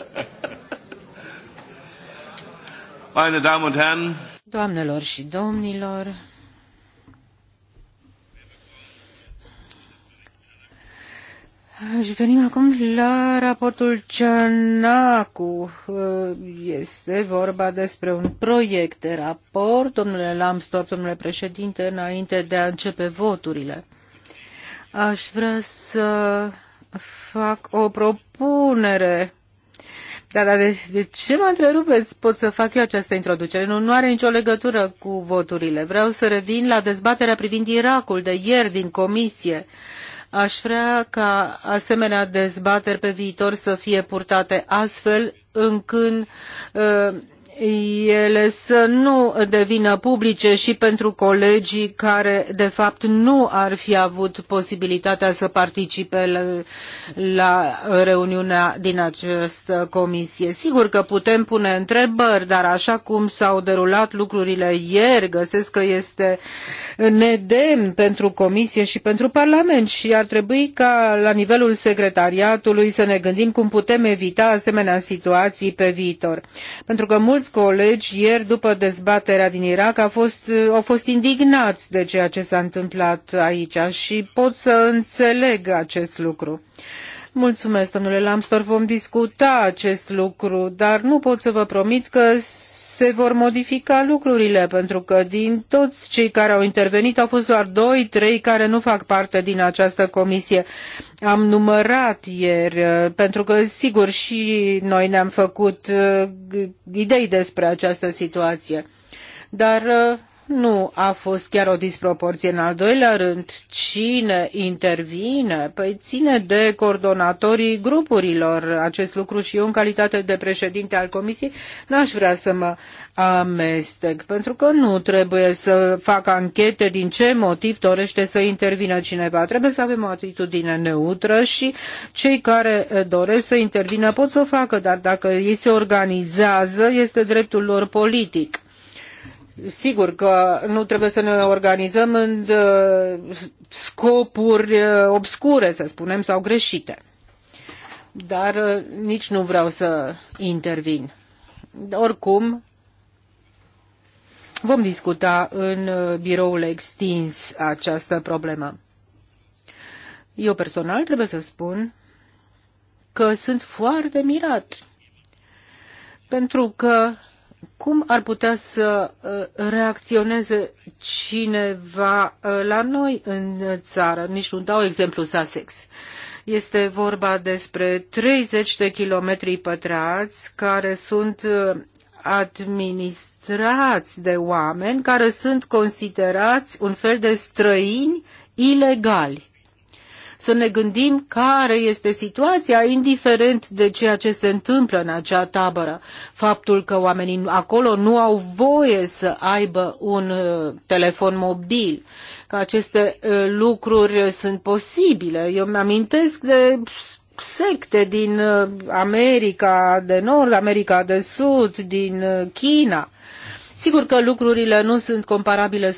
Meine Damen und Herren, Doamnelor și domnilor, Și venim acum la raportul Cernacu. Este vorba despre un proiect de raport. Domnule Lambstorp, domnule președinte, înainte de a începe voturile, aș vrea să fac o propunere da, dar de, de ce mă întrerupeți? Pot să fac eu această introducere. Nu, nu are nicio legătură cu voturile. Vreau să revin la dezbaterea privind Irakul de ieri din comisie. Aș vrea ca asemenea dezbateri pe viitor să fie purtate astfel încât uh, ele să nu devină publice și pentru colegii care, de fapt, nu ar fi avut posibilitatea să participe la reuniunea din această comisie. Sigur că putem pune întrebări, dar așa cum s-au derulat lucrurile ieri, găsesc că este nedemn pentru comisie și pentru Parlament și ar trebui ca la nivelul secretariatului să ne gândim cum putem evita asemenea situații pe viitor. Pentru că mulți Mulți colegi ieri după dezbaterea din Irak au fost, au fost indignați de ceea ce s-a întâmplat aici și pot să înțeleg acest lucru. Mulțumesc, domnule Lambstor, vom discuta acest lucru, dar nu pot să vă promit că se vor modifica lucrurile, pentru că din toți cei care au intervenit au fost doar doi, trei care nu fac parte din această comisie. Am numărat ieri, uh, pentru că, sigur, și noi ne-am făcut uh, idei despre această situație. Dar uh, nu a fost chiar o disproporție. În al doilea rând, cine intervine? Păi ține de coordonatorii grupurilor acest lucru și eu, în calitate de președinte al comisiei, n-aș vrea să mă amestec, pentru că nu trebuie să fac anchete din ce motiv dorește să intervină cineva. Trebuie să avem o atitudine neutră și cei care doresc să intervină pot să o facă, dar dacă ei se organizează, este dreptul lor politic Sigur că nu trebuie să ne organizăm în uh, scopuri uh, obscure, să spunem, sau greșite. Dar uh, nici nu vreau să intervin. Oricum, vom discuta în biroul extins această problemă. Eu personal trebuie să spun că sunt foarte mirat, pentru că cum ar putea să uh, reacționeze cineva uh, la noi în țară? Nici nu dau exemplu Sasex. Este vorba despre 30 de kilometri pătrați care sunt uh, administrați de oameni care sunt considerați un fel de străini ilegali să ne gândim care este situația, indiferent de ceea ce se întâmplă în acea tabără. Faptul că oamenii acolo nu au voie să aibă un uh, telefon mobil, că aceste uh, lucruri sunt posibile. Eu mi-amintesc de secte din uh, America de Nord, America de Sud, din China. Sigur că lucrurile nu sunt comparabile 100%,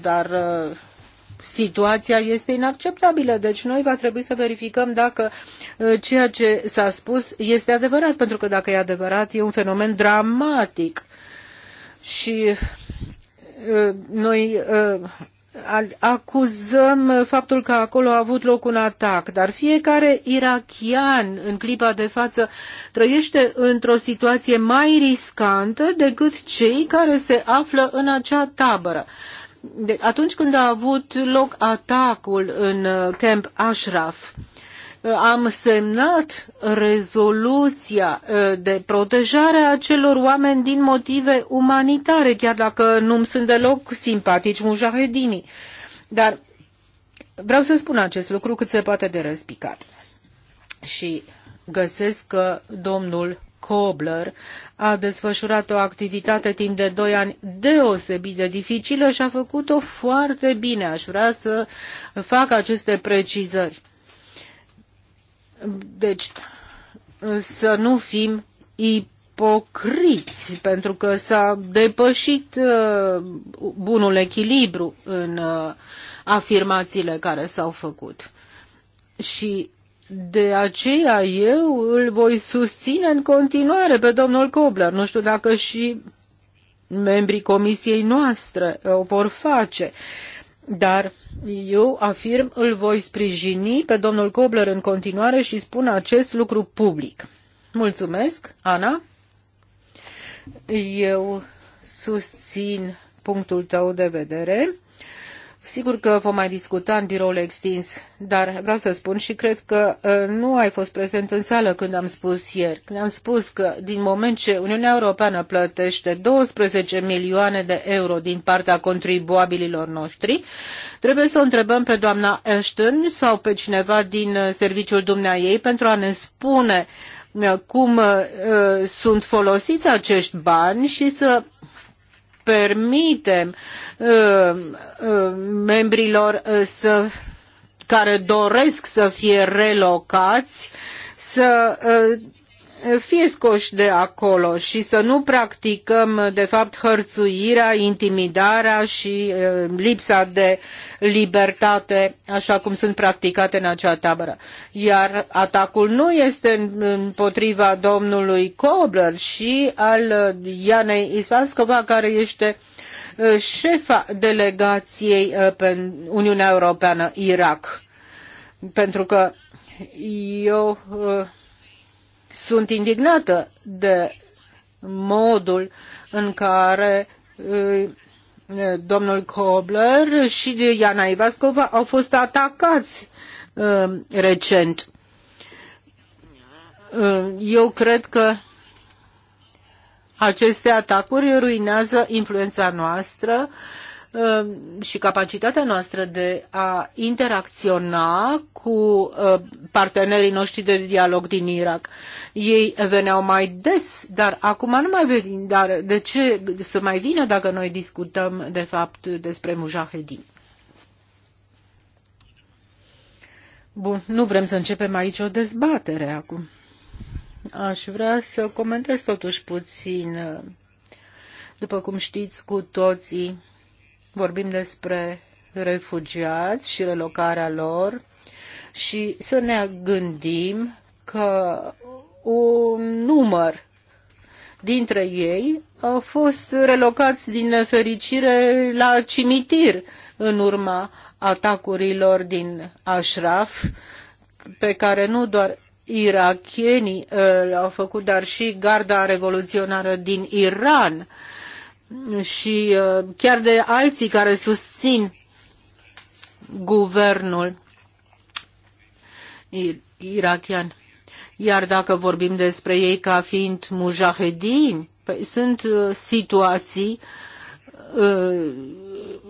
dar situația este inacceptabilă. Deci noi va trebui să verificăm dacă uh, ceea ce s-a spus este adevărat, pentru că dacă e adevărat, e un fenomen dramatic. Și uh, noi uh, acuzăm faptul că acolo a avut loc un atac, dar fiecare irachian în clipa de față trăiește într-o situație mai riscantă decât cei care se află în acea tabără de, atunci când a avut loc atacul în uh, Camp Ashraf, uh, am semnat rezoluția uh, de protejare a celor oameni din motive umanitare, chiar dacă nu-mi sunt deloc simpatici mujahedinii. Dar vreau să spun acest lucru cât se poate de răspicat. Și găsesc că domnul Kobler a desfășurat o activitate timp de doi ani deosebit de dificilă și a făcut-o foarte bine. Aș vrea să fac aceste precizări. Deci, să nu fim ipocriți, pentru că s-a depășit uh, bunul echilibru în uh, afirmațiile care s-au făcut. Și de aceea eu îl voi susține în continuare pe domnul Cobler. Nu știu dacă și membrii comisiei noastre o vor face. Dar eu afirm, îl voi sprijini pe domnul Cobler în continuare și spun acest lucru public. Mulțumesc, Ana. Eu susțin punctul tău de vedere Sigur că vom mai discuta în biroul extins, dar vreau să spun și cred că uh, nu ai fost prezent în sală când am spus ieri. Când am spus că din moment ce Uniunea Europeană plătește 12 milioane de euro din partea contribuabililor noștri, trebuie să o întrebăm pe doamna Ashton sau pe cineva din uh, serviciul dumneaei pentru a ne spune uh, cum sunt folosiți acești bani și să permitem uh, uh, membrilor uh, să care doresc să fie relocați să fie scoși de acolo și să nu practicăm, de fapt, hărțuirea, intimidarea și lipsa de libertate, așa cum sunt practicate în acea tabără. Iar atacul nu este împotriva domnului Kobler și al uh, Ianei Isvanskova, care este uh, șefa delegației uh, pe Uniunea Europeană Irak. Pentru că eu sunt indignată de modul în care uh, domnul Kobler și Iana Ivascova au fost atacați uh, recent. Uh, eu cred că aceste atacuri ruinează influența noastră Ehm, și capacitatea noastră de a interacționa cu ehm, partenerii noștri de dialog din Irak. Ei veneau mai des, dar acum nu mai vin, dar de ce să mai vină dacă noi discutăm de fapt despre mujahedin? Bun, nu vrem să începem aici o dezbatere acum. Aș vrea să comentez totuși puțin. După cum știți cu toții, vorbim despre refugiați și relocarea lor și să ne gândim că un număr dintre ei au fost relocați din nefericire la cimitir în urma atacurilor din Ashraf, pe care nu doar irachienii uh, le-au făcut, dar și garda revoluționară din Iran și uh, chiar de alții care susțin guvernul irakian. Iar dacă vorbim despre ei ca fiind mujahedini, păi sunt uh, situații uh,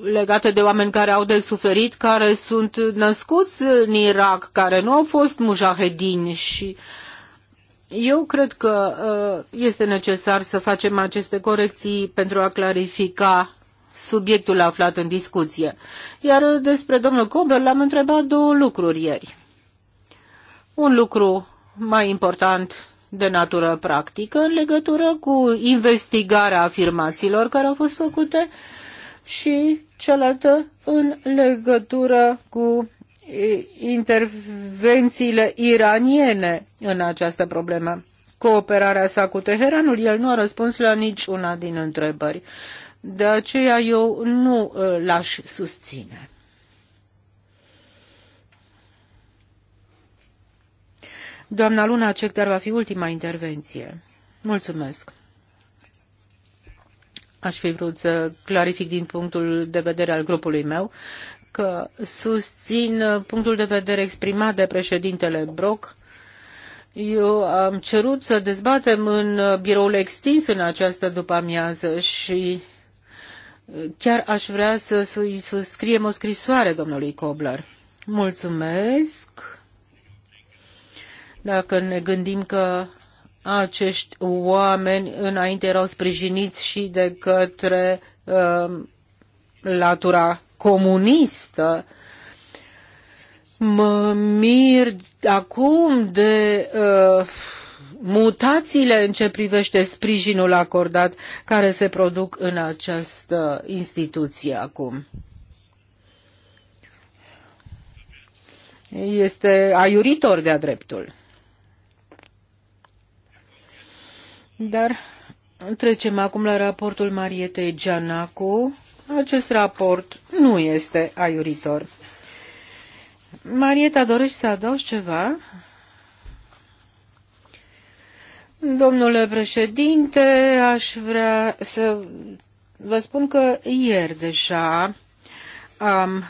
legate de oameni care au de suferit, care sunt născuți în Irak, care nu au fost mujahedini și uh, eu cred că uh, este necesar să facem aceste corecții pentru a clarifica subiectul aflat în discuție. Iar despre domnul Cobler l-am întrebat două lucruri ieri. Un lucru mai important de natură practică în legătură cu investigarea afirmațiilor care au fost făcute și cealaltă în legătură cu intervențiile iraniene în această problemă. Cooperarea sa cu Teheranul, el nu a răspuns la niciuna din întrebări. De aceea eu nu ă, l-aș susține. Doamna Luna Cecdar va fi ultima intervenție. Mulțumesc. Aș fi vrut să clarific din punctul de vedere al grupului meu că susțin punctul de vedere exprimat de președintele Brok. Eu am cerut să dezbatem în biroul extins în această după-amiază și chiar aș vrea să îi scriem o scrisoare domnului Cobler. Mulțumesc. Dacă ne gândim că acești oameni înainte erau sprijiniți și de către uh, latura comunistă. Mă mir acum de uh, mutațiile în ce privește sprijinul acordat care se produc în această instituție acum. Este aiuritor de-a dreptul. Dar trecem acum la raportul Marietei Gianacu acest raport nu este aiuritor. Marieta, dorești să adaugi ceva? Domnule președinte, aș vrea să vă spun că ieri deja am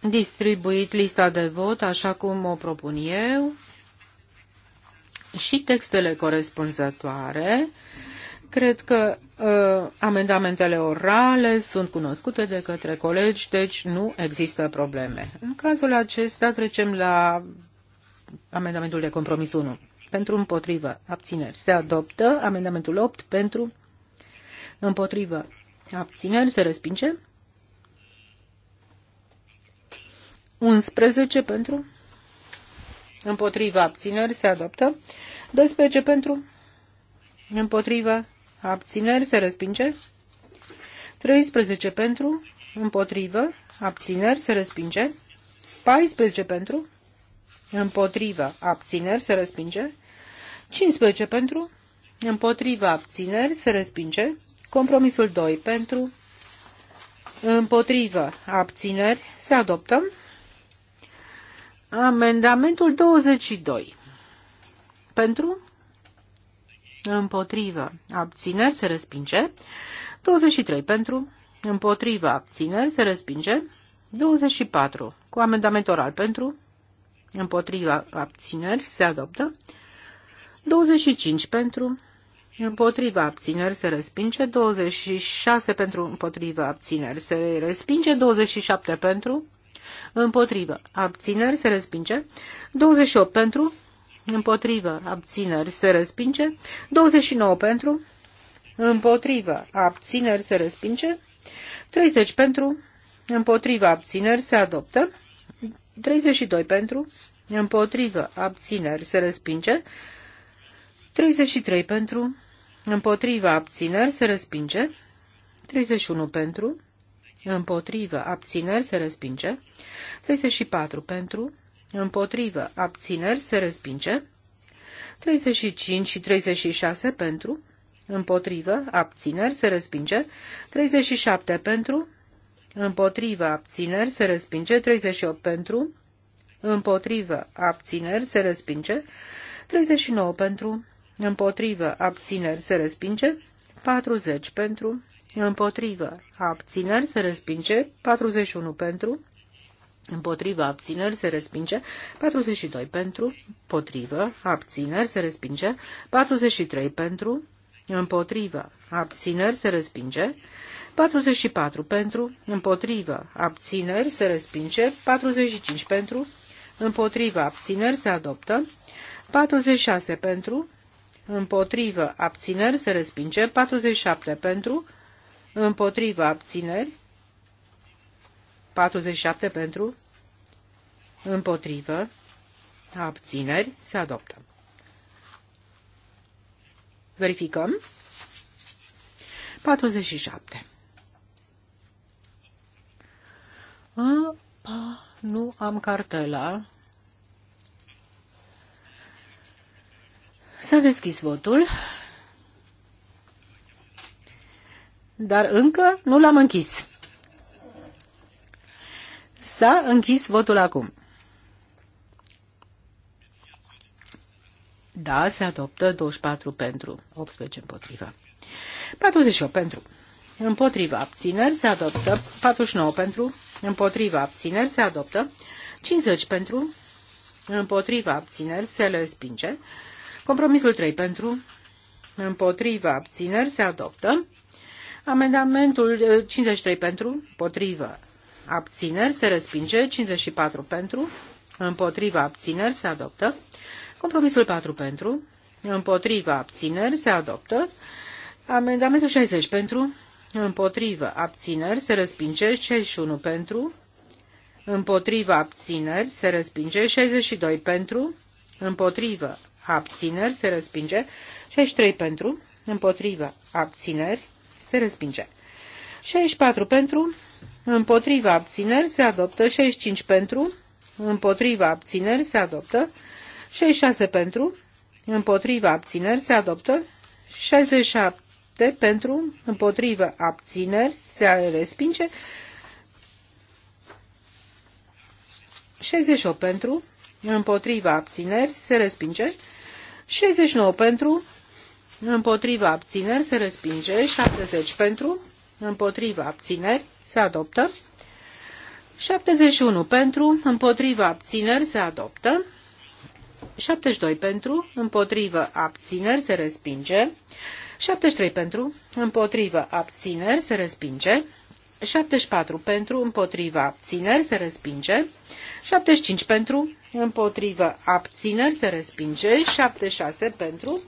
distribuit lista de vot așa cum o propun eu și textele corespunzătoare Cred că uh, amendamentele orale sunt cunoscute de către colegi, deci nu există probleme. În cazul acesta trecem la amendamentul de compromis 1. Pentru împotrivă, abțineri. Se adoptă amendamentul 8 pentru împotrivă, abțineri. Se respinge. 11 pentru împotrivă, abțineri. Se adoptă. 12 pentru împotrivă, abțineri, se respinge. 13 pentru, împotrivă, abțineri, se respinge. 14 pentru, împotrivă, abțineri, se respinge. 15 pentru, împotrivă, abțineri, se respinge. Compromisul 2 pentru, împotrivă, abțineri, se adoptă. Amendamentul 22 pentru, împotrivă, abțineri, se respinge. 23 pentru, împotrivă, abțineri, se respinge. 24 cu amendament oral pentru, împotrivă, abțineri, se adoptă. 25 pentru, împotriva abțineri se respinge, 26 pentru împotriva abțineri se respinge, 27 pentru împotriva abțineri se respinge, 28 pentru împotrivă, abțineri, se respinge. 29 pentru, împotrivă, abțineri, se respinge. 30 pentru, împotrivă, abțineri, se adoptă. 32 pentru, împotrivă, abțineri, se respinge. 33 pentru, împotrivă, abțineri, se respinge. 31 pentru, împotrivă, abțineri, se respinge. 34 pentru, Împotrivă. Abțineri se respinge. 35 și 36 pentru. Împotrivă. Abțineri se respinge. 37 pentru. Împotrivă. Abțineri se respinge. 38 pentru. Împotrivă. Abțineri se respinge. 39 pentru. Împotrivă. Abțineri se respinge. 40 pentru. Împotrivă. Abțineri se respinge. 41 pentru. Împotriva abțineri se respinge 42 pentru, potrivă abțineri se respinge 43 pentru, împotrivă abțineri se respinge 44 pentru, împotrivă abțineri se respinge 45 pentru, împotrivă abțineri se adoptă 46 pentru, împotrivă abțineri se respinge 47 pentru, împotrivă abțineri 47 pentru, împotrivă, abțineri, se adoptă. Verificăm. 47. A, pa, nu am cartela. S-a deschis votul. Dar încă nu l-am închis. S-a închis votul acum. Da, se adoptă 24 pentru, 18 împotriva. 48 pentru. Împotriva abțineri se adoptă 49 pentru. Împotriva abțineri se adoptă 50 pentru. Împotriva abțineri se le spinge. Compromisul 3 pentru. Împotriva abțineri se adoptă. Amendamentul 53 eh, pentru. Împotriva abțineri se respinge, 54 pentru, împotriva abțineri se adoptă, compromisul 4 pentru, împotriva abțineri se adoptă, amendamentul 60 pentru, împotriva abțineri se respinge, 61 pentru, împotriva abțineri se respinge, 62 pentru, împotriva abțineri se respinge, 63 pentru, împotriva abțineri se respinge. 64 pentru, împotriva abțineri se adoptă, 65 pentru, împotriva abțineri se adoptă, 66 pentru, împotriva abțineri se adoptă, 67 pentru, împotriva abțineri se respinge, 68 pentru, împotriva abțineri se respinge, 69 pentru, împotriva abțineri se respinge, 70 pentru, împotriva abțineri se adoptă. 71 pentru, împotriva abțineri se adoptă. 72 pentru, împotrivă abțineri se respinge. 73 pentru, împotrivă abțineri se respinge. 74 pentru, împotriva abțineri se respinge. 75 pentru, împotriva abțineri se respinge. 76 pentru,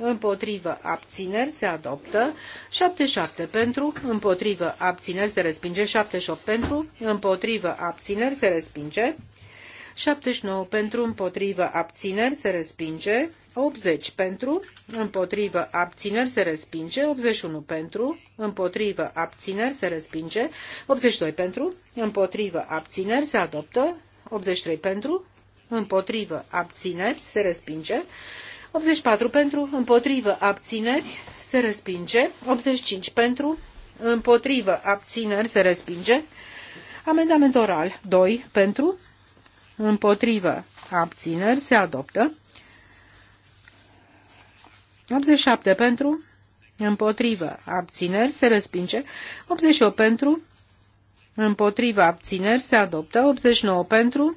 împotrivă, abțineri, se adoptă. 77 pentru, împotrivă, abțineri, se respinge. 78 pentru, împotrivă, abțineri, se respinge. 79 pentru, împotrivă, abțineri, se respinge. 80 pentru, împotrivă, abțineri, se respinge. 81 pentru, împotrivă, abțineri, se respinge. 82 pentru, împotrivă, abțineri, se adoptă. 83 pentru, împotrivă, abțineri, se respinge. 84 pentru, împotrivă, abțineri, se respinge. 85 pentru, împotrivă, abțineri, se respinge. Amendament oral 2 pentru, împotrivă, abțineri, se adoptă. 87 pentru, împotrivă, abțineri, se respinge. 88 pentru, împotrivă, abțineri, se adoptă. 89 pentru,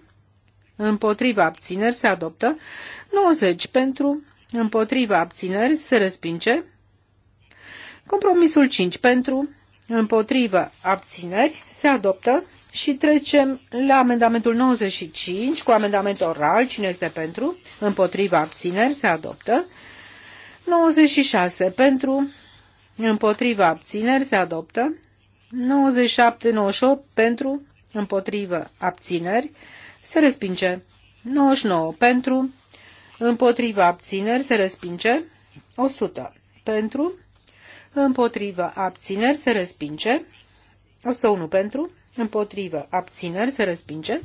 împotriva abțineri se adoptă, 90 pentru, împotriva abțineri se respinge, compromisul 5 pentru, împotriva abțineri se adoptă și trecem la amendamentul 95 cu amendament oral, cine este pentru, împotriva abțineri se adoptă, 96 pentru, împotriva abțineri se adoptă, 97-98 pentru, împotrivă abțineri se respinge. 99 pentru, împotriva abțineri se respinge. 100 pentru, împotriva abțineri se respinge. 101 pentru, împotriva abțineri se respinge.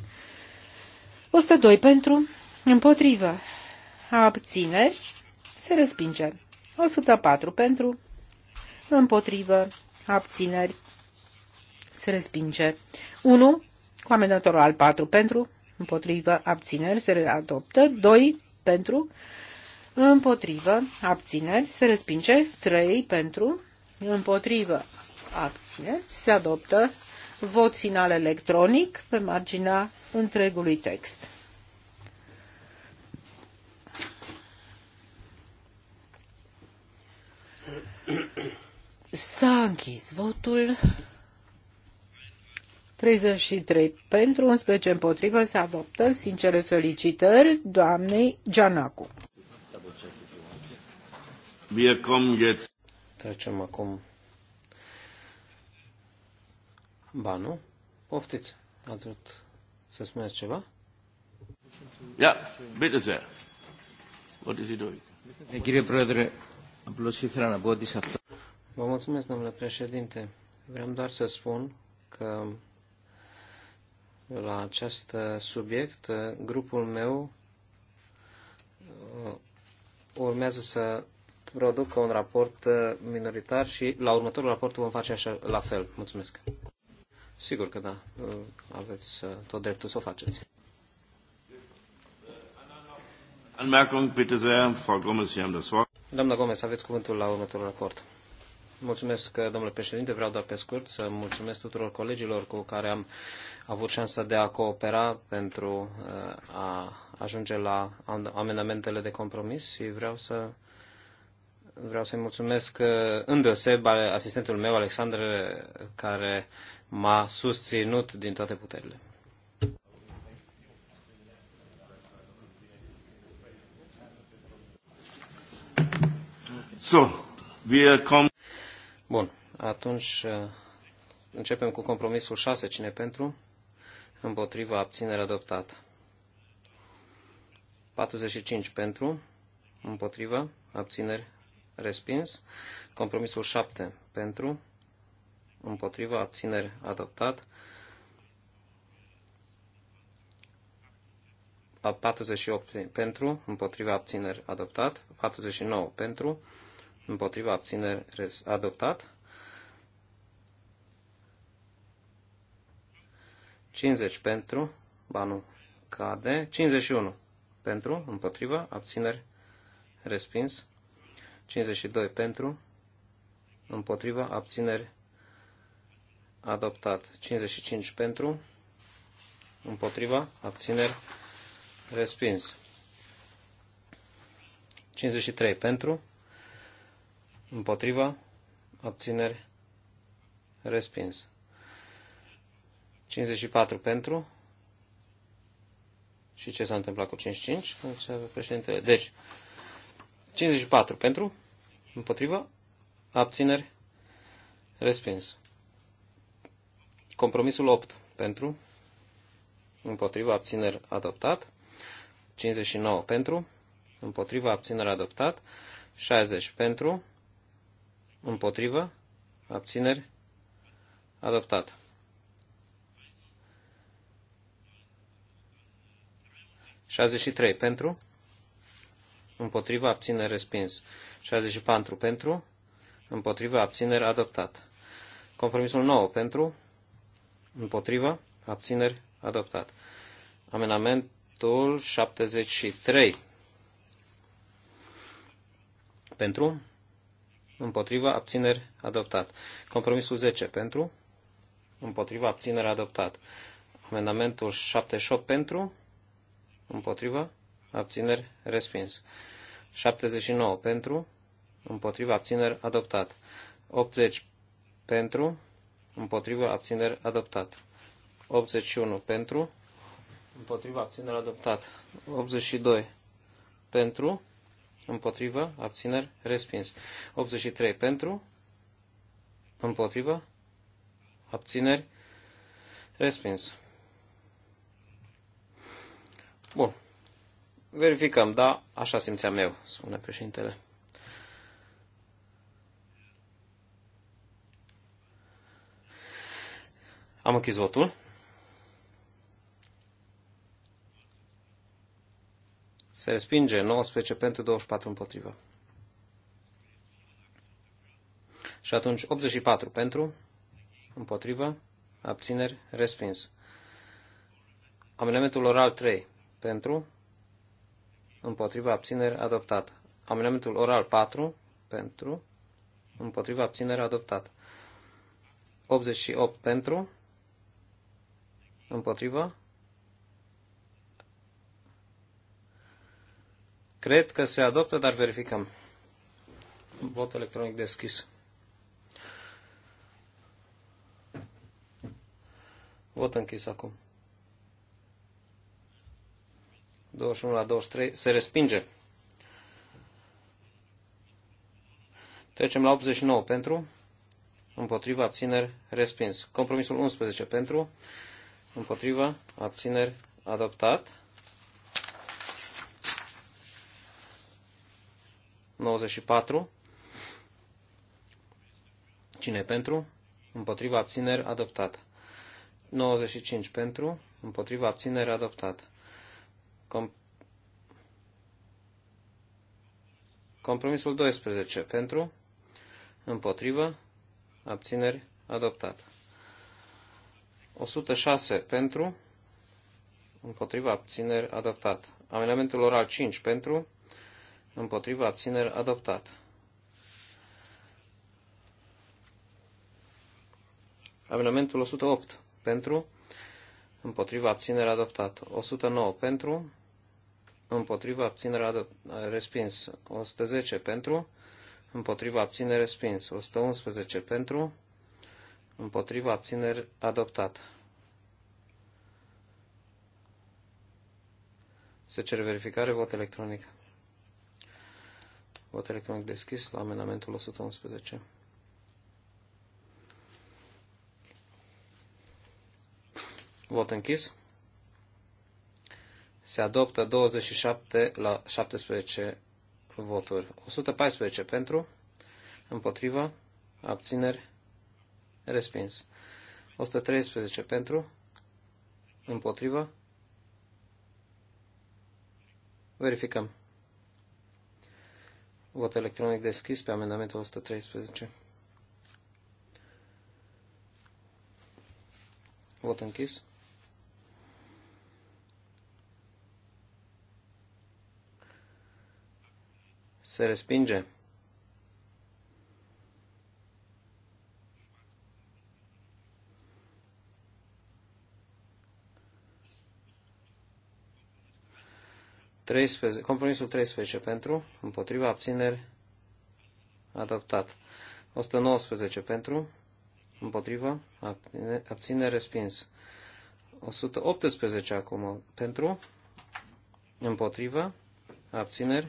102 pentru, împotriva abțineri se respinge. 104 pentru, împotriva abțineri, se respinge. 1. Cu amendatorul al 4 pentru, împotrivă, abțineri, se adoptă. 2 pentru, împotrivă, abțineri, se respinge. 3 pentru, împotrivă, abțineri, se adoptă. Vot final electronic pe marginea întregului text. S-a închis votul. 33 pentru, 11 împotrivă, se adoptă. Sincere felicitări doamnei Gianacu. Trecem acum. Ba nu? Poftiți, a vrut să spuneți ceva? Ia, bitte sehr. What is he doing? Eh, κύριε Πρόεδρε, απλώς ήθελα να πω ότι Vă mulțumesc, domnule președinte. Vreau doar să spun că la acest uh, subiect. Uh, grupul meu uh, urmează să producă un raport minoritar și la următorul raport vom face așa la fel. Mulțumesc. Sigur că da, aveți tot dreptul să o faceți. Anmerkung, bitte sehr. Frau Gomez, Sie haben das Wort. Doamna Gomez, aveți cuvântul la următorul raport. Mulțumesc, domnule președinte. Vreau doar pe scurt să mulțumesc tuturor colegilor cu care am avut șansa de a coopera pentru uh, a ajunge la amendamentele de compromis și vreau să vreau să-i mulțumesc uh, îndeoseba asistentul meu, Alexandre, care m-a susținut din toate puterile. So, we come... Bun, atunci uh, începem cu compromisul 6. Cine pentru? împotriva abținere adoptat. 45 pentru, împotrivă, abțineri respins. Compromisul 7 pentru, împotrivă, abțineri adoptat. 48 pentru, împotriva abțineri adoptat, 49 pentru, împotriva abțineri adoptat, 50 pentru, ba nu, cade, 51 pentru, împotrivă, abțineri, respins, 52 pentru, împotrivă, abțineri, adoptat, 55 pentru, împotrivă, abțineri, respins, 53 pentru, împotrivă, abțineri, respins. 54 pentru. Și ce s-a întâmplat cu 55? Președintele. Deci, 54 pentru, împotrivă, abțineri, respins. Compromisul 8 pentru, împotrivă, abțineri, adoptat. 59 pentru, împotrivă, abțineri, adoptat. 60 pentru, împotrivă, abțineri, adoptat. 63 pentru, împotriva abțineri respins. 64 pentru, împotriva abțineri adoptat. Compromisul 9 pentru, împotriva abțineri adoptat. Amenamentul 73 pentru, împotriva abțineri adoptat. Compromisul 10 pentru, împotriva abțineri adoptat. Amendamentul 78 pentru, împotrivă, abțineri, respins. 79 pentru, împotrivă, abțineri, adoptat. 80 pentru, împotrivă, abțineri, adoptat. 81 pentru, împotrivă, abțineri, adoptat. 82 pentru, împotrivă, abțineri, respins. 83 pentru, împotrivă, abțineri, respins. Bun. Verificăm, da, așa simțeam eu, spune președintele. Am închis votul. Se respinge 19 pentru 24 împotrivă. Și atunci 84 pentru, împotrivă, abțineri, respins. Amendamentul oral 3 pentru, împotriva abțineri adoptat. Amendamentul oral 4 pentru, împotriva abțineri adoptat. 88 pentru, împotriva. Cred că se adoptă, dar verificăm. Vot electronic deschis. Vot închis acum. 21 la 23 se respinge. Trecem la 89 pentru, împotriva, abțineri, respins. Compromisul 11 pentru, împotriva, abțineri, adoptat. 94. Cine pentru? Împotriva abțineri adoptat. 95 pentru, împotriva abțineri adoptat. Com Compromisul 12 pentru, împotrivă, abțineri, adoptat. 106 pentru, împotrivă, abțineri, adoptat. Amendamentul oral 5 pentru, împotrivă, abțineri, adoptat. Amendamentul 108 pentru, împotriva abținere adoptat. 109 pentru, împotriva abținere respins. 110 pentru, împotriva abținere respins. 111 pentru, împotriva abținere adoptat. Se cere verificare, vot electronic. Vot electronic deschis la amendamentul 111. Vot închis. Se adoptă 27 la 17 voturi. 114 pentru, împotrivă, abțineri, respins. 113 pentru, împotrivă, verificăm. Vot electronic deschis pe amendamentul 113. Vot închis. Se respinge. compromisul 13 pentru, împotriva abțineri, adoptat. 119 pentru, împotriva, abțineri, respins. 118 acum pentru, împotriva, abțineri,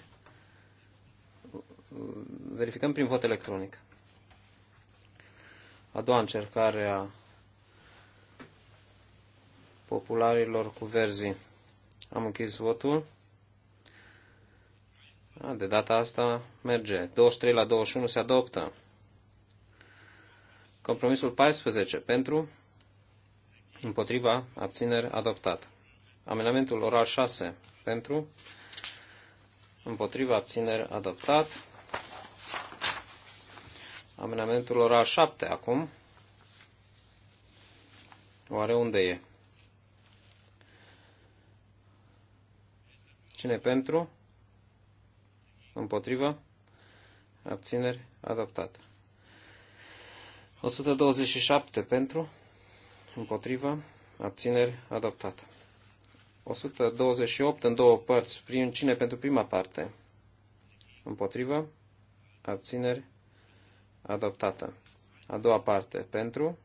verificăm prin vot electronic. A doua încercare a popularilor cu verzii. Am închis votul. A, de data asta merge. 23 la 21 se adoptă. Compromisul 14 pentru, împotriva, abțineri, adoptat. Amendamentul oral 6 pentru, împotriva, abțineri, adoptat amenamentul ora 7 acum. Oare unde e? Cine pentru? Împotrivă? Abțineri? Adoptat. 127 pentru? Împotrivă? Abțineri? Adoptat. 128 în două părți. Prin cine pentru prima parte? Împotrivă? Abțineri? adoptată. A doua parte, pentru,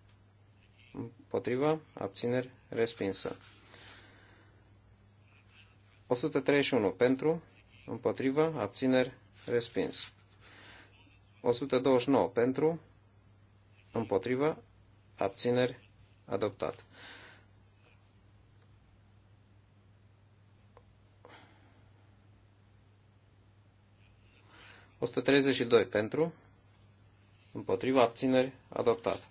împotrivă, abțineri, respinsă. 131, pentru, împotrivă, abțineri, respins. 129, pentru, împotrivă, abțineri, adoptat. 132 pentru, împotriva abțineri adoptat.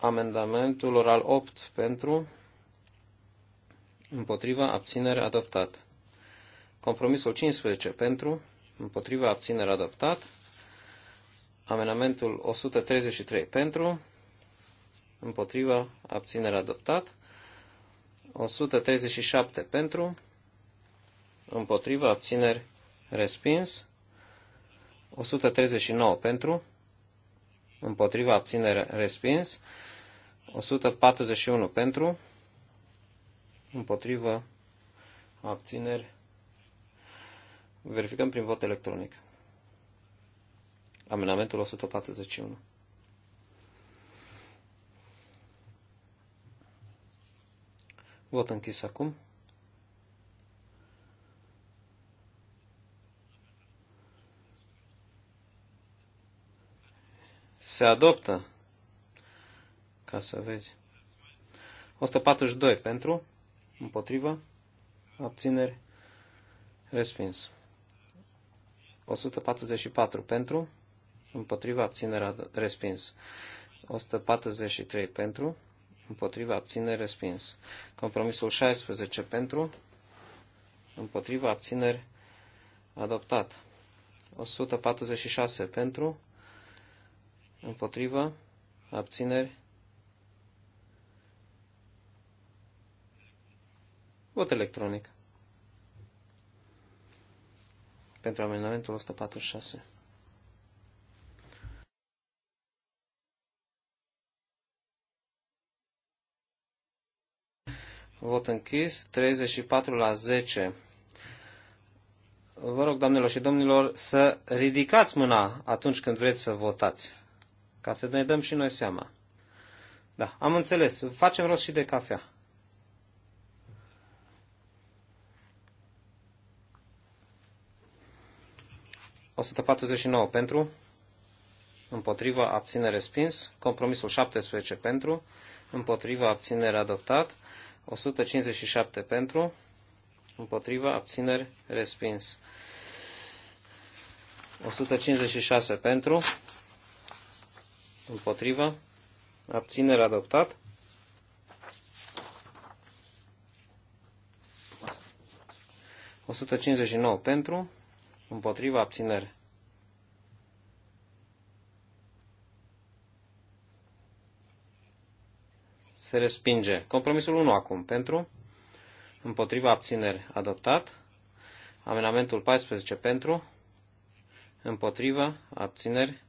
Amendamentul oral 8 pentru împotriva abțineri adoptat. Compromisul 15 pentru împotriva abțineri adoptat. Amendamentul 133 pentru împotriva abțineri adoptat. 137 pentru împotriva abțineri respins. 139 pentru, împotriva abținere respins, 141 pentru, împotriva abțineri. Verificăm prin vot electronic. Amendamentul 141. Vot închis acum. se adoptă. Ca să vezi. 142 pentru, împotriva, abțineri, respins. 144 pentru, împotriva, abținere, respins. 143 pentru, împotriva, abținere, respins. Compromisul 16 pentru, împotriva, abțineri, adoptat. 146 pentru, Împotrivă. Abțineri. Vot electronic. Pentru amendamentul 146. Vot închis, 34 la 10. Vă rog, doamnelor și domnilor, să ridicați mâna atunci când vreți să votați ca să ne dăm și noi seama. Da, am înțeles. Facem rost și de cafea. O 149 pentru, împotriva, abține respins, compromisul 17 pentru, împotriva, abținere adoptat, 157 pentru, împotriva, abțineri respins, 156 pentru, Împotrivă. Abținere adoptat. O pentru. Împotriva abținere. Se respinge. Compromisul 1 acum. Pentru. Împotriva Abținere. Adoptat. Amenamentul 14 pentru. Împotriva abțineri.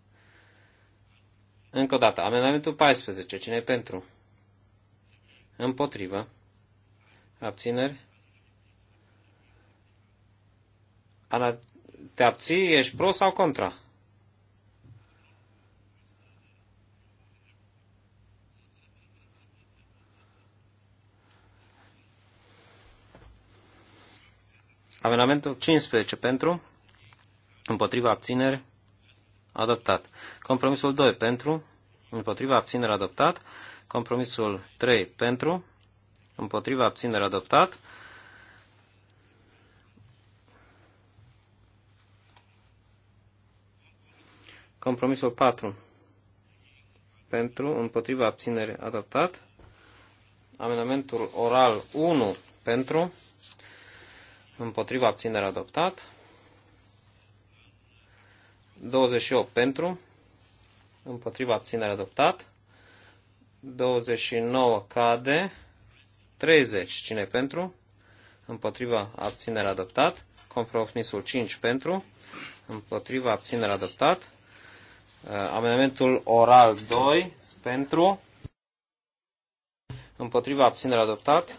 Încă o dată, amendamentul 14. Cine e pentru? Împotrivă. Abțineri. Ana, te abții? Ești pro sau contra? Amendamentul 15 pentru, împotriva abțineri, adoptat. Compromisul 2 pentru, împotriva abținere adoptat. Compromisul 3 pentru, împotriva abținere adoptat. Compromisul 4 pentru, împotriva abținere adoptat. Amendamentul oral 1 pentru, împotriva abținere adoptat. 28 pentru, împotriva abținere adoptat, 29 cade, 30 cine pentru, împotriva abținere adoptat, compromisul 5 pentru, împotriva abținere adoptat, uh, amendamentul oral 2 pentru, împotriva abținere adoptat,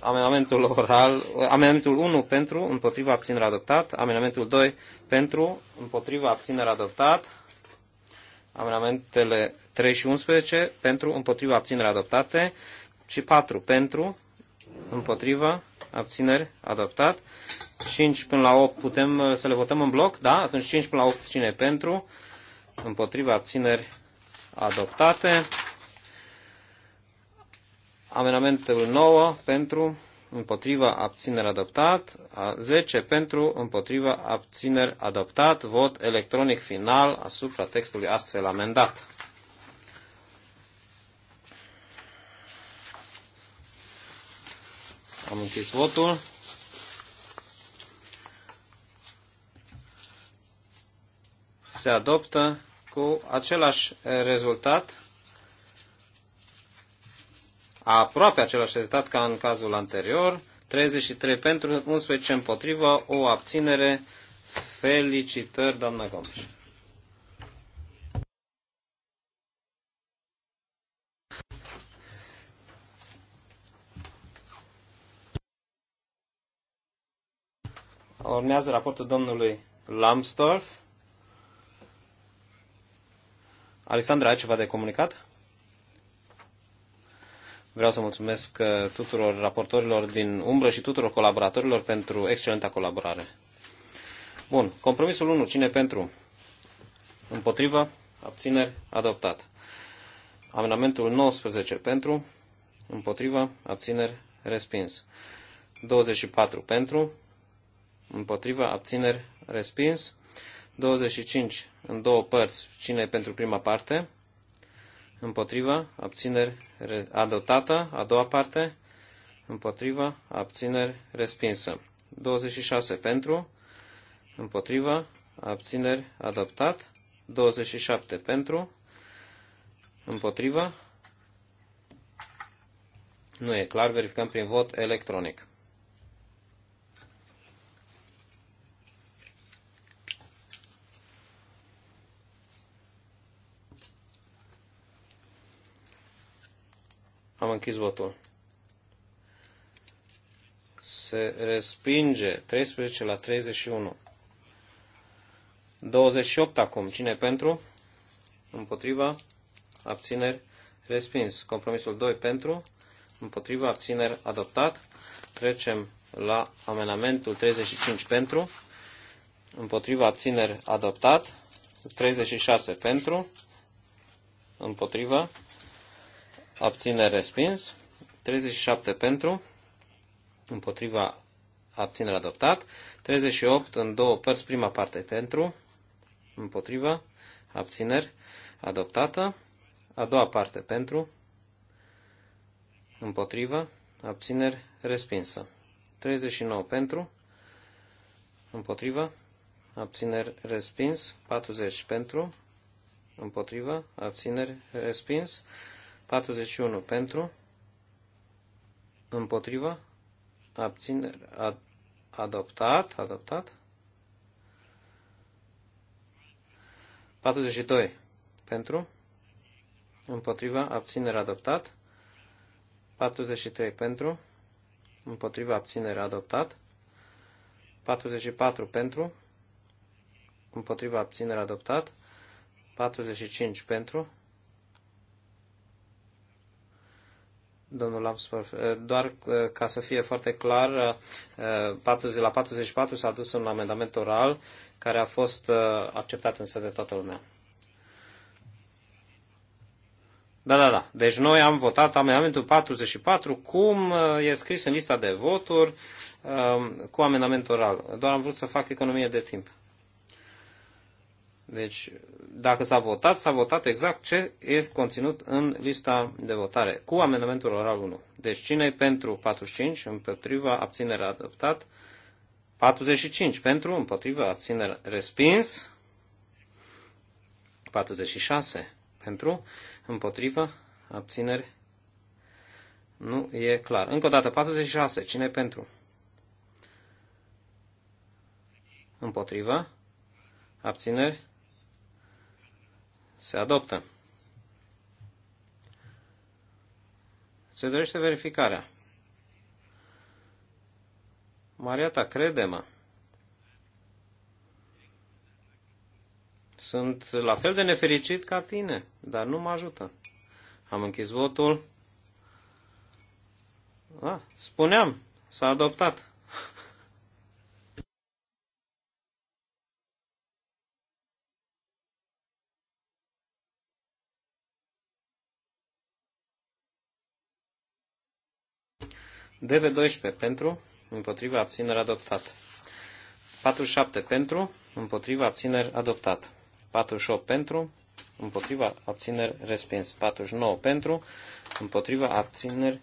amendamentul oral, amendamentul 1 pentru, împotriva abținerea adoptat, amendamentul 2 pentru, împotriva abținerea adoptat, amendamentele 3 și 11 pentru, împotriva abținerea adoptate și 4 pentru, împotriva abțineri adoptat, 5 până la 8 putem uh, să le votăm în bloc, da? Atunci 5 până la 8 cine pentru, împotriva abțineri adoptate. Amenamentul 9 pentru, împotriva, abțineri adoptat. 10 pentru, împotriva, abțineri adoptat. Vot electronic final asupra textului astfel amendat. Am închis votul. Se adoptă cu același rezultat aproape același rezultat ca în cazul anterior, 33 pentru, 11 împotriva, o abținere. Felicitări, doamna Gomes. Urmează raportul domnului Lambsdorff. Alexandra, ai ceva de comunicat? Vreau să mulțumesc uh, tuturor raportorilor din umbră și tuturor colaboratorilor pentru excelenta colaborare. Bun, compromisul 1, cine pentru? Împotrivă, abțineri, adoptat. Amendamentul 19 pentru, împotrivă, abțineri, respins. 24 pentru, împotrivă, abțineri, respins. 25 în două părți, cine pentru prima parte, împotriva, abțineri, adoptată. A doua parte, împotriva, abțineri, respinsă. 26 pentru, împotriva, abțineri, adoptat. 27 pentru, împotriva, nu e clar, verificăm prin vot electronic. Am închis votul. Se respinge 13 la 31. 28 acum. Cine pentru? Împotriva? Abțineri? Respins. Compromisul 2 pentru? Împotriva? Abțineri? Adoptat. Trecem la amenamentul 35 pentru? Împotriva? Abțineri? Adoptat. 36 pentru? Împotriva? abține respins, 37 pentru, împotriva abținere adoptat, 38 în două părți, prima parte pentru, împotriva, abțineri, adoptată, a doua parte pentru, împotriva, abțineri, respinsă, 39 pentru, împotriva, abțineri, respins, 40 pentru, împotriva, abțineri, respins, 41 pentru, împotrivă, abținere, ad, adoptat, adoptat. 42 pentru, împotrivă, abținere, adoptat. 43 pentru, împotrivă, abținere, adoptat. 44 pentru, împotrivă, abținere, adoptat. 45 pentru, domnul Lambsdorff, eh, doar eh, ca să fie foarte clar, eh, la 44 s-a dus un amendament oral care a fost acceptat însă de toată lumea. Da, da, da. Deci noi am votat amendamentul 44, cum e scris în lista de voturi, cu amendament oral. Doar am vrut să fac economie de timp. Deci, dacă s-a votat, s-a votat exact ce este conținut în lista de votare, cu amendamentul oral 1. Deci, cine e pentru 45, împotriva, abținere adoptat, 45 pentru, împotriva, abținere respins, 46 pentru, împotriva, abțineri nu e clar. Încă o dată, 46, cine e pentru? Împotriva, abțineri se adoptă. Se dorește verificarea. Mariata, crede-mă. Sunt la fel de nefericit ca tine, dar nu mă ajută. Am închis votul. Da, spuneam, s-a adoptat. DV12 pentru, împotriva abțineri adoptat. 47 pentru, împotriva abțineri adoptat. 48 pentru, împotriva abțineri respins. 49 pentru, împotriva abțineri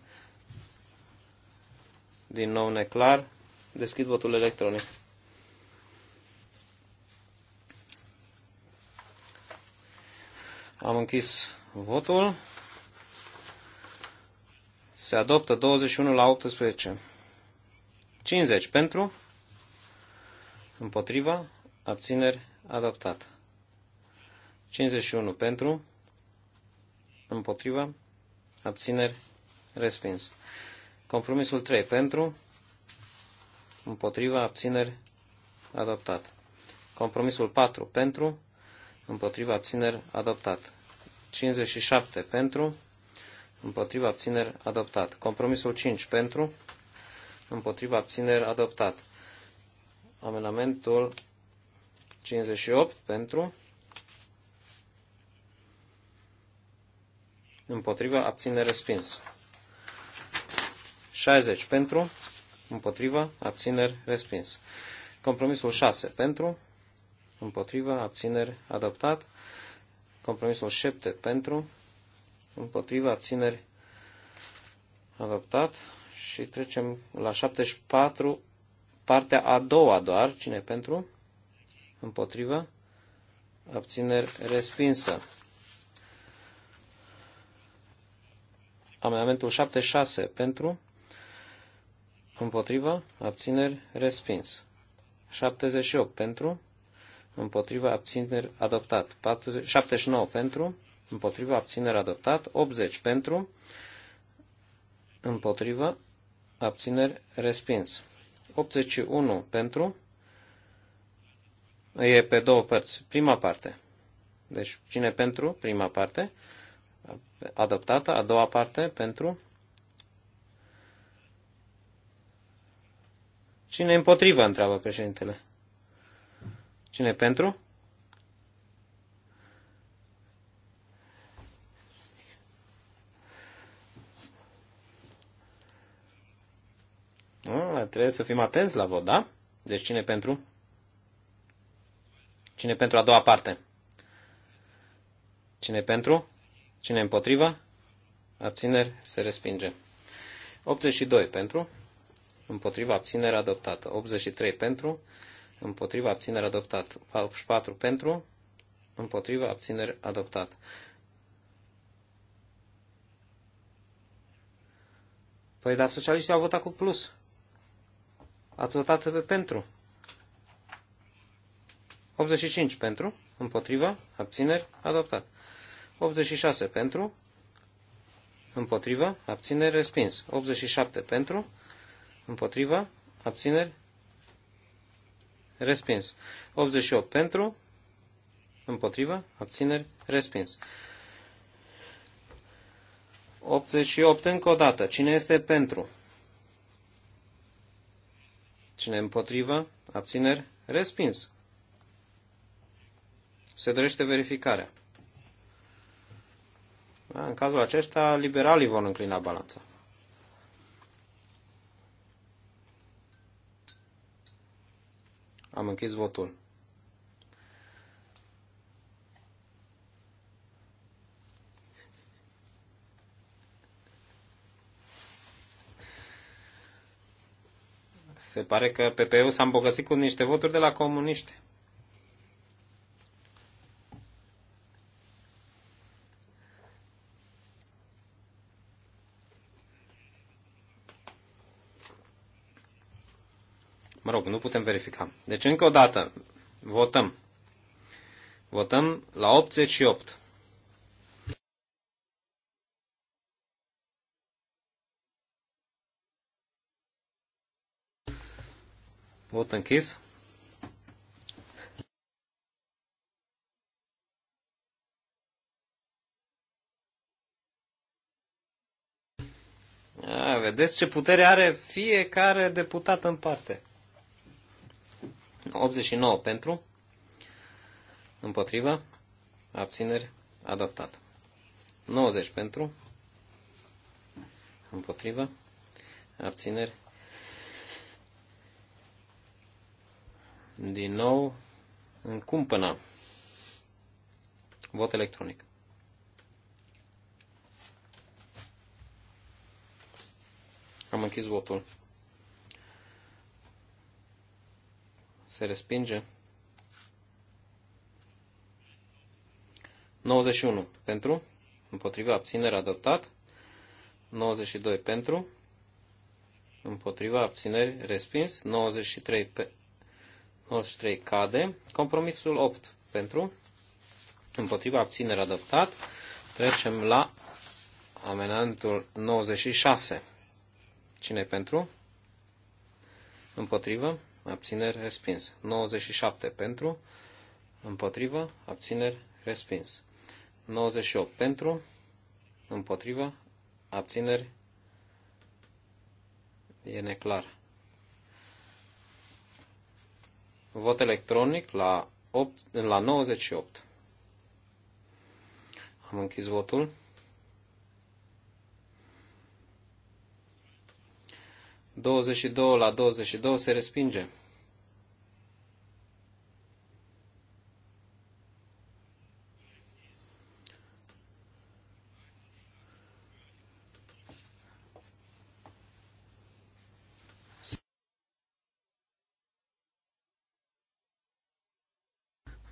din nou neclar. Deschid votul electronic. Am închis votul. Se adoptă 21 la 18. 50 pentru. Împotriva. Abțineri. Adoptat. 51 pentru. Împotriva. Abțineri. Respins. Compromisul 3 pentru. Împotriva. Abțineri. Adoptat. Compromisul 4 pentru. Împotriva. Abțineri. Adoptat. 57 pentru împotriva abțineri adoptat. Compromisul 5 pentru, împotriva abțineri adoptat. Amendamentul 58 pentru, împotriva abțineri respins. 60 pentru, împotriva abțineri respins. Compromisul 6 pentru, împotriva abțineri adoptat. Compromisul 7 pentru, împotriva abțineri adoptat și trecem la 74, partea a doua doar, cine pentru, împotriva, abțineri respinsă. Amendamentul 76 pentru, împotriva, abțineri respins. 78 pentru, împotriva, abțineri adoptat. 40, 79 pentru, împotriva, abținere adoptat, 80 pentru, împotriva, abțineri respins. 81 pentru, e pe două părți, prima parte. Deci cine pentru, prima parte, adoptată, a doua parte pentru, Cine împotrivă, întreabă președintele. Cine pentru? Da, trebuie să fim atenți la vot, da? Deci cine pentru? Cine pentru a doua parte? Cine pentru? Cine împotrivă? Abțineri se respinge. 82 pentru, împotriva abținere adoptată. 83 pentru, împotriva abținere adoptată. 84 pentru, împotriva abținere adoptată. Păi, dar socialiștii au votat cu plus. Ați votat pe pentru. 85 pentru, împotrivă, abțineri, adoptat. 86 pentru, împotrivă, abțineri, respins. 87 pentru, împotrivă, abțineri, respins. 88 pentru, împotrivă, abțineri, respins. 88 încă o dată. Cine este pentru? Cine împotrivă? Abțineri? Respins. Se dorește verificarea. Da, în cazul acesta, liberalii vor înclina balanța. Am închis votul. Se pare că PPU ul s-a îmbogățit cu niște voturi de la comuniști. Mă rog, nu putem verifica. Deci încă o dată, votăm. Votăm la 88. Vot închis. A, vedeți ce putere are fiecare deputat în parte. 89 pentru, împotriva, abțineri, adoptat. 90 pentru, împotriva, abțineri, din nou în cumpăna. Vot electronic. Am închis votul. Se respinge. 91 pentru, împotriva abținere adoptat. 92 pentru, împotriva abțineri respins. 93 pe, 93 cade. Compromisul 8 pentru. Împotriva abținere adoptat. Trecem la amenantul 96. Cine pentru? Împotrivă. Abțineri respins. 97 pentru. Împotrivă. Abțineri respins. 98 pentru. Împotrivă. Abțineri. E neclar. Vot electronic la, 8, la 98. Am închis votul. Douăzeci și două la douăzeci și două se respinge.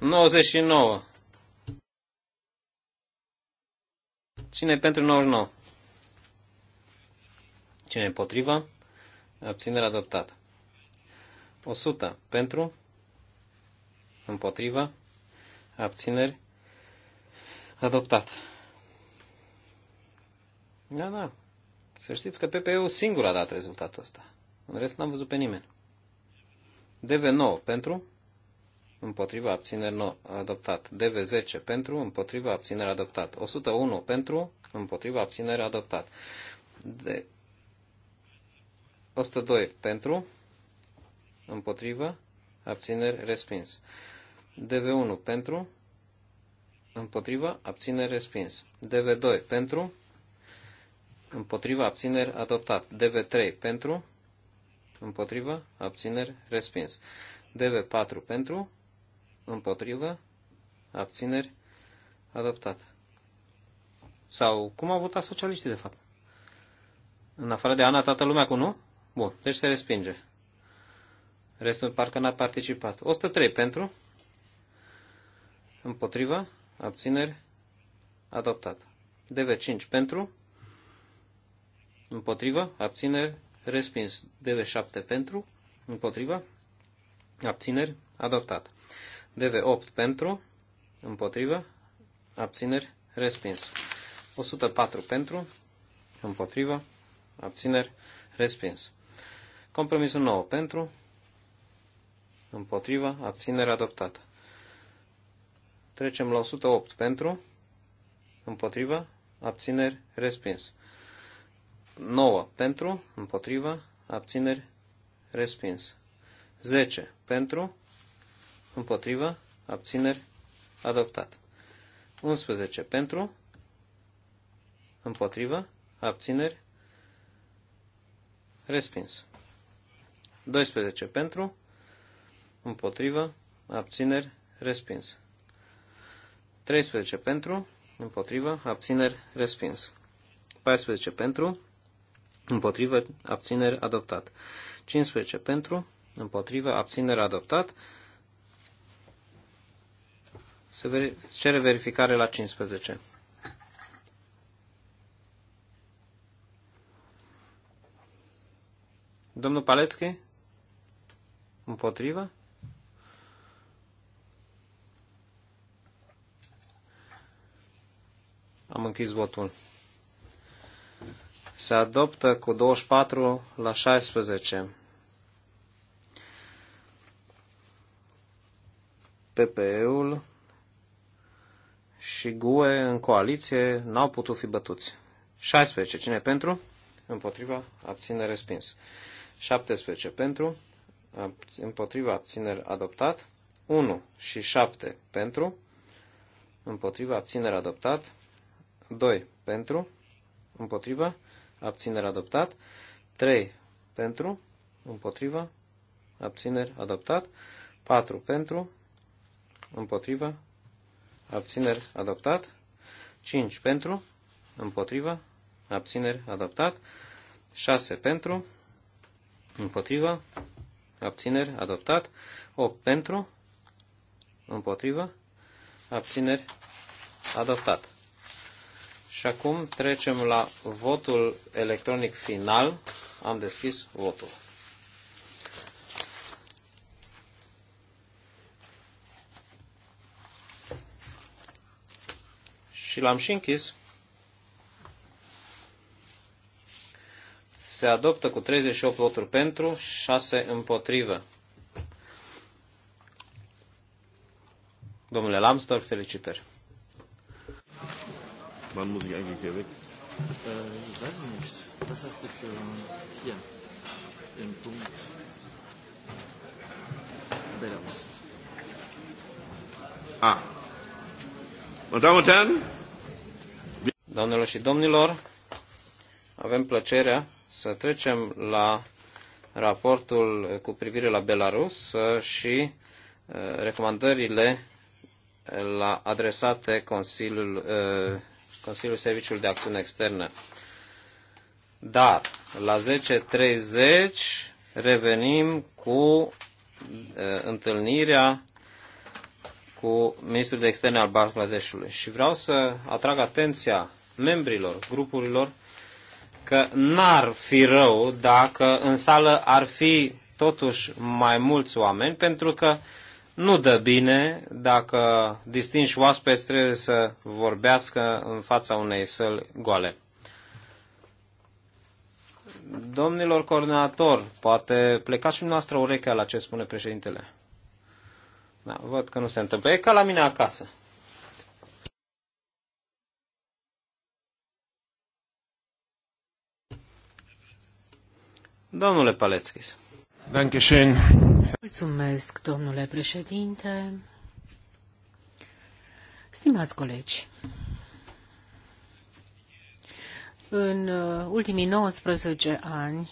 99. Cine e pentru 99? Cine e împotriva? Abținere adoptată. 100 pentru, împotriva, abțineri, adoptat. Da, da. Să știți că PPE-ul singur a dat rezultatul ăsta. În rest n-am văzut pe nimeni. DV9 pentru, împotriva abțineri adoptat. DV10 pentru, împotriva abținere adoptat. 101 pentru, împotriva abținere adoptat. De 102 pentru, împotriva, abțineri respins. DV1 pentru, împotriva, abțineri respins. DV2 pentru, împotriva, abțineri adoptat. DV3 pentru, împotriva, abțineri respins. DV4 pentru, împotrivă, abțineri, adoptat. Sau cum au votat socialiștii, de fapt? În afară de Ana, toată lumea cu nu? Bun, deci se respinge. Restul parcă n-a participat. 103 pentru, împotrivă, abțineri, adoptat. DV5 pentru, împotrivă, abțineri, respins. DV7 pentru, împotrivă, abțineri, adoptat. DV8 pentru, împotrivă, abțineri, respins. 104 pentru, împotrivă, abțineri, respins. Compromisul 9 pentru, împotrivă, abțineri, adoptat. Trecem la 108 pentru, împotrivă, abțineri, respins. 9 pentru, împotrivă, abțineri, respins. 10 pentru, împotrivă, abțineri, adoptat. 11 pentru, împotrivă, abțineri, respins. 12 pentru, împotrivă, abțineri, respins. 13 pentru, împotrivă, abțineri, respins. 14 pentru, împotrivă, abțineri, adoptat. 15 pentru, împotrivă, abțineri, adoptat. Se cere verificare la 15. Domnul Paletchi? Împotrivă? Am închis votul. Se adoptă cu 24 la 16. PPE-ul și GUE în coaliție n-au putut fi bătuți. 16. Cine pentru? Împotriva, abține respins. 17 pentru, împotriva, abține adoptat. 1 și 7 pentru, împotriva, abține adoptat. 2 pentru, împotriva, abține adoptat. 3 pentru, împotriva, abține adoptat. 4 pentru, împotriva, abțineri, adoptat. 5 pentru, împotriva, abțineri, adoptat. 6 pentru, împotriva, abțineri, adoptat. 8 pentru, împotriva, abțineri, adoptat. Și acum trecem la votul electronic final. Am deschis votul. și l-am și închis. Se adoptă cu 38 voturi pentru, 6 împotrivă. Domnule Lamstor, felicitări. Wann muss ich eigentlich hier weg? Äh, ich weiß nicht. Was hast du für hier? Im Punkt Belarus. Ah. Meine Damen und Herren, Doamnelor și domnilor, avem plăcerea să trecem la raportul cu privire la Belarus și uh, recomandările la adresate Consiliul, uh, Consiliul Serviciului de Acțiune Externă. Dar la 10.30 revenim cu uh, întâlnirea cu ministrul de externe al Bangladeshului. Și vreau să atrag atenția membrilor grupurilor că n-ar fi rău dacă în sală ar fi totuși mai mulți oameni, pentru că nu dă bine dacă distinși oaspeți trebuie să vorbească în fața unei săli goale. Domnilor coordonator, poate plecați și noastră urechea la ce spune președintele. Da, văd că nu se întâmplă. E ca la mine acasă. Domnule Paleckis. Mulțumesc, domnule președinte. Stimați colegi, în uh, ultimii 19 ani,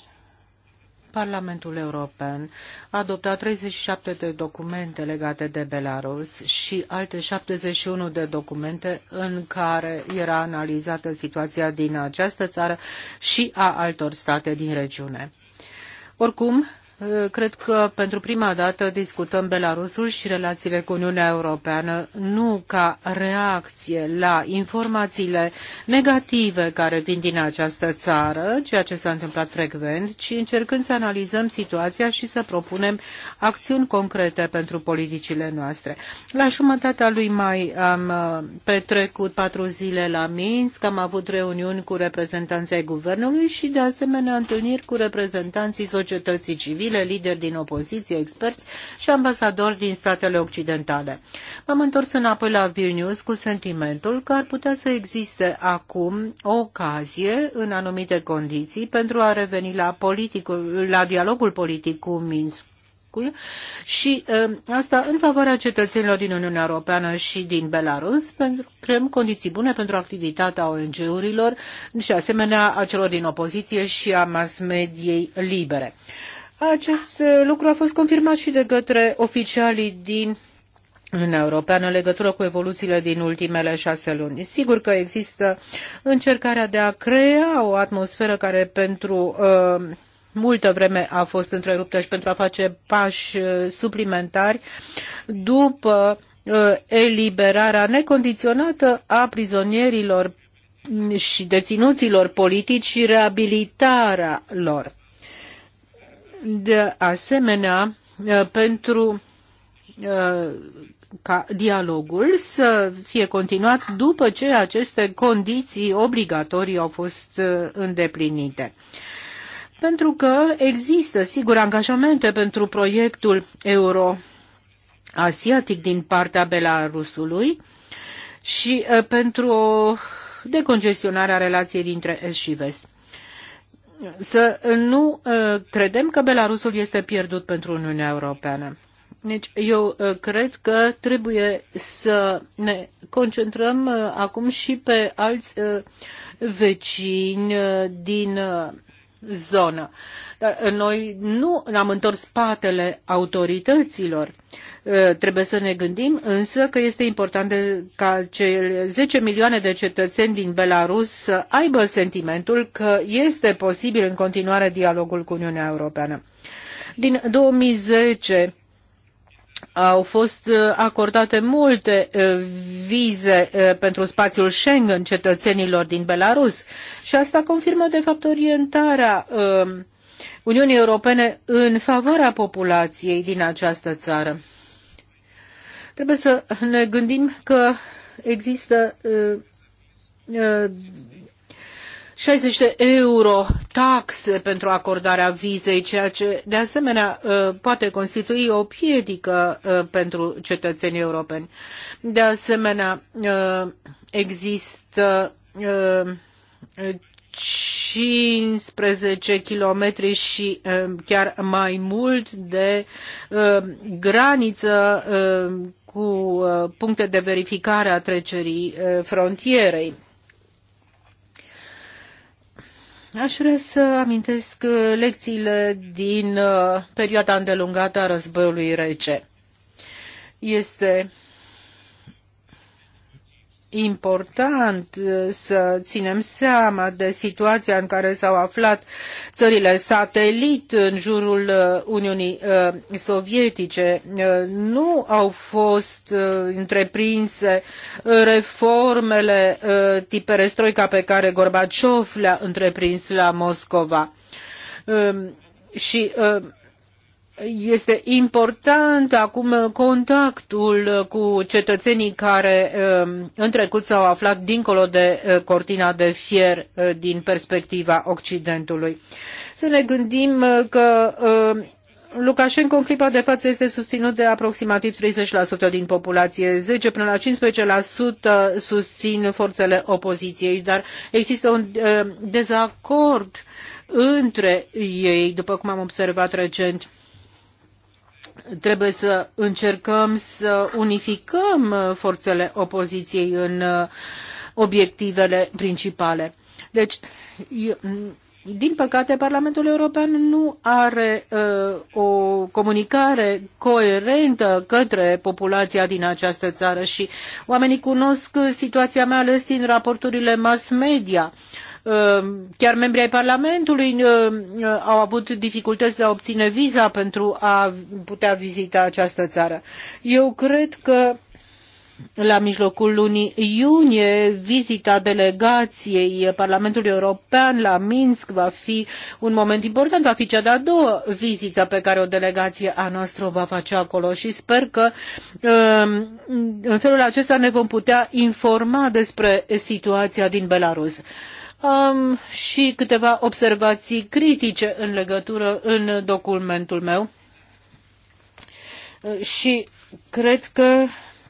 Parlamentul European a adoptat 37 de documente legate de Belarus și alte 71 de documente în care era analizată situația din această țară și a altor state din regiune. Oricum, Eh, cred că pentru prima dată discutăm Belarusul și relațiile cu Uniunea Europeană, nu ca reacție la informațiile negative care vin din această țară, ceea ce s-a întâmplat frecvent, ci încercând să analizăm situația și să propunem acțiuni concrete pentru politicile noastre. La jumătatea lui mai am eh, petrecut patru zile la Minsk, am avut reuniuni cu reprezentanții guvernului și de asemenea întâlniri cu reprezentanții societății civile civile, lideri din opoziție, experți și ambasadori din statele occidentale. M-am întors înapoi la Vilnius cu sentimentul că ar putea să existe acum o ocazie, în anumite condiții, pentru a reveni la, politicul, la dialogul politic cu Minsk și ă, asta în favoarea cetățenilor din Uniunea Europeană și din Belarus, pentru creăm condiții bune pentru activitatea ONG-urilor și asemenea a celor din opoziție și a mass mediei libere. Acest uh, lucru a fost confirmat și de către oficialii din Uniunea Europeană în legătură cu evoluțiile din ultimele șase luni. Sigur că există încercarea de a crea o atmosferă care pentru uh, multă vreme a fost întreruptă și pentru a face pași uh, suplimentari după uh, eliberarea necondiționată a prizonierilor și deținuților politici și reabilitarea lor de asemenea uh, pentru uh, ca dialogul să fie continuat după ce aceste condiții obligatorii au fost uh, îndeplinite. Pentru că există, sigur, angajamente pentru proiectul Euroasiatic din partea Belarusului și pentru o decongestionare a relației dintre Est și Vest să nu uh, credem că Belarusul este pierdut pentru Uniunea Europeană. Deci eu uh, cred că trebuie să ne concentrăm uh, acum și pe alți vecini din zonă. Dar uh, noi nu am întors spatele autorităților. Uh, trebuie să ne gândim însă că este important de, ca cele 10 milioane de cetățeni din Belarus să aibă sentimentul că este posibil în continuare dialogul cu Uniunea Europeană. Din 2010 au fost uh, acordate multe uh, vize uh, pentru spațiul Schengen cetățenilor din Belarus și asta confirmă de fapt orientarea um, Uniunii Europene în favoarea populației din această țară. Trebuie să ne gândim că există 60 de euro taxe pentru acordarea vizei, ceea ce de asemenea uh, poate constitui o piedică uh, pentru cetățenii europeni. De asemenea, uh, există 15 kilometri și chiar mai mult de graniță cu puncte de verificare a trecerii frontierei. Aș vrea să amintesc uh, lecțiile din uh, perioada îndelungată a războiului rece. Este important uh, să ținem seama de situația în care s-au aflat țările satelit în jurul uh, Uniunii uh, Sovietice. Nu au fost întreprinse reformele tip perestroica pe care Gorbaciov le-a întreprins la Moscova. Um, și um, este important acum contactul cu cetățenii care um, în trecut s-au aflat dincolo de uh, cortina de fier uh, din perspectiva Occidentului. Să ne gândim uh, că um, Lukashenko în clipa de față este susținut de aproximativ 30% din populație, 10 până la 15% susțin forțele opoziției, dar există un dezacord între ei, după cum am observat recent trebuie să încercăm să unificăm uh, forțele opoziției în uh, obiectivele principale. Deci, mm, din păcate, Parlamentul European nu are uh, o comunicare coerentă către populația din această țară și oamenii cunosc situația, mai ales din raporturile mass media. Uh, Ehm, chiar membrii ai Parlamentului ehm, eh, au avut dificultăți de a obține viza pentru a putea vizita această țară. Eu cred că la mijlocul lunii iunie, vizita delegației Parlamentului European la Minsk va fi un moment important, va fi cea de-a doua vizită pe care o delegație a noastră o va face acolo și sper că ehm, în felul acesta ne vom putea informa despre situația din Belarus. Am și câteva observații critice în legătură în documentul meu și cred că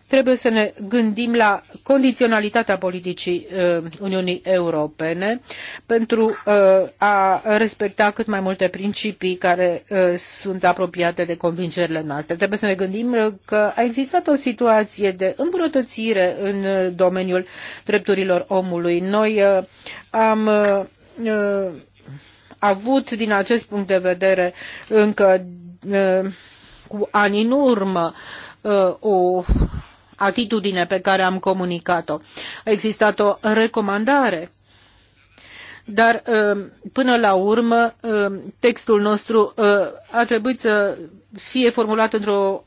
trebuie să ne gândim la condiționalitatea politicii uh, Uniunii Europene pentru uh, a respecta cât mai multe principii care uh, sunt apropiate de convingerile noastre. Trebuie să ne gândim că a existat o situație de îmbunătățire în domeniul drepturilor omului. Noi am avut din acest punct de vedere încă cu ani în urmă o atitudine pe care am comunicat-o. A existat o recomandare dar uh, până la urmă uh, textul nostru uh, a trebuit să fie formulat într-o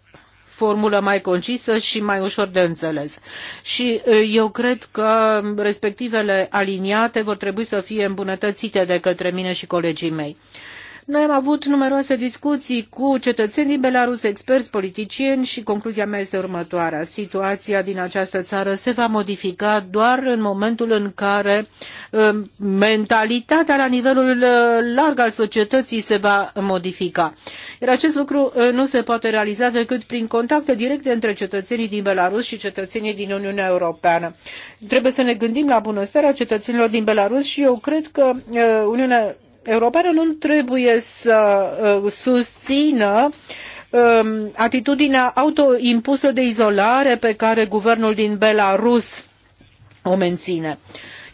formulă mai concisă și mai ușor de înțeles. Și eu cred că respectivele aliniate vor trebui să fie îmbunătățite de către mine și colegii mei. Noi am avut numeroase discuții cu cetățenii belarus, experți, politicieni și concluzia mea este următoarea. Situația din această țară se va modifica doar în momentul în care um, mentalitatea la nivelul uh, larg al societății se va modifica. Iar acest lucru uh, nu se poate realiza decât prin contacte directe între cetățenii din Belarus și cetățenii din Uniunea Europeană. Trebuie să ne gândim la bunăstarea cetățenilor din Belarus și eu cred că uh, Uniunea europeană nu trebuie să uh, susțină um, atitudinea autoimpusă de izolare pe care guvernul din Belarus o menține.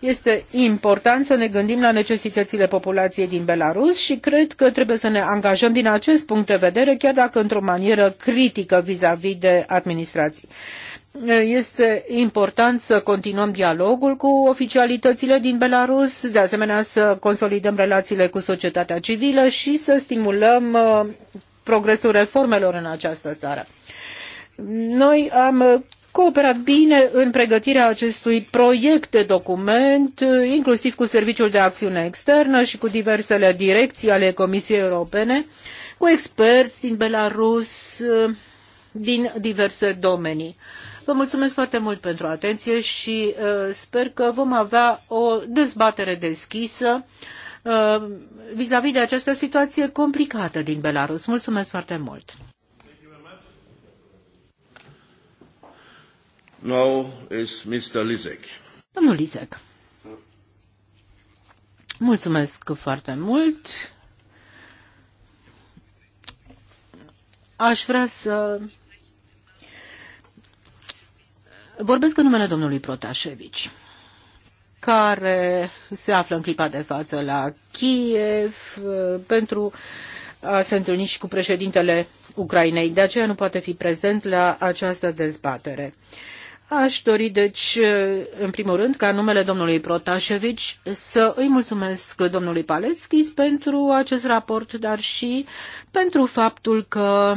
Este important să ne gândim la necesitățile populației din Belarus și cred că trebuie să ne angajăm din acest punct de vedere, chiar dacă într-o manieră critică vis-a-vis de administrații este important să continuăm dialogul cu oficialitățile din Belarus, de asemenea să consolidăm relațiile cu societatea civilă și să stimulăm uh, progresul reformelor în această țară. Noi am uh, cooperat bine în pregătirea acestui proiect de document, uh, inclusiv cu Serviciul de Acțiune Externă și cu diversele direcții ale Comisiei Europene, cu experți din Belarus, din diverse domenii. Vă mulțumesc foarte mult pentru atenție și uh, sper că vom avea o dezbatere deschisă uh, vis-a-vis uh, -vis de această situație complicată din Belarus. Mulțumesc foarte mult! Now is Mr. Lisek. Domnul Lisek. Mulțumesc foarte mult. Aș vrea să Vorbesc în numele domnului Protașevici care se află în clipa de față la Kiev uh, pentru a se întâlni și cu președintele Ucrainei. De aceea nu poate fi prezent la această dezbatere. Aș dori, deci, uh, în primul rând, ca numele domnului Protașevici să îi mulțumesc domnului Palețchis pentru acest raport, dar și pentru faptul că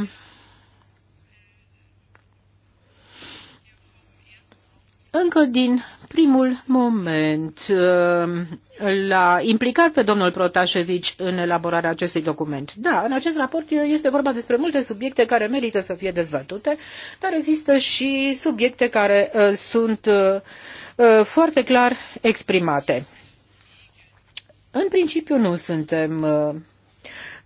încă din primul moment um, l-a implicat pe domnul Protașevici în elaborarea acestui document. Da, în acest raport este vorba despre multe subiecte care merită să fie dezbătute, dar există și subiecte care uh, sunt uh, uh, foarte clar exprimate. În principiu nu suntem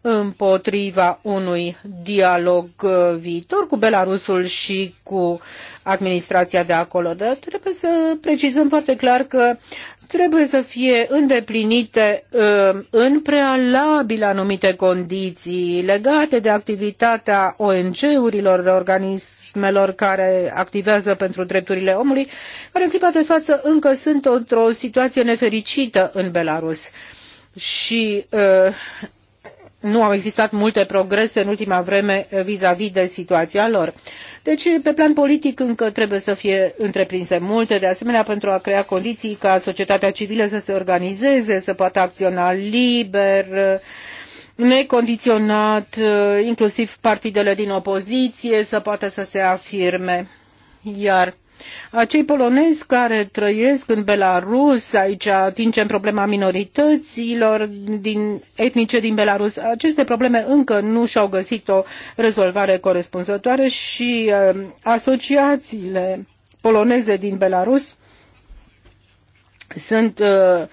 împotriva unui dialog uh, viitor cu Belarusul și cu administrația de acolo. Dar trebuie să precizăm foarte clar că trebuie să fie îndeplinite uh, în prealabil anumite condiții legate de activitatea ONG-urilor, organismelor care activează pentru drepturile omului, care în clipa de față încă sunt într-o situație nefericită în Belarus. Și uh, nu au existat multe progrese în ultima vreme eh, vis-a-vis de situația lor. Deci, pe plan politic, încă trebuie să fie întreprinse multe, de asemenea, pentru a crea condiții ca societatea civilă să se organizeze, să poată acționa liber, eh, necondiționat, eh, inclusiv partidele din opoziție să poată să se afirme. Iar acei polonezi care trăiesc în Belarus, aici atingem problema minorităților din, etnice din Belarus, aceste probleme încă nu și-au găsit o rezolvare corespunzătoare și uh, asociațiile poloneze din Belarus sunt uh,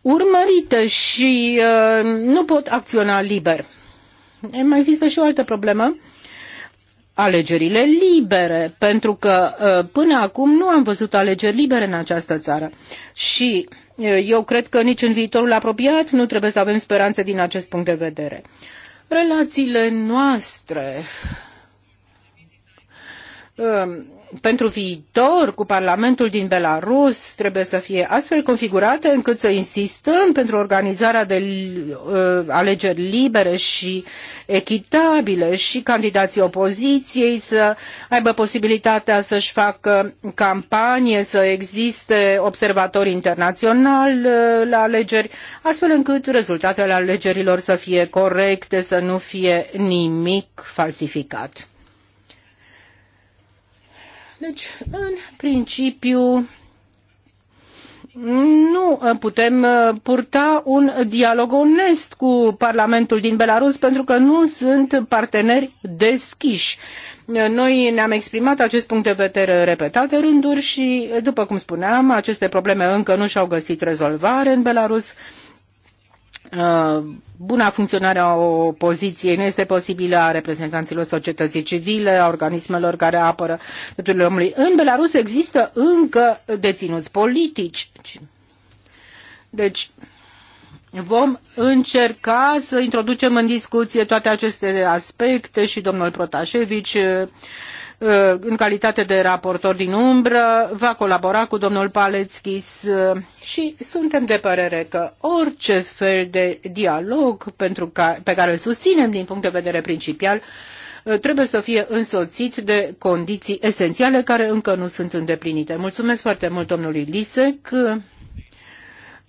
urmărite și uh, nu pot acționa liber. Mai există și o altă problemă. Uh, alegerile libere, pentru că uh, până acum nu am văzut alegeri libere în această țară. Și uh, eu cred că nici în viitorul apropiat nu trebuie să avem speranțe din acest punct de vedere. Relațiile noastre um, pentru viitor cu Parlamentul din Belarus trebuie să fie astfel configurate încât să insistăm pentru organizarea de uh, alegeri libere și echitabile și candidații opoziției să aibă posibilitatea să-și facă campanie, să existe observatori internaționali uh, la alegeri, astfel încât rezultatele alegerilor să fie corecte, să nu fie nimic falsificat. Deci, în principiu, nu putem uh, purta un dialog onest cu Parlamentul din Belarus pentru că nu sunt parteneri deschiși. Noi ne-am exprimat acest punct de vedere repetate rânduri și, după cum spuneam, aceste probleme încă nu și-au găsit rezolvare în Belarus. Uh, buna funcționare a opoziției nu este posibilă a reprezentanților societății civile, a organismelor care apără drepturile omului. În Belarus există încă deținuți politici. Deci, Vom încerca să introducem în discuție toate aceste aspecte și domnul Protașevici Uh, în calitate de raportor din umbră, va colabora cu domnul Paleckis uh, și suntem de părere că orice fel de dialog pentru ca, pe care îl susținem din punct de vedere principial uh, trebuie să fie însoțit de condiții esențiale care încă nu sunt îndeplinite. Mulțumesc foarte mult domnului Lisec.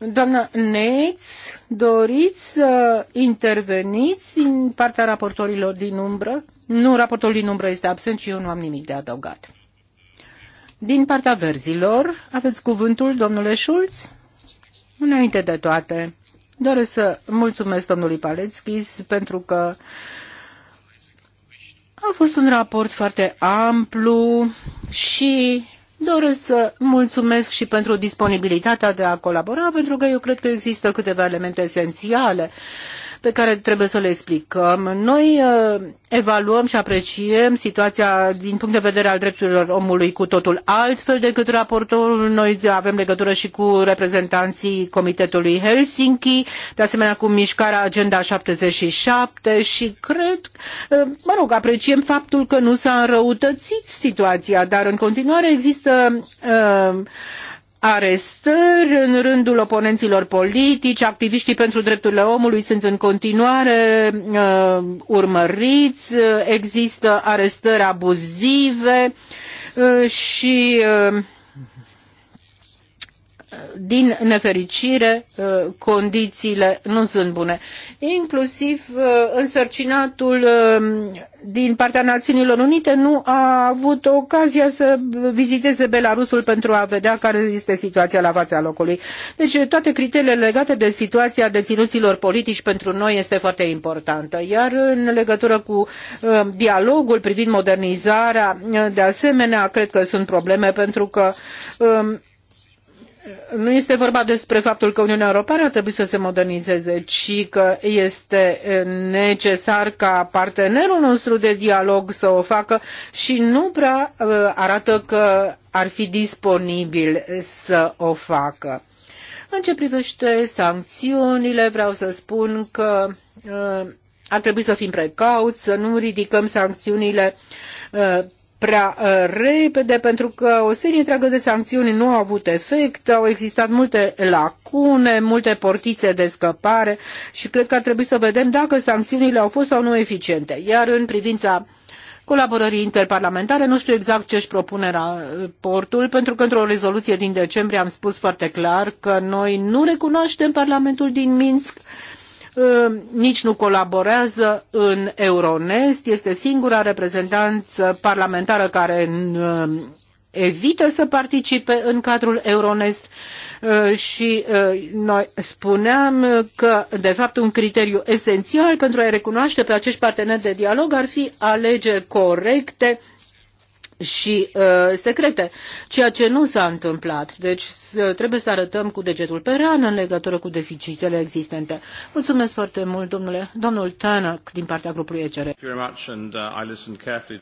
Doamna Neitz, doriți să interveniți în partea raportorilor din umbră? Nu, raportorul din umbră este absent și eu nu am nimic de adăugat. Din partea verzilor, aveți cuvântul, domnule Schulz? Înainte de toate, doresc să mulțumesc domnului Paleckis pentru că a fost un raport foarte amplu și Doresc să mulțumesc și pentru disponibilitatea de a colabora, pentru că eu cred că există câteva elemente esențiale pe care trebuie să le explicăm. Noi uh, evaluăm și apreciem situația din punct de vedere al drepturilor omului cu totul altfel decât raportorul. Noi avem legătură și cu reprezentanții Comitetului Helsinki, de asemenea cu mișcarea Agenda 77 și cred, uh, mă rog, apreciem faptul că nu s-a înrăutățit situația, dar în continuare există uh, arestări în rândul oponenților politici, activiștii pentru drepturile omului sunt în continuare uh, urmăriți, există arestări abuzive uh, și uh, din nefericire, uh, condițiile nu sunt bune. Inclusiv uh, însărcinatul uh, din partea Națiunilor Unite nu a avut ocazia să viziteze Belarusul pentru a vedea care este situația la fața locului. Deci toate criteriile legate de situația deținuților politici pentru noi este foarte importantă. Iar în legătură cu dialogul privind modernizarea, de asemenea, cred că sunt probleme pentru că um, nu este vorba despre faptul că Uniunea Europeană trebuie să se modernizeze, ci că este necesar ca partenerul nostru de dialog să o facă și nu prea uh, arată că ar fi disponibil să o facă. În ce privește sancțiunile, vreau să spun că uh, ar trebui să fim precauți, să nu ridicăm sancțiunile uh, prea uh, repede pentru că o serie întreagă de sancțiuni nu au avut efect, au existat multe lacune, multe portițe de scăpare și cred că ar trebui să vedem dacă sancțiunile au fost sau nu eficiente. Iar în privința colaborării interparlamentare. Nu știu exact ce își propune raportul, pentru că într-o rezoluție din decembrie am spus foarte clar că noi nu recunoaștem Parlamentul din Minsk Ă, nici nu colaborează în Euronest, este singura reprezentanță parlamentară care ă, evită să participe în cadrul Euronest ă, și noi spuneam că, de fapt, un criteriu esențial pentru a-i recunoaște pe acești parteneri de dialog ar fi alegeri corecte și uh, secrete, ceea ce nu s-a întâmplat. Deci uh, trebuie să arătăm cu degetul pe rană în legătură cu deficitele existente. Mulțumesc foarte mult, domnule, domnul Tanak, din partea grupului ECR. Uh,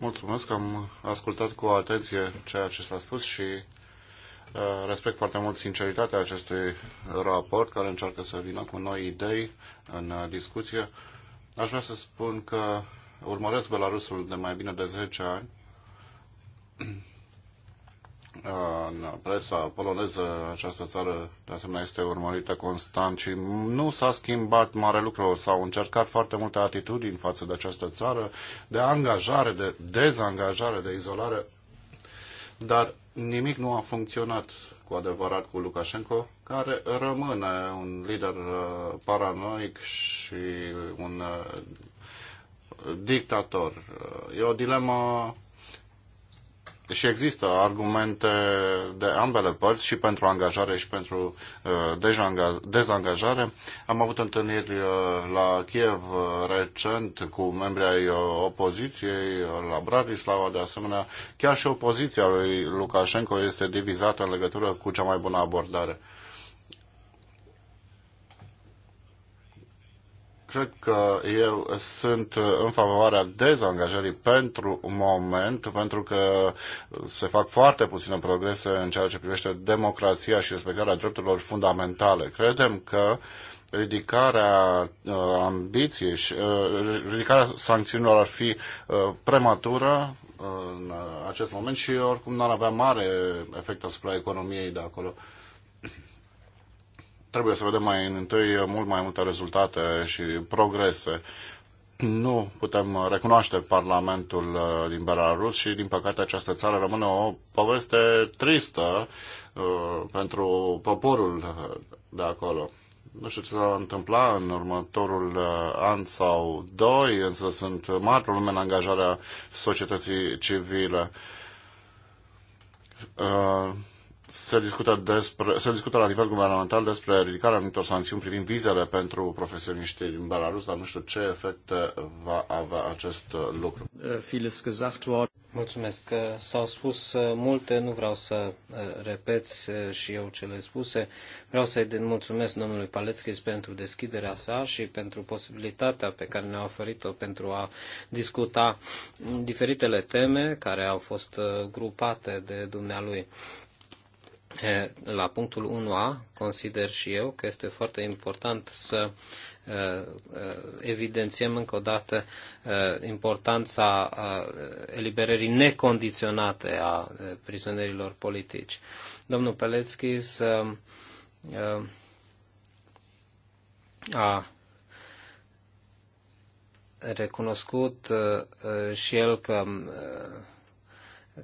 Mulțumesc că am ascultat cu atenție ceea ce s-a spus și uh, respect foarte mult sinceritatea acestui raport care încearcă să vină cu noi idei în discuție. Aș vrea să spun că urmăresc Belarusul de mai bine de 10 ani, în presa poloneză această țară de asemenea este urmărită constant și nu s-a schimbat mare lucru. S-au încercat foarte multe atitudini față de această țară de angajare, de dezangajare, de izolare, dar nimic nu a funcționat cu adevărat cu Lukashenko, care rămâne un lider uh, paranoic și un uh, dictator. E o dilemă și există argumente de ambele părți, și pentru angajare și pentru uh, dezangajare. Am avut întâlniri uh, la Kiev uh, recent cu membrii ai opoziției, la Bratislava de asemenea. Chiar și opoziția lui Lukashenko este divizată în legătură cu cea mai bună abordare. cred că eu sunt în favoarea dezangajării pentru un moment, pentru că se fac foarte puține progrese în ceea ce privește democrația și respectarea drepturilor fundamentale. Credem că ridicarea uh, ambiției și uh, ridicarea sancțiunilor ar fi uh, prematură uh, în acest moment și oricum n-ar avea mare efect asupra economiei de acolo. Uh, trebuie să vedem mai întâi mult mai multe rezultate și progrese. Nu putem recunoaște Parlamentul uh, din Belarus și, din păcate, această țară rămâne o poveste tristă uh, pentru poporul uh, de acolo. Nu știu ce s-a întâmplat în următorul an sau doi, însă sunt mari probleme în angajarea societății civile se discută, despre, se discută la nivel guvernamental despre ridicarea anumitor sancțiuni privind vizele pentru profesioniști din Belarus, dar nu știu ce efecte va avea acest uh, lucru. Uh, mulțumesc. Uh, s-au spus multe, nu vreau să repet și eu cele spuse. Vreau să-i mulțumesc domnului Palețchis pentru deschiderea sa și pentru posibilitatea pe care ne-a oferit-o pentru a discuta diferitele teme care au fost grupate de dumnealui la punctul 1a consider și eu că este foarte important să evidențiem încă o dată importanța eliberării necondiționate a prizonierilor politici. Domnul Pelețchi să a recunoscut și el că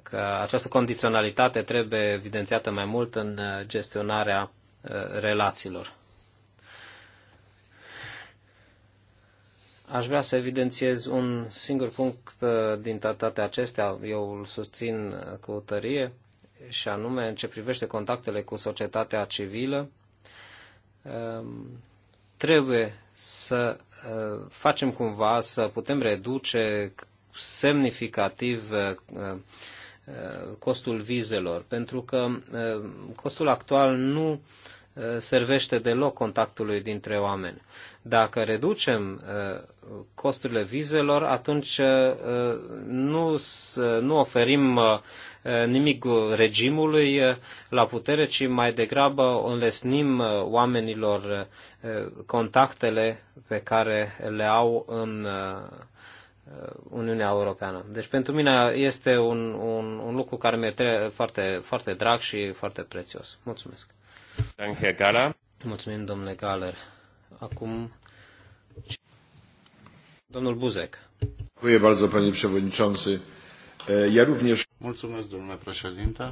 că această condiționalitate trebuie evidențiată mai mult în uh, gestionarea uh, relațiilor. Aș vrea să evidențiez un singur punct uh, din toate acestea, eu îl susțin cu tărie, și anume în ce privește contactele cu societatea civilă, um, trebuie să facem cumva să putem reduce semnificativ Uh, costul vizelor, pentru că uh, costul actual nu uh, servește deloc contactului dintre oameni. Dacă reducem costurile vizelor, atunci nu, nu oferim nimic regimului la putere, ci mai degrabă înlesnim oamenilor contactele pe care le au în Uh, Uniunea Europeană. Deci pentru mine este un, un, un lucru care mi-e foarte, foarte drag și foarte prețios. Mulțumesc. Danke, Gala. Mulțumim, domnule Galer. Acum, domnul Buzek. Dziękuję bardzo, panie przewodniczący. Ja również... Mulțumesc, domnule președinte.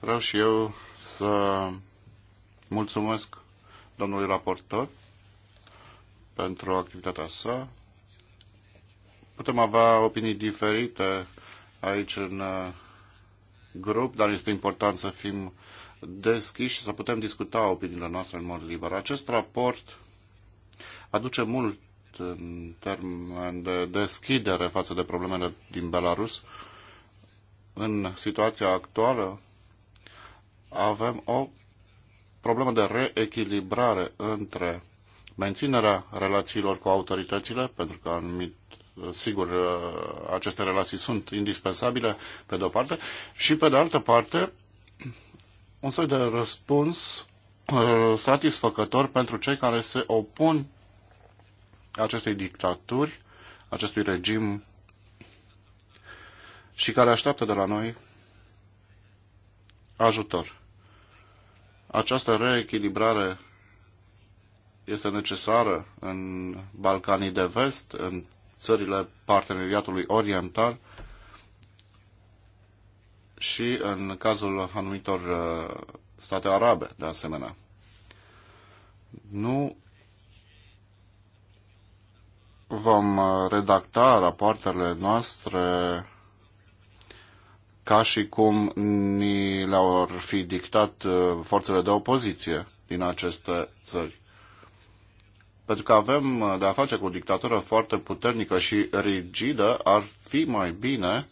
Vreau și eu să mulțumesc domnului raportor pentru activitatea sa. Putem avea opinii diferite aici în uh, grup, dar este important să fim deschiși și să putem discuta opiniile noastre în mod liber. Acest raport aduce mult în termen de deschidere față de problemele din Belarus. În situația actuală avem o problemă de reechilibrare între menținerea relațiilor cu autoritățile, pentru că anumit, sigur, aceste relații sunt indispensabile, pe de o parte, și pe de altă parte, un soi de răspuns uh, satisfăcător pentru cei care se opun acestei dictaturi, acestui regim și care așteaptă de la noi ajutor. Această reechilibrare este necesară în Balcanii de Vest, în țările parteneriatului oriental și în cazul anumitor uh, state arabe, de asemenea. Nu vom uh, redacta rapoartele noastre ca și cum ni le-ar fi dictat uh, forțele de opoziție din aceste țări pentru că avem uh, de a face cu o dictatură foarte puternică și rigidă, ar fi mai bine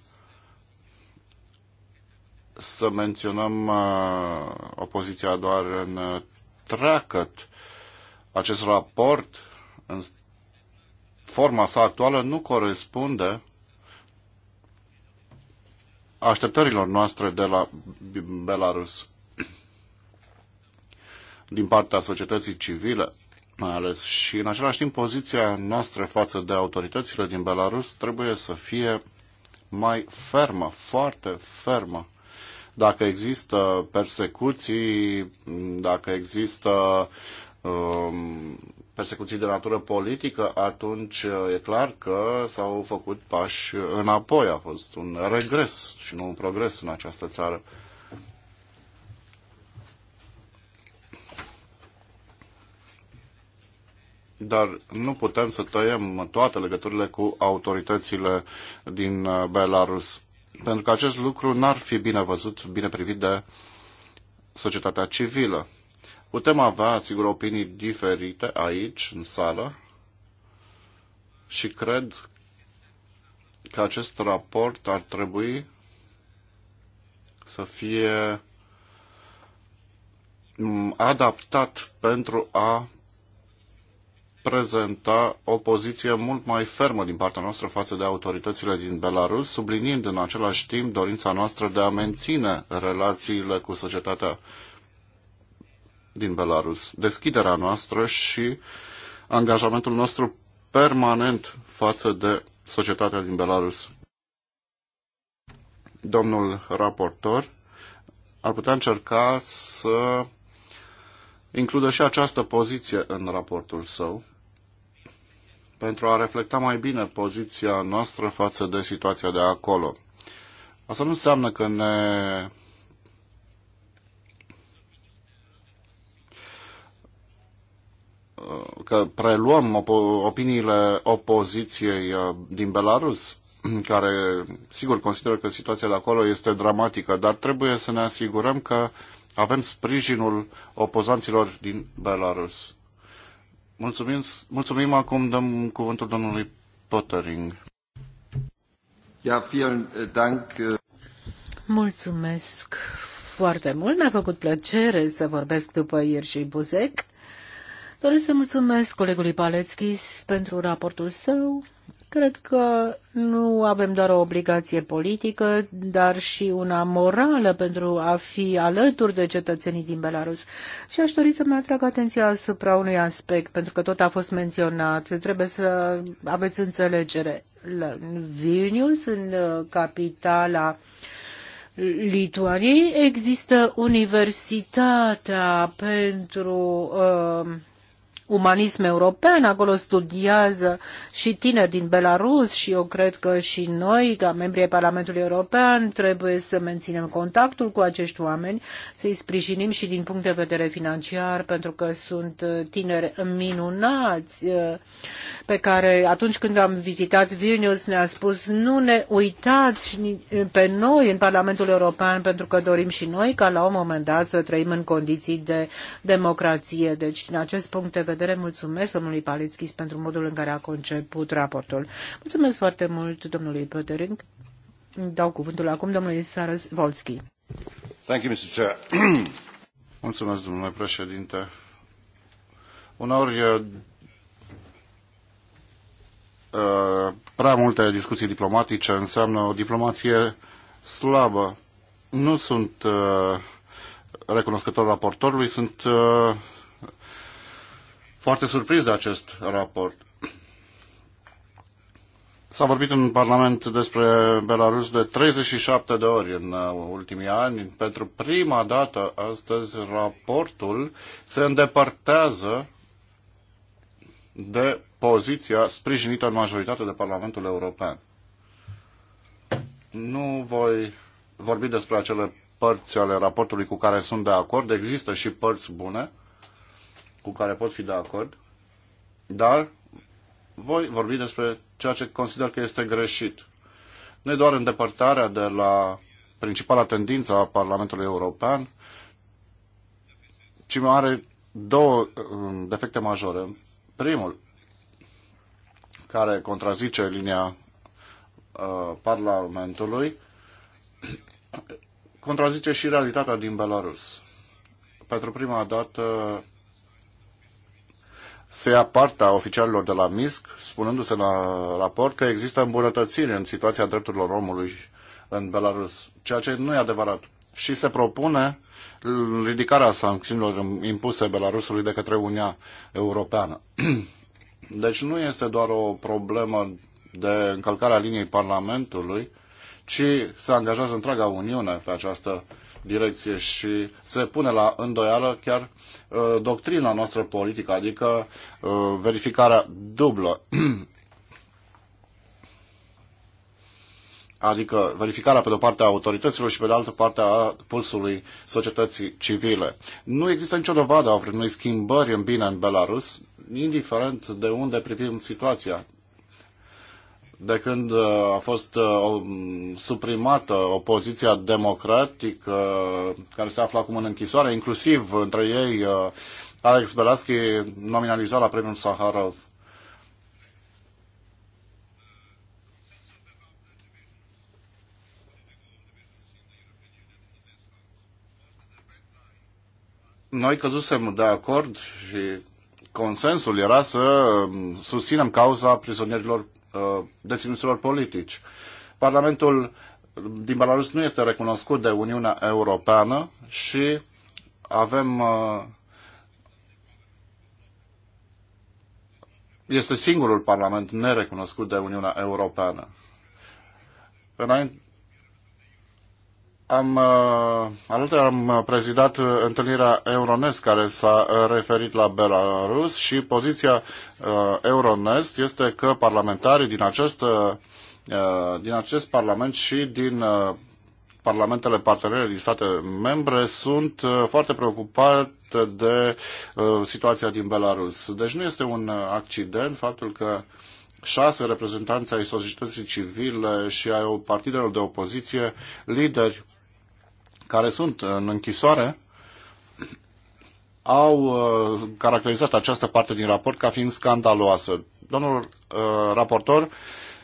să menționăm uh, opoziția doar în uh, tracăt. Acest raport, în forma sa actuală, nu corespunde așteptărilor noastre de la Belarus din partea societății civile mai ales. Și în același timp poziția noastră față de autoritățile din Belarus trebuie să fie mai fermă, foarte fermă. Dacă există persecuții, dacă există um, persecuții de natură politică, atunci uh, e clar că s-au făcut pași înapoi. A fost un regres și nu un progres în această țară. dar nu putem să tăiem toate legăturile cu autoritățile din uh, Belarus, pentru că acest lucru n-ar fi bine văzut, bine privit de societatea civilă. Putem avea, sigur, opinii diferite aici, în sală, și cred că acest raport ar trebui să fie mm, adaptat pentru a prezenta o poziție mult mai fermă din partea noastră față de autoritățile din Belarus, subliniind în același timp dorința noastră de a menține relațiile cu societatea din Belarus, deschiderea noastră și angajamentul nostru permanent față de societatea din Belarus. Domnul raportor ar putea încerca să includă și această poziție în raportul său pentru a reflecta mai bine poziția noastră față de situația de acolo. Asta nu înseamnă că ne că preluăm op- opiniile opoziției uh, din Belarus, care sigur consideră că situația de acolo este dramatică, dar trebuie să ne asigurăm că avem sprijinul opozanților din Belarus. Mulțumim, mulțumim acum dăm cuvântul domnului Pottering. Ja, vielen eh, Dank. Eh. Mulțumesc foarte mult. Mi-a făcut plăcere să vorbesc după ieri și Buzec. Doresc să mulțumesc colegului Palețchis pentru raportul său Cred că nu avem doar o obligație politică, dar și una morală pentru a fi alături de cetățenii din Belarus. Și aș dori să mă atrag atenția asupra unui aspect, pentru că tot a fost menționat. Trebuie să aveți înțelegere. La Vilnius, în uh, capitala Lituaniei, există Universitatea pentru uh, umanism european, acolo studiază și tineri din Belarus și eu cred că și noi, ca membri ai Parlamentului European, trebuie să menținem contactul cu acești oameni, să-i sprijinim și din punct de vedere financiar, pentru că sunt uh, tineri minunați, uh, pe care atunci când am vizitat Vilnius ne-a spus nu ne uitați uh, pe noi în Parlamentul European, pentru că dorim și noi ca la un moment dat să trăim în condiții de democrație. Deci, din acest punct de vedere, vedere. Mulțumesc domnului Palitschis pentru modul în care a conceput raportul. Mulțumesc foarte mult domnului Pötering. Dau cuvântul acum domnului Saras Volski. Thank you, Mr. Chair. Mulțumesc, domnule președinte. Uneori uh, prea multe discuții diplomatice înseamnă o diplomație slabă. Nu sunt uh, recunoscător raportorului, sunt uh, foarte surprins de acest raport. S-a vorbit în Parlament despre Belarus de 37 de ori în uh, ultimii ani. Pentru prima dată astăzi raportul se îndepărtează de poziția sprijinită în majoritate de Parlamentul European. Nu voi vorbi despre acele părți ale raportului cu care sunt de acord. Există și părți bune cu care pot fi de acord, dar voi vorbi despre ceea ce consider că este greșit. Nu e doar îndepărtarea de la principala tendință a Parlamentului European, ci mai are două um, defecte majore. Primul, care contrazice linia uh, Parlamentului, contrazice și realitatea din Belarus. Pentru prima dată, se ia partea oficialilor de la MISC, spunându-se la raport că există îmbunătățiri în situația drepturilor omului în Belarus, ceea ce nu e adevărat. Și se propune ridicarea sancțiunilor impuse Belarusului de către Uniunea Europeană. Deci nu este doar o problemă de încălcarea liniei Parlamentului, ci se angajează întreaga Uniune pe această direcție și se pune la îndoială chiar uh, doctrina noastră politică, adică uh, verificarea dublă. adică verificarea pe de-o parte a autorităților și pe de altă parte a pulsului societății civile. Nu există nicio dovadă a vreunui schimbări în bine în Belarus, indiferent de unde privim situația de când uh, a fost uh, suprimată opoziția democratică care se află acum în închisoare, inclusiv între ei uh, Alex Belaschi, nominalizat la premiul Saharov. Noi căzusem de acord și consensul era să susținem cauza prizonierilor Uh, deținuților politici. Parlamentul din Belarus nu este recunoscut de Uniunea Europeană și avem uh, este singurul parlament nerecunoscut de Uniunea Europeană. Înainte, am, uh, alături am uh, prezidat uh, întâlnirea Euronest care s-a referit la Belarus și poziția Euronest este că parlamentarii din acest, din acest parlament și din parlamentele partenere din state membre sunt foarte preocupate de situația din Belarus. Deci nu este un accident faptul că șase reprezentanți ai societății civile și ai partidelor de opoziție, lideri care sunt în închisoare au uh, caracterizat această parte din raport ca fiind scandaloasă. Domnul uh, raportor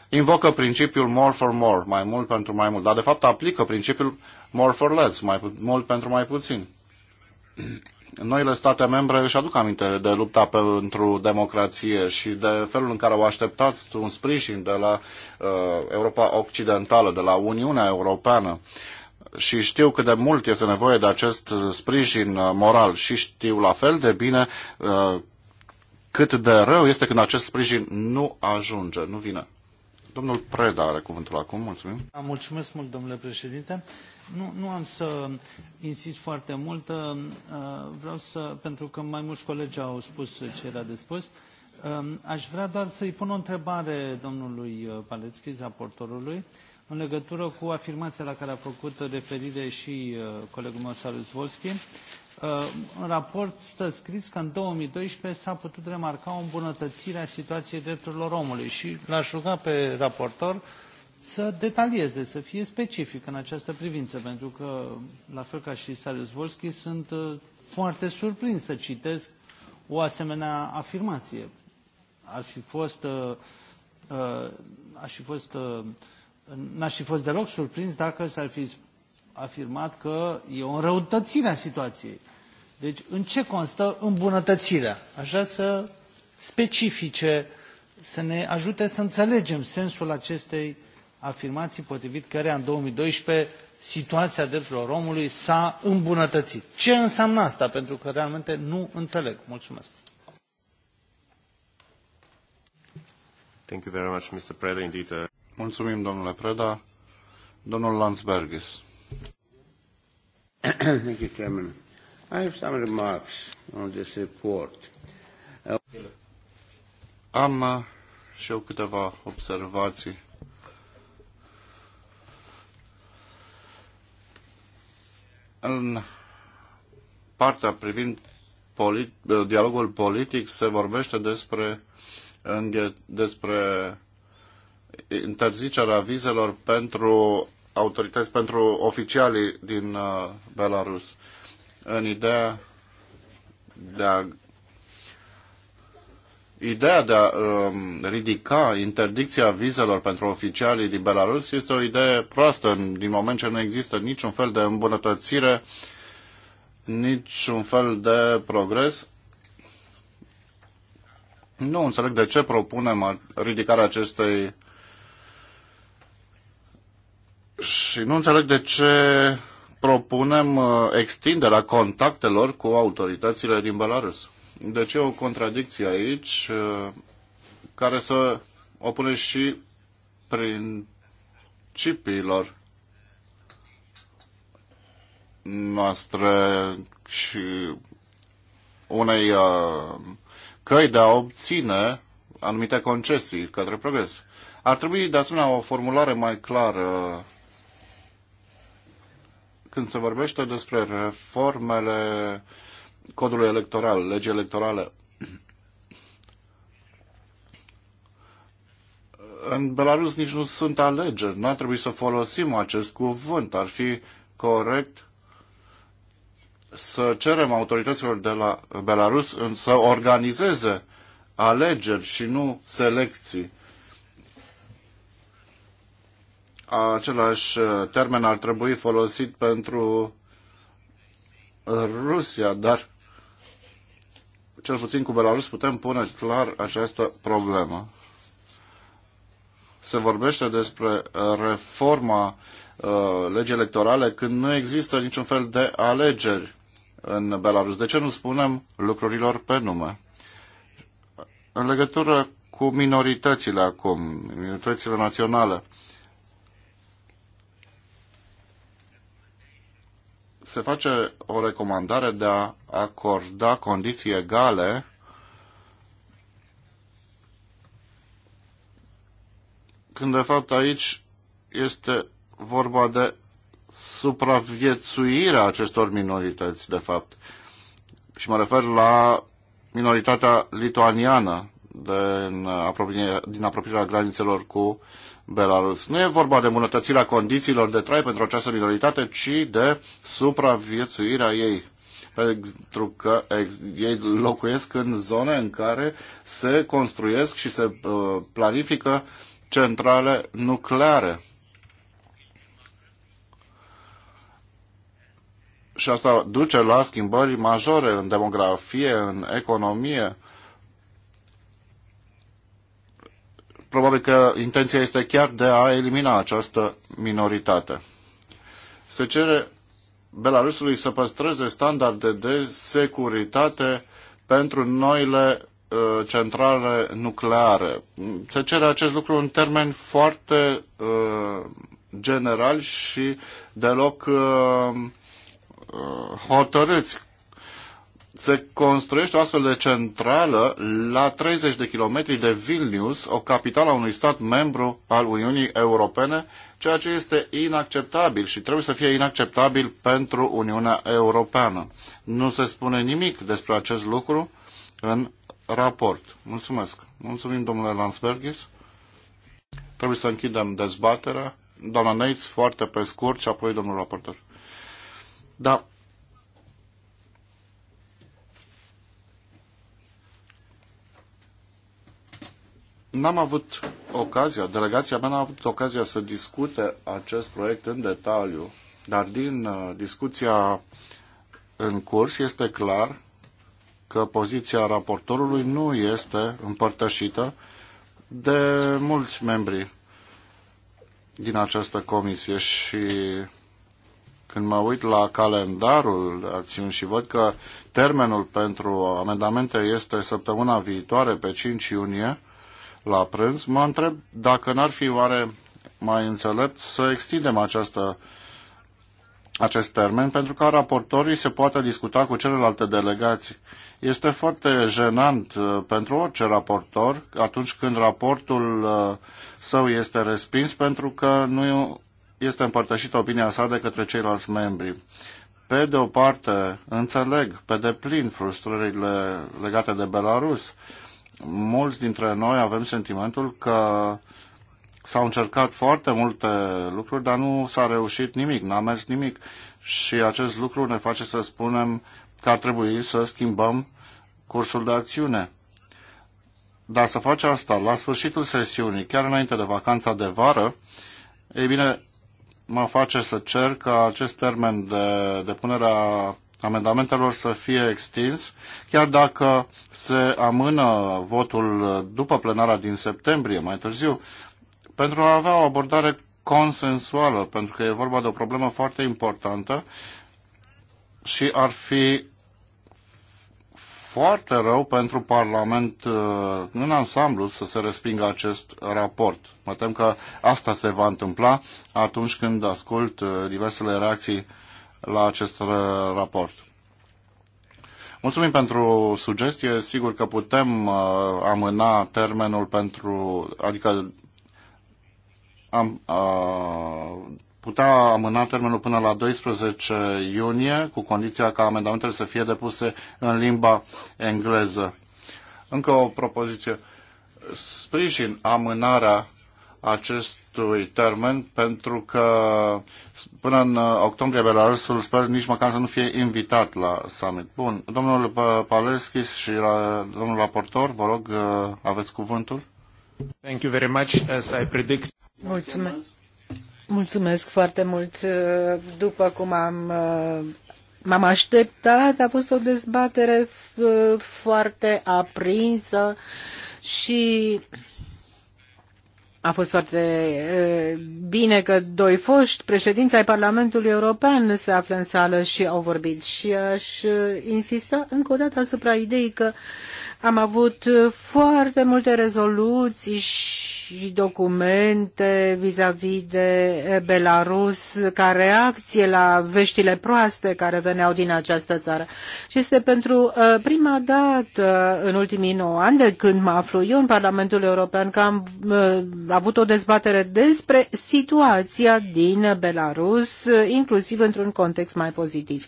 invocă principiul more for more, mai mult pentru mai mult, dar de fapt aplică principiul more for less, mai mult pentru mai puțin. Noile state membre își aduc aminte de lupta pentru democrație și de felul în care au așteptat un sprijin de la uh, Europa Occidentală, de la Uniunea Europeană și știu cât de mult este nevoie de acest sprijin uh, moral și știu la fel de bine uh, cât de rău este când acest sprijin nu ajunge, nu vine. Domnul Preda are cuvântul acum, mulțumim. Da, mulțumesc mult, domnule președinte. Nu, nu am să insist foarte mult, uh, vreau să, pentru că mai mulți colegi au spus ce era de spus, aș vrea doar să-i pun o întrebare domnului Paleschi, raportorului în legătură cu afirmația la care a făcut referire și uh, colegul meu, Sarus Volski. Uh, în raport stă scris că în 2012 s-a putut remarca o îmbunătățire a situației drepturilor omului și l-aș ruga pe raportor să detalieze, să fie specific în această privință, pentru că, la fel ca și Sarius Volski, sunt uh, foarte surprins să citesc o asemenea afirmație. Ar fi fost, uh, aș fi fost uh, n-aș fi fost deloc surprins dacă s-ar fi afirmat că e o înrăutățire a situației. Deci, în ce constă îmbunătățirea? Așa să specifice, să ne ajute să înțelegem sensul acestei afirmații potrivit care în 2012 situația drepturilor omului s-a îmbunătățit. Ce înseamnă asta? Pentru că realmente nu înțeleg. Mulțumesc. Thank you very much, Mr. Preda. Indeed, uh... Mulțumim, domnule Preda. Domnul Landsbergis. Thank you, Chairman. I have some remarks on this report. Am uh, și eu câteva observații. În partea privind polit, dialogul politic se vorbește despre, despre interzicerea vizelor pentru autorități, pentru oficialii din uh, Belarus, în ideea de a Ideea de a um, ridica interdicția vizelor pentru oficialii din Belarus este o idee proastă, din moment ce nu există niciun fel de îmbunătățire, niciun fel de progres. Nu înțeleg de ce propunem ridicarea acestei și nu înțeleg de ce propunem uh, extinderea contactelor cu autoritățile din Belarus. De deci ce o contradicție aici uh, care să opune și principiilor noastre și unei uh, căi de a obține anumite concesii către progres. Ar trebui de asemenea o formulare mai clară când se vorbește despre reformele codului electoral, legii electorale, în Belarus nici nu sunt alegeri. N-ar trebui să folosim acest cuvânt. Ar fi corect să cerem autorităților de la Belarus să organizeze alegeri și nu selecții. același uh, termen ar trebui folosit pentru Rusia, dar cel puțin cu Belarus putem pune clar această problemă. Se vorbește despre uh, reforma uh, legii electorale când nu există niciun fel de alegeri în Belarus. De ce nu spunem lucrurilor pe nume? În legătură cu minoritățile acum, minoritățile naționale, uh, se face o recomandare de a acorda condiții egale când de fapt aici este vorba de supraviețuirea acestor minorități, de fapt. Și mă refer la minoritatea lituaniană din apropierea, din apropierea granițelor cu Belarus. Nu e vorba de îmbunătățirea condițiilor de trai pentru această minoritate, ci de supraviețuirea ei. Pentru că ei locuiesc în zone în care se construiesc și se uh, planifică centrale nucleare. Și asta duce la schimbări majore în demografie, în economie probabil că intenția este chiar de a elimina această minoritate. Se cere Belarusului să păstreze standarde de securitate pentru noile uh, centrale nucleare. Se cere acest lucru în termeni foarte uh, generali și deloc uh, uh hotărâți se construiește o astfel de centrală la 30 de kilometri de Vilnius, o capitală a unui stat membru al Uniunii Europene, ceea ce este inacceptabil și trebuie să fie inacceptabil pentru Uniunea Europeană. Nu se spune nimic despre acest lucru în raport. Mulțumesc. Mulțumim, domnule Lansbergis. Trebuie să închidem dezbaterea. Doamna Neitz, foarte pe scurt, și apoi domnul raportor. Da, N-am avut ocazia, delegația mea n-a avut ocazia să discute acest proiect în detaliu, dar din uh, discuția în curs este clar că poziția raportorului nu este împărtășită de mulți membri din această comisie și când mă uit la calendarul acțiuni și văd că termenul pentru amendamente este săptămâna viitoare, pe 5 iunie, la prânz, mă întreb dacă n-ar fi oare mai înțelept să extindem această, acest termen pentru ca raportorii se poată discuta cu celelalte delegații. Este foarte jenant uh, pentru orice raportor atunci când raportul uh, său este respins pentru că nu este împărtășită opinia sa de către ceilalți membri. Pe de o parte, înțeleg pe deplin frustrările legate de Belarus, mulți dintre noi avem sentimentul că s-au încercat foarte multe lucruri, dar nu s-a reușit nimic, n-a mers nimic. Și acest lucru ne face să spunem că ar trebui să schimbăm cursul de acțiune. Dar să faci asta la sfârșitul sesiunii, chiar înainte de vacanța de vară, ei bine, mă face să cer ca acest termen de depunere a amendamentelor să fie extins, chiar dacă se amână votul după plenara din septembrie, mai târziu, pentru a avea o abordare consensuală, pentru că e vorba de o problemă foarte importantă și ar fi foarte rău pentru Parlament uh, în ansamblu să se respingă acest raport. Mă tem că asta se va întâmpla atunci când ascult uh, diversele reacții la acest raport. Mulțumim pentru sugestie. Sigur că putem uh, amâna termenul pentru, adică am, uh, putea amâna termenul până la 12 iunie, cu condiția ca amendamentele să fie depuse în limba engleză. Încă o propoziție. Sprijin amânarea acestui termen pentru că până în octombrie Belarusul sper nici măcar să nu fie invitat la summit. Bun, domnul Paleschis și la, domnul raportor, vă rog, uh, aveți cuvântul. Thank you very much, as I predict. Mulțumesc. Mulțumesc foarte mult. Uh, după cum am uh, m-am așteptat, a fost o dezbatere foarte aprinsă și a fost foarte uh, bine că doi foști președinți ai Parlamentului European se află în sală și au vorbit și aș uh, insista încă o dată asupra ideii că am avut foarte multe rezoluții și și documente vis-a-vis de Belarus ca reacție la veștile proaste care veneau din această țară. Și este pentru uh, prima dată în ultimii 9 ani de când mă aflu eu în Parlamentul European că am uh, avut o dezbatere despre situația din Belarus, inclusiv într-un context mai pozitiv.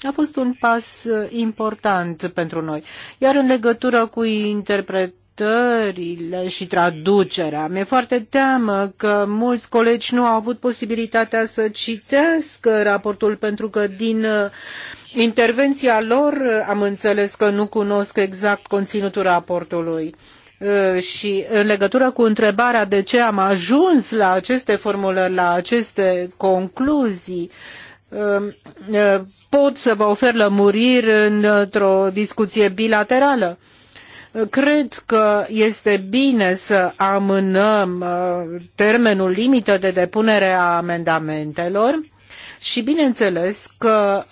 A fost un pas uh, important pentru noi. Iar în legătură cu interpretarea interpretările și traducerea. Mi-e foarte teamă că mulți colegi nu au avut posibilitatea să citească raportul pentru că din uh, intervenția lor uh, am înțeles că nu cunosc exact conținutul raportului uh, și în legătură cu întrebarea de ce am ajuns la aceste formulări, la aceste concluzii, um, pot să vă ofer lămuriri într-o discuție bilaterală. Cred că este bine să amânăm uh, termenul limită de depunere a amendamentelor și bineînțeles că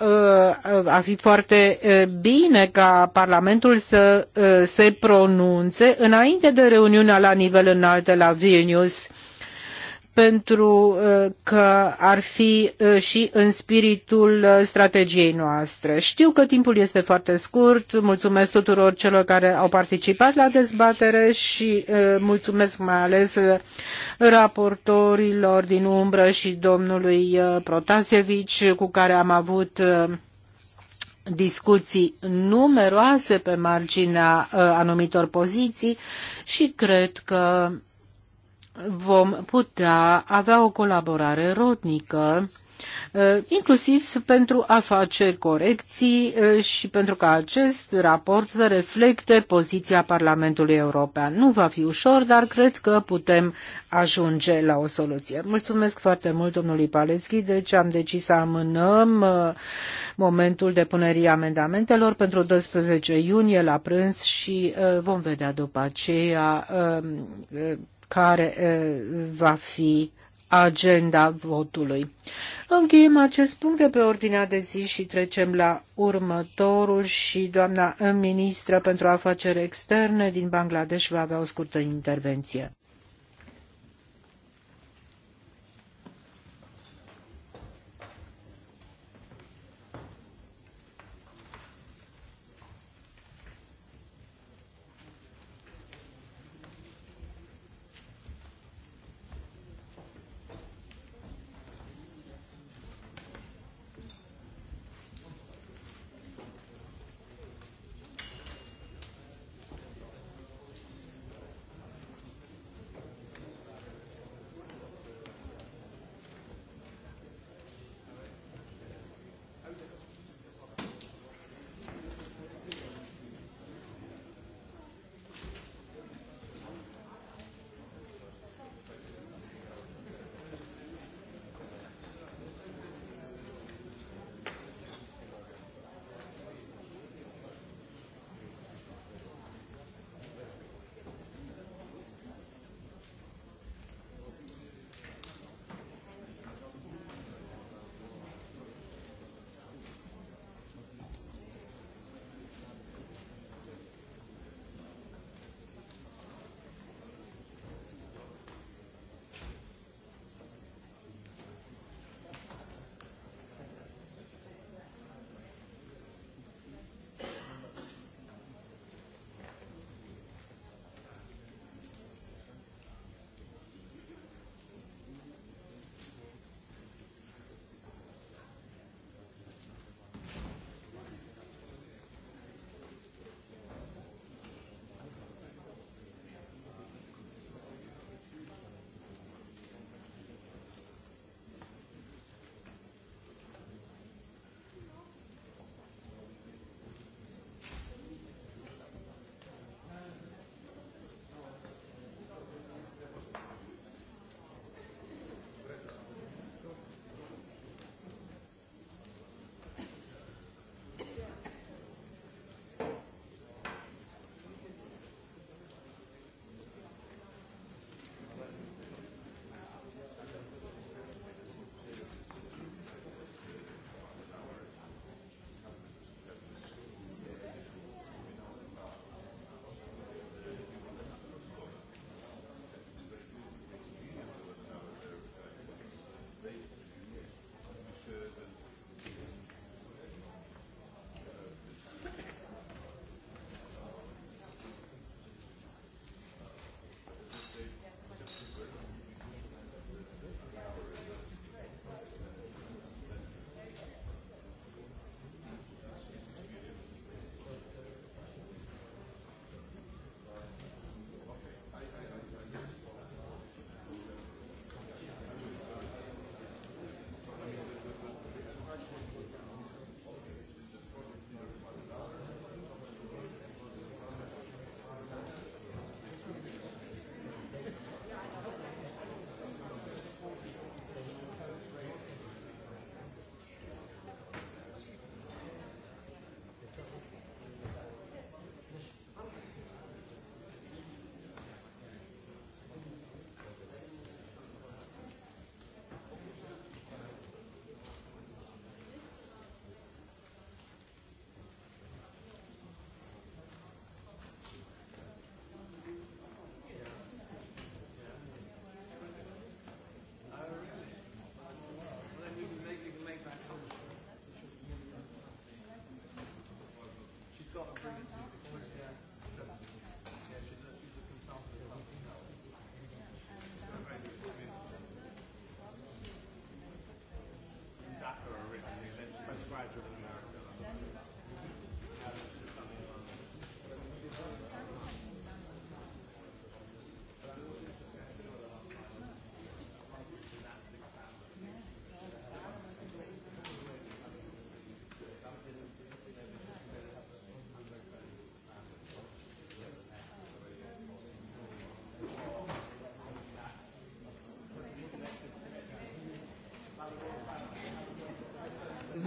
uh, a fi foarte uh, bine ca Parlamentul să se pronunțe înainte de reuniunea la nivel înalt de la Vilnius pentru uh, că ar fi uh, și în spiritul uh, strategiei noastre. Știu că timpul este foarte scurt, mulțumesc tuturor celor care au participat la dezbatere și mulțumesc mai ales raportorilor din umbră și domnului Protasevici cu care am avut discuții numeroase pe marginea anumitor poziții și cred că vom putea avea o colaborare rodnică, eh, inclusiv pentru a face corecții eh, și pentru ca acest raport să reflecte poziția Parlamentului European. Nu va fi ușor, dar cred că putem ajunge la o soluție. Mulțumesc foarte mult, domnului Paleschi. Deci am decis să amânăm eh, momentul depunerii amendamentelor pentru 12 iunie la prânz și vom vedea după aceea care va fi agenda votului. Încheiem acest punct de pe ordinea de zi și trecem la următorul și doamna ministră pentru afaceri externe din Bangladesh va avea o scurtă intervenție.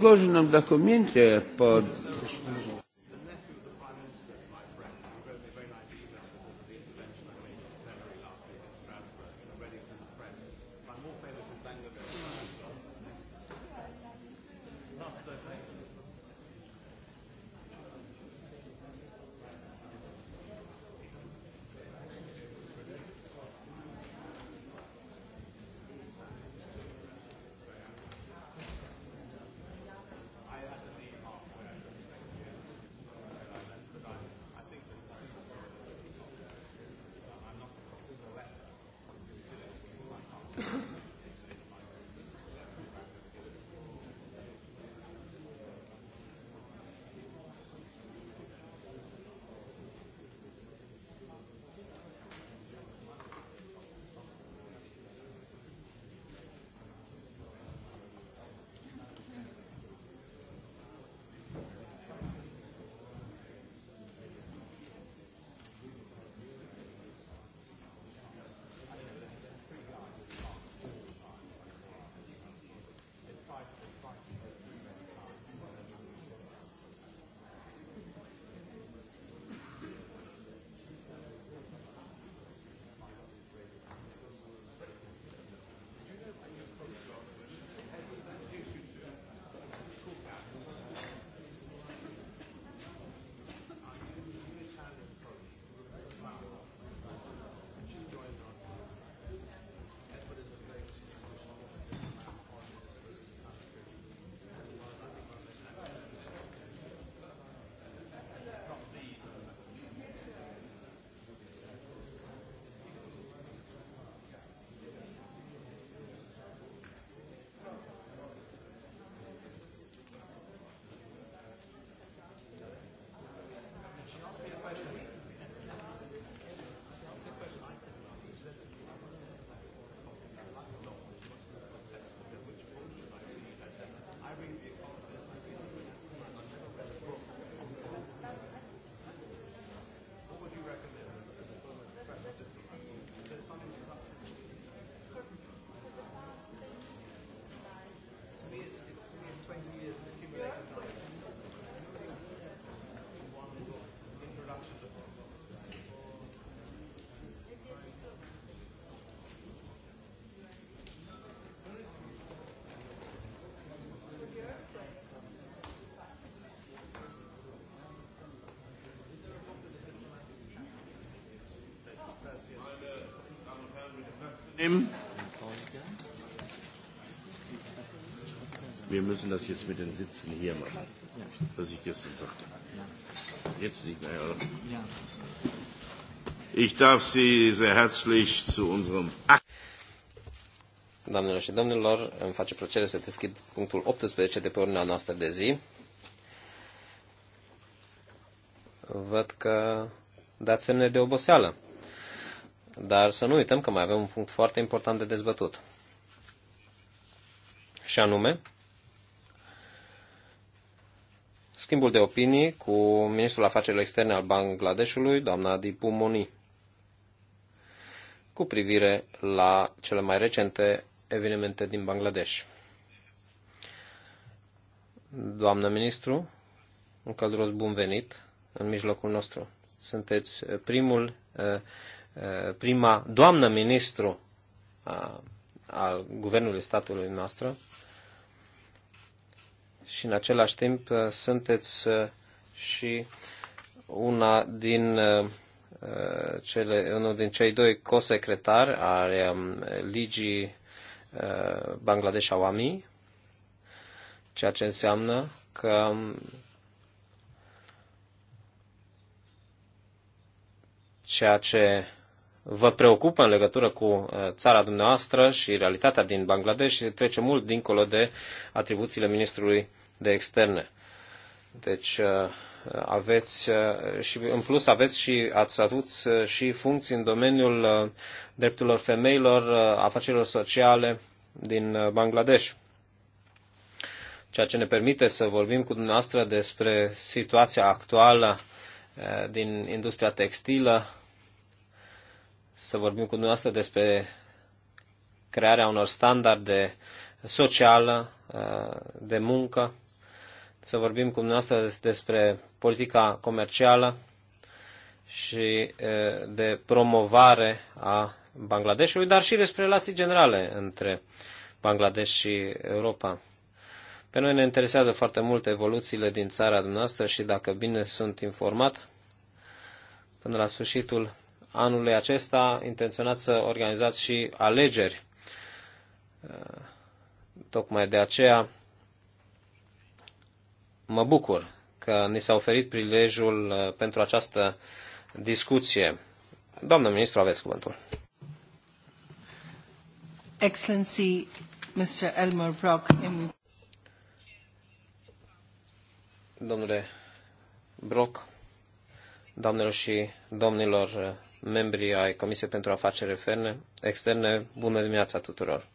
Предложи нам документи под nehmen. Wir müssen das jetzt mit den Sitzen hier machen, was ich gestern sagte. Jetzt nicht mehr, oder? Ich darf Sie sehr herzlich zu unserem Doamnelor și domnilor, îmi face plăcere să deschid punctul 18 de pe ordinea noastră de zi. Văd că dați semne de oboseală. Dar să nu uităm că mai avem un punct foarte important de dezbătut. Și anume, schimbul de opinii cu ministrul afacerilor externe al Bangladeshului, doamna Dipu Moni, cu privire la cele mai recente evenimente din Bangladesh. Doamnă ministru, un călduros bun venit în mijlocul nostru. Sunteți primul eh, Eh, prima doamnă ministru a, al guvernului statului noastră și în același timp eh, sunteți eh, și una din cele, unul din cei doi cosecretari al Ligii Bangladesh Awami, ceea ce înseamnă că ceea ce vă preocupă în legătură cu uh, țara dumneavoastră și realitatea din Bangladesh trece mult dincolo de atribuțiile ministrului de externe. Deci uh, aveți uh, și în plus aveți și ați avut și funcții în domeniul drepturilor femeilor, afacerilor sociale din Bangladesh. Ceea ce ne permite să vorbim cu dumneavoastră despre situația actuală din industria textilă, să vorbim cu dumneavoastră despre crearea unor standarde socială, uh, de muncă, să vorbim cu dumneavoastră despre politica comercială și uh, de promovare a Bangladeshului, dar și despre relații generale între Bangladesh și Europa. Pe noi ne interesează foarte mult evoluțiile din țara dumneavoastră și dacă bine sunt informat, până la sfârșitul anului acesta intenționați să organizați și alegeri. Tocmai de aceea mă bucur că ni s-a oferit prilejul uh, pentru această discuție. Doamnă ministru, aveți cuvântul. Excellency Mr. Elmer Brock. In... Domnule Brock, doamnelor și domnilor uh, membrii ai Comisiei pentru Afaceri Externe, bună dimineața tuturor!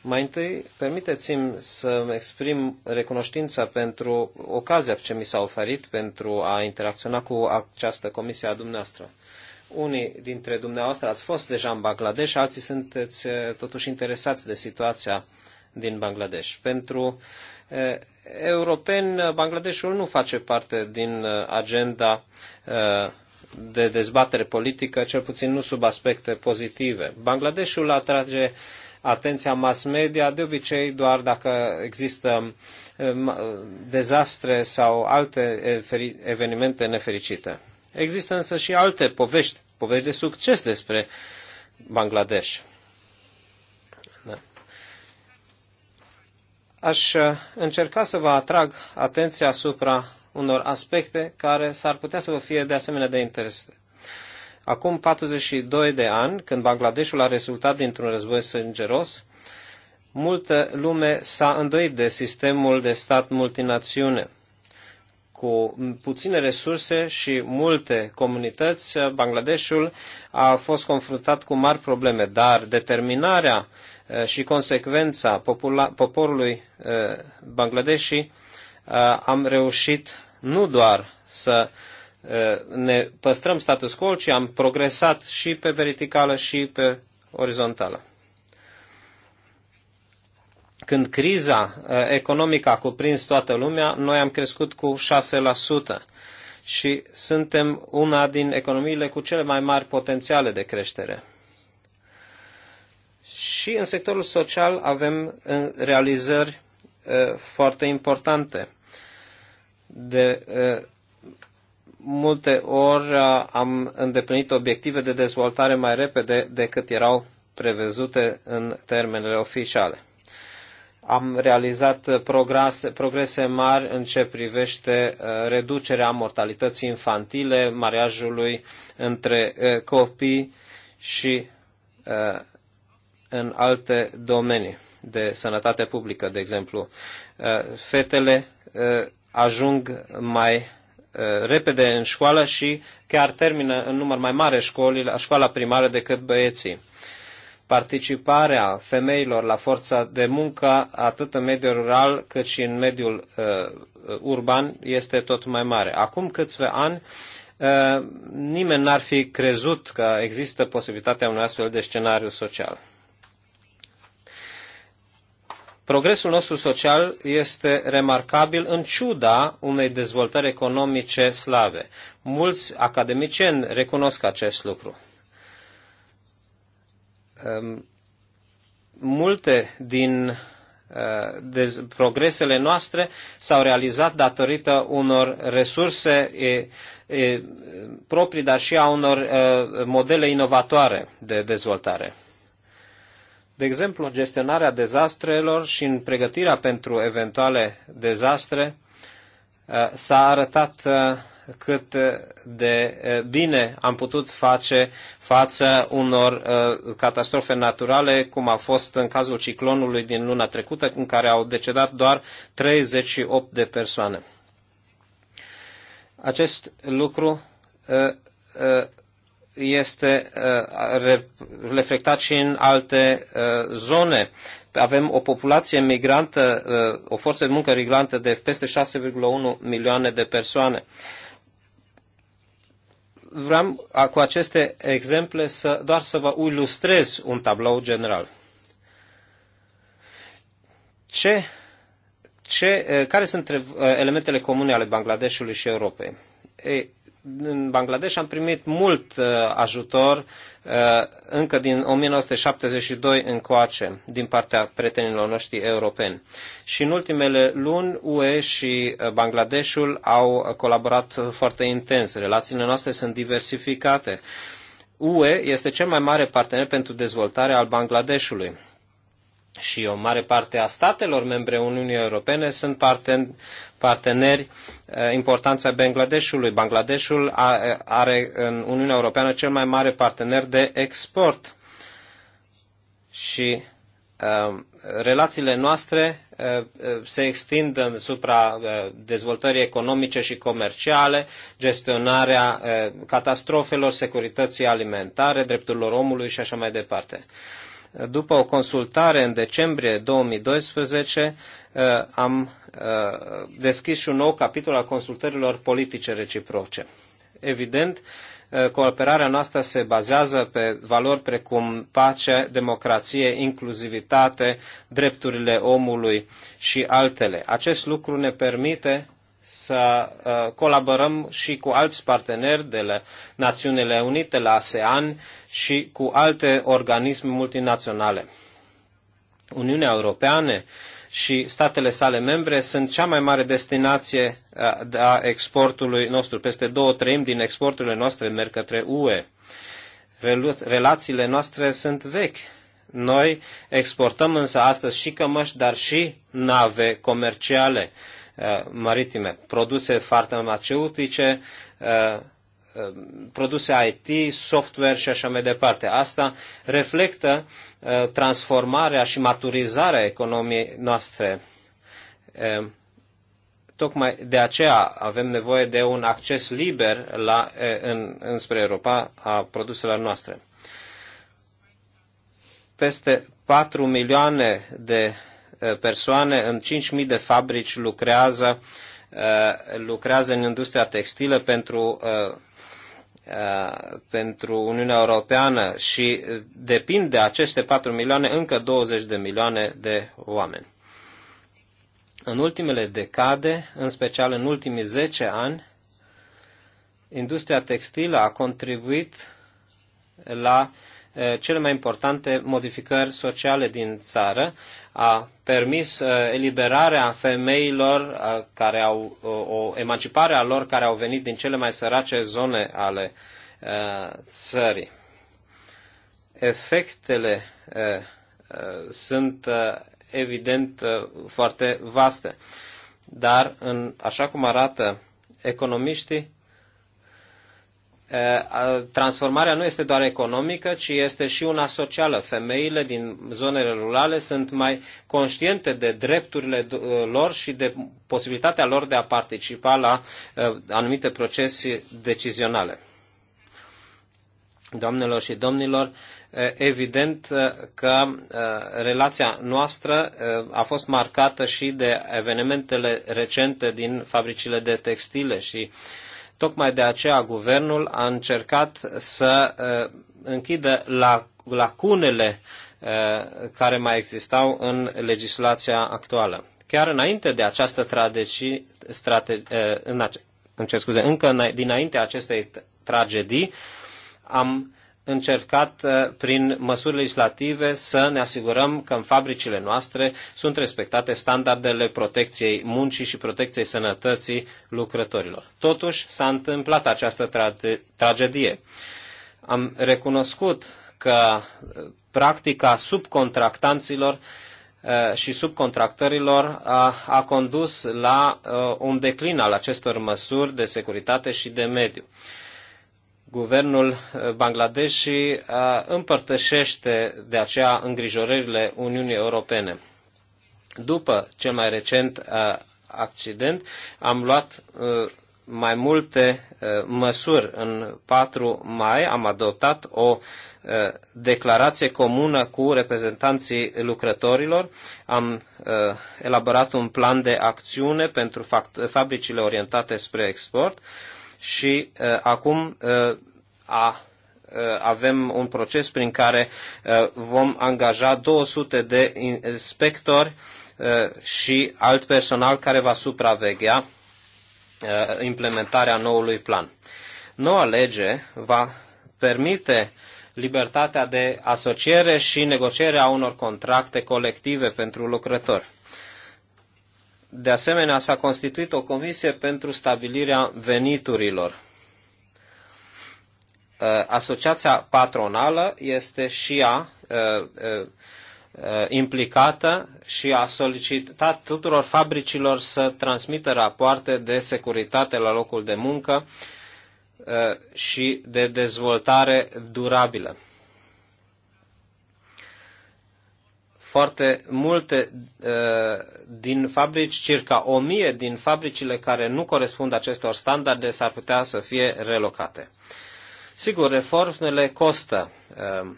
Mai întâi, permiteți-mi să exprim recunoștința pentru ocazia ce mi s-a oferit pentru a interacționa cu această comisie a dumneavoastră. Unii dintre dumneavoastră ați fost deja în Bangladesh, alții sunteți eh, totuși interesați de situația din Bangladesh. Pentru eh, europeni, Bangladeshul nu face parte din eh, agenda eh, de dezbatere politică, cel puțin nu sub aspecte pozitive. Bangladeshul atrage atenția mass media de obicei doar dacă există um, um, dezastre sau alte evenimente nefericite. Există însă și alte povești, povești de succes despre Bangladesh. Da. Aș uh, încerca să vă atrag atenția asupra unor aspecte care s-ar putea să vă fie de asemenea de interes. Acum 42 de ani, când Bangladeshul a rezultat dintr-un război sângeros, multă lume s-a îndoit de sistemul de stat multinațiune. Cu puține resurse și multe comunități, Bangladeshul a fost confruntat cu mari probleme, dar determinarea eh, și consecvența poporului eh, Bangladeshi Uh, am reușit nu doar să uh, ne păstrăm status quo, ci am progresat și pe verticală și pe orizontală. Când criza uh, economică a cuprins toată lumea, noi am crescut cu 6% și suntem una din economiile cu cele mai mari potențiale de creștere. Și în sectorul social avem realizări foarte importante. De multe ori am îndeplinit obiective de dezvoltare mai repede decât erau prevăzute în termenele oficiale. Am realizat progrese, progrese mari în ce privește reducerea mortalității infantile, mariajului între copii și în alte domenii de sănătate publică, de exemplu. Uh, fetele uh, ajung mai uh, repede în școală și chiar termină în număr mai mare la școala primară decât băieții. Participarea femeilor la forța de muncă, atât în mediul rural cât și în mediul uh, urban, este tot mai mare. Acum câțiva ani, uh, nimeni n-ar fi crezut că există posibilitatea unui astfel de scenariu social. Progresul nostru social este remarcabil în ciuda unei dezvoltări economice slave. Mulți academicieni recunosc acest lucru. Ehm, multe din eh, progresele noastre s-au realizat datorită unor resurse proprii, dar și a unor eh, modele inovatoare de dezvoltare de exemplu în gestionarea dezastrelor și în pregătirea pentru eventuale dezastre, uh, s-a arătat uh, cât de uh, bine am putut face față unor catastrofe naturale, cum a fost în cazul ciclonului din luna trecută, în care au decedat doar 38 de persoane. Acest lucru este uh, reflectat și în alte uh, zone. Avem o populație migrantă, uh, o forță de muncă migrantă de peste 6,1 milioane de persoane. Vreau cu aceste exemple să, doar să vă ilustrez un tablou general. Ce, ce, care sunt elementele comune ale Bangladeshului și Europei? Ei, în Bangladesh am primit mult uh, ajutor uh, încă din 1972 încoace din partea prietenilor noștri europeni. Și în ultimele luni UE și uh, Bangladeshul au colaborat foarte intens. Relațiile noastre sunt diversificate. UE este cel mai mare partener pentru dezvoltarea al Bangladeshului și o mare parte a statelor membre Uniunii Europene sunt parten, parteneri eh, importanța Bangladeshului. Bangladeshul eh, are în Uniunea Europeană cel mai mare partener de export și eh, relațiile noastre se extind supra dezvoltării economice și comerciale, gestionarea catastrofelor, securității alimentare, drepturilor omului și așa mai departe. După o consultare în decembrie 2012, uh, am uh, deschis și un nou capitol al consultărilor politice reciproce. Evident, uh, cooperarea noastră se bazează pe valori precum pace, democrație, inclusivitate, drepturile omului și altele. Acest lucru ne permite să colaborăm și cu alți parteneri de la Națiunile Unite, la ASEAN și cu alte organisme multinaționale. Uniunea Europeană și statele sale membre sunt cea mai mare destinație a exportului nostru. Peste două treimi din exporturile noastre merg către UE. Relațiile noastre sunt vechi. Noi exportăm însă astăzi și cămăși, dar și nave comerciale maritime, produse farmaceutice, Um, produse IT, software și așa mai departe. Asta reflectă uh, transformarea și maturizarea economiei noastre. Um, tocmai de aceea avem nevoie de un acces liber la, în, înspre Europa a produselor noastre. Peste 4 milioane de persoane în 5.000 de fabrici lucrează, lucrează în industria textilă pentru Uh, pentru Uniunea Europeană și uh, depind de aceste 4 milioane încă 20 de milioane de oameni. În ultimele decade, în special în ultimii 10 ani, industria textilă a contribuit la uh, cele mai importante modificări sociale din țară, a permis uh, eliberarea femeilor uh, care au uh, o emancipare a lor care au venit din cele mai sărace zone ale țării. Efectele sunt evident foarte vaste, dar în, așa cum arată economiștii, Eh, transformarea nu este doar economică, ci este și una socială. Femeile din zonele rurale sunt mai conștiente de drepturile eh, lor și de posibilitatea lor de a participa la eh, anumite procese decizionale. Doamnelor și domnilor, evident că relația noastră a fost marcată și de evenimentele recente din fabricile de textile și uh, Tocmai de aceea guvernul a încercat să uh, închidă lacunele uh, care mai existau în legislația actuală. Chiar înainte de această tragedie, strate, uh, în, ace, în scuze, încă dinainte acestei tragedii, am încercat uh, prin măsuri legislative să ne asigurăm că în fabricile noastre sunt respectate standardele protecției muncii și protecției sănătății lucrătorilor. Totuși s-a întâmplat această tra- tragedie. Am recunoscut că uh, practica subcontractanților uh, și subcontractărilor a, a condus la a, un declin al acestor măsuri de securitate și de mediu. Guvernul uh, Bangladesh uh, împărtășește de aceea îngrijorările Uniunii Europene. După cel mai recent uh, accident, am luat mai multe măsuri. În 4 mai am adoptat o declarație comună cu reprezentanții lucrătorilor. Am elaborat un plan de acțiune pentru fabricile orientate spre export și uh, acum uh, a uh, avem un proces prin care vom angaja 200 de inspectori și alt personal care va supraveghea implementarea noului plan. Noua lege va permite libertatea de asociere și negociere a unor contracte colective pentru lucrători. De asemenea, s-a constituit o comisie pentru stabilirea veniturilor. Uh, asociația patronală este și ea uh, uh, implicată și a solicitat tuturor fabricilor să transmită rapoarte de securitate la locul de muncă și de dezvoltare durabilă. Foarte multe uh, din fabrici, circa o mie din fabricile care nu corespund acestor standarde s-ar putea să fie relocate. Sigur, reformele costă. Uh,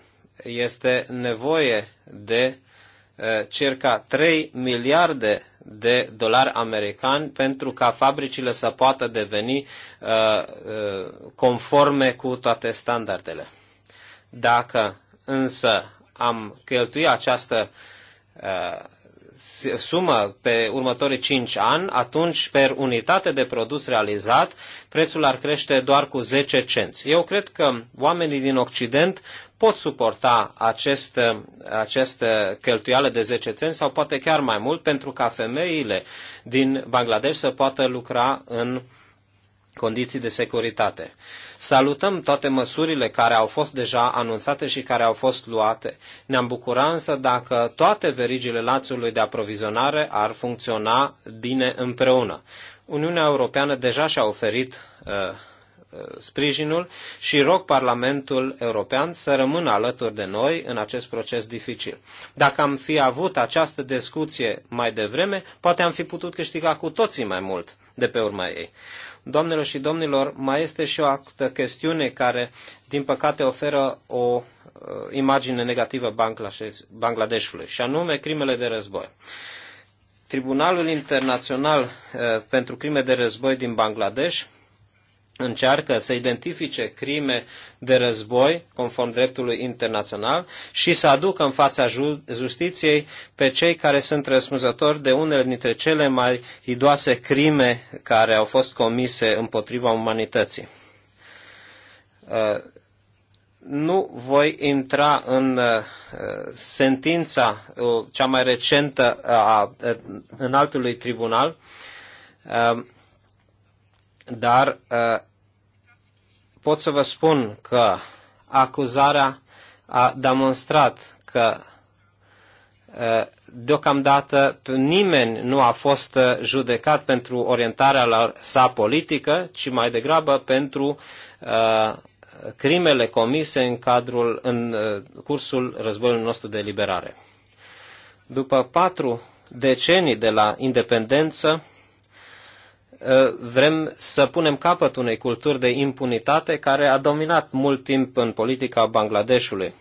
este nevoie de uh, circa 3 miliarde de dolari americani pentru ca fabricile să poată deveni conforme cu toate standardele. Dacă însă am cheltuit această uh, sumă pe următorii 5 ani, atunci per unitate de produs realizat, prețul ar crește doar cu 10 cenți. Eu cred că oamenii din Occident pot suporta acest, uh, această cheltuială de 10 cenți sau poate chiar mai mult pentru ca femeile din Bangladesh să poată lucra în condiții de securitate. Salutăm toate măsurile care au fost deja anunțate și care au fost luate. Ne-am bucurat însă dacă toate verigile lațului de aprovizionare ar funcționa bine împreună. Uniunea Europeană deja și-a oferit uh, uh, sprijinul și rog Parlamentul European să rămână alături de noi în acest proces dificil. Dacă am fi avut această discuție mai devreme, poate am fi putut câștiga cu toții mai mult de pe urma ei. Doamnelor și domnilor, mai este și o altă chestiune care, din păcate, oferă o uh, imagine negativă Bangladeshului, și anume crimele de război. Tribunalul Internațional uh, pentru Crime de Război din Bangladesh încearcă să identifice crime de război conform dreptului internațional și să aducă în fața justiției pe cei care sunt răspunzători de unele dintre cele mai hidoase crime care au fost comise împotriva umanității. Uh, nu voi intra în uh, sentința uh, cea mai recentă a înaltului tribunal, dar uh, pot să vă spun că acuzarea a demonstrat că uh, deocamdată nimeni nu a fost uh, judecat pentru orientarea la sa politică, ci mai degrabă pentru uh, crimele comise în cadrul în uh, cursul războiului nostru de liberare. După patru decenii de la independență, Ă, vrem să punem capăt unei culturi de impunitate care a dominat mult timp în politica Bangladeshului.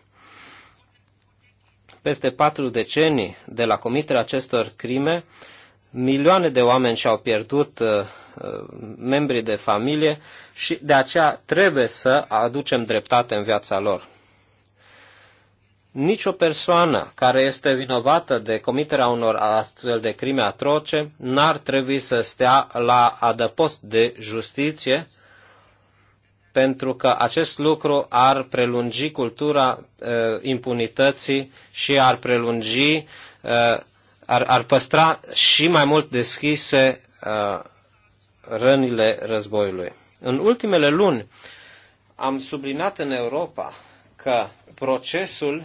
Peste patru decenii de la comiterea acestor crime, milioane de oameni și-au pierdut ă, ă, membrii de familie și de aceea trebuie să aducem dreptate în viața lor nicio persoană care este vinovată de comiterea unor astfel de crime atroce n-ar trebui să stea la adăpost de justiție, pentru că acest lucru ar prelungi cultura uh, impunității și ar prelungi, uh, ar, ar păstra și mai mult deschise uh, rănile războiului. În ultimele luni am subliniat în Europa că procesul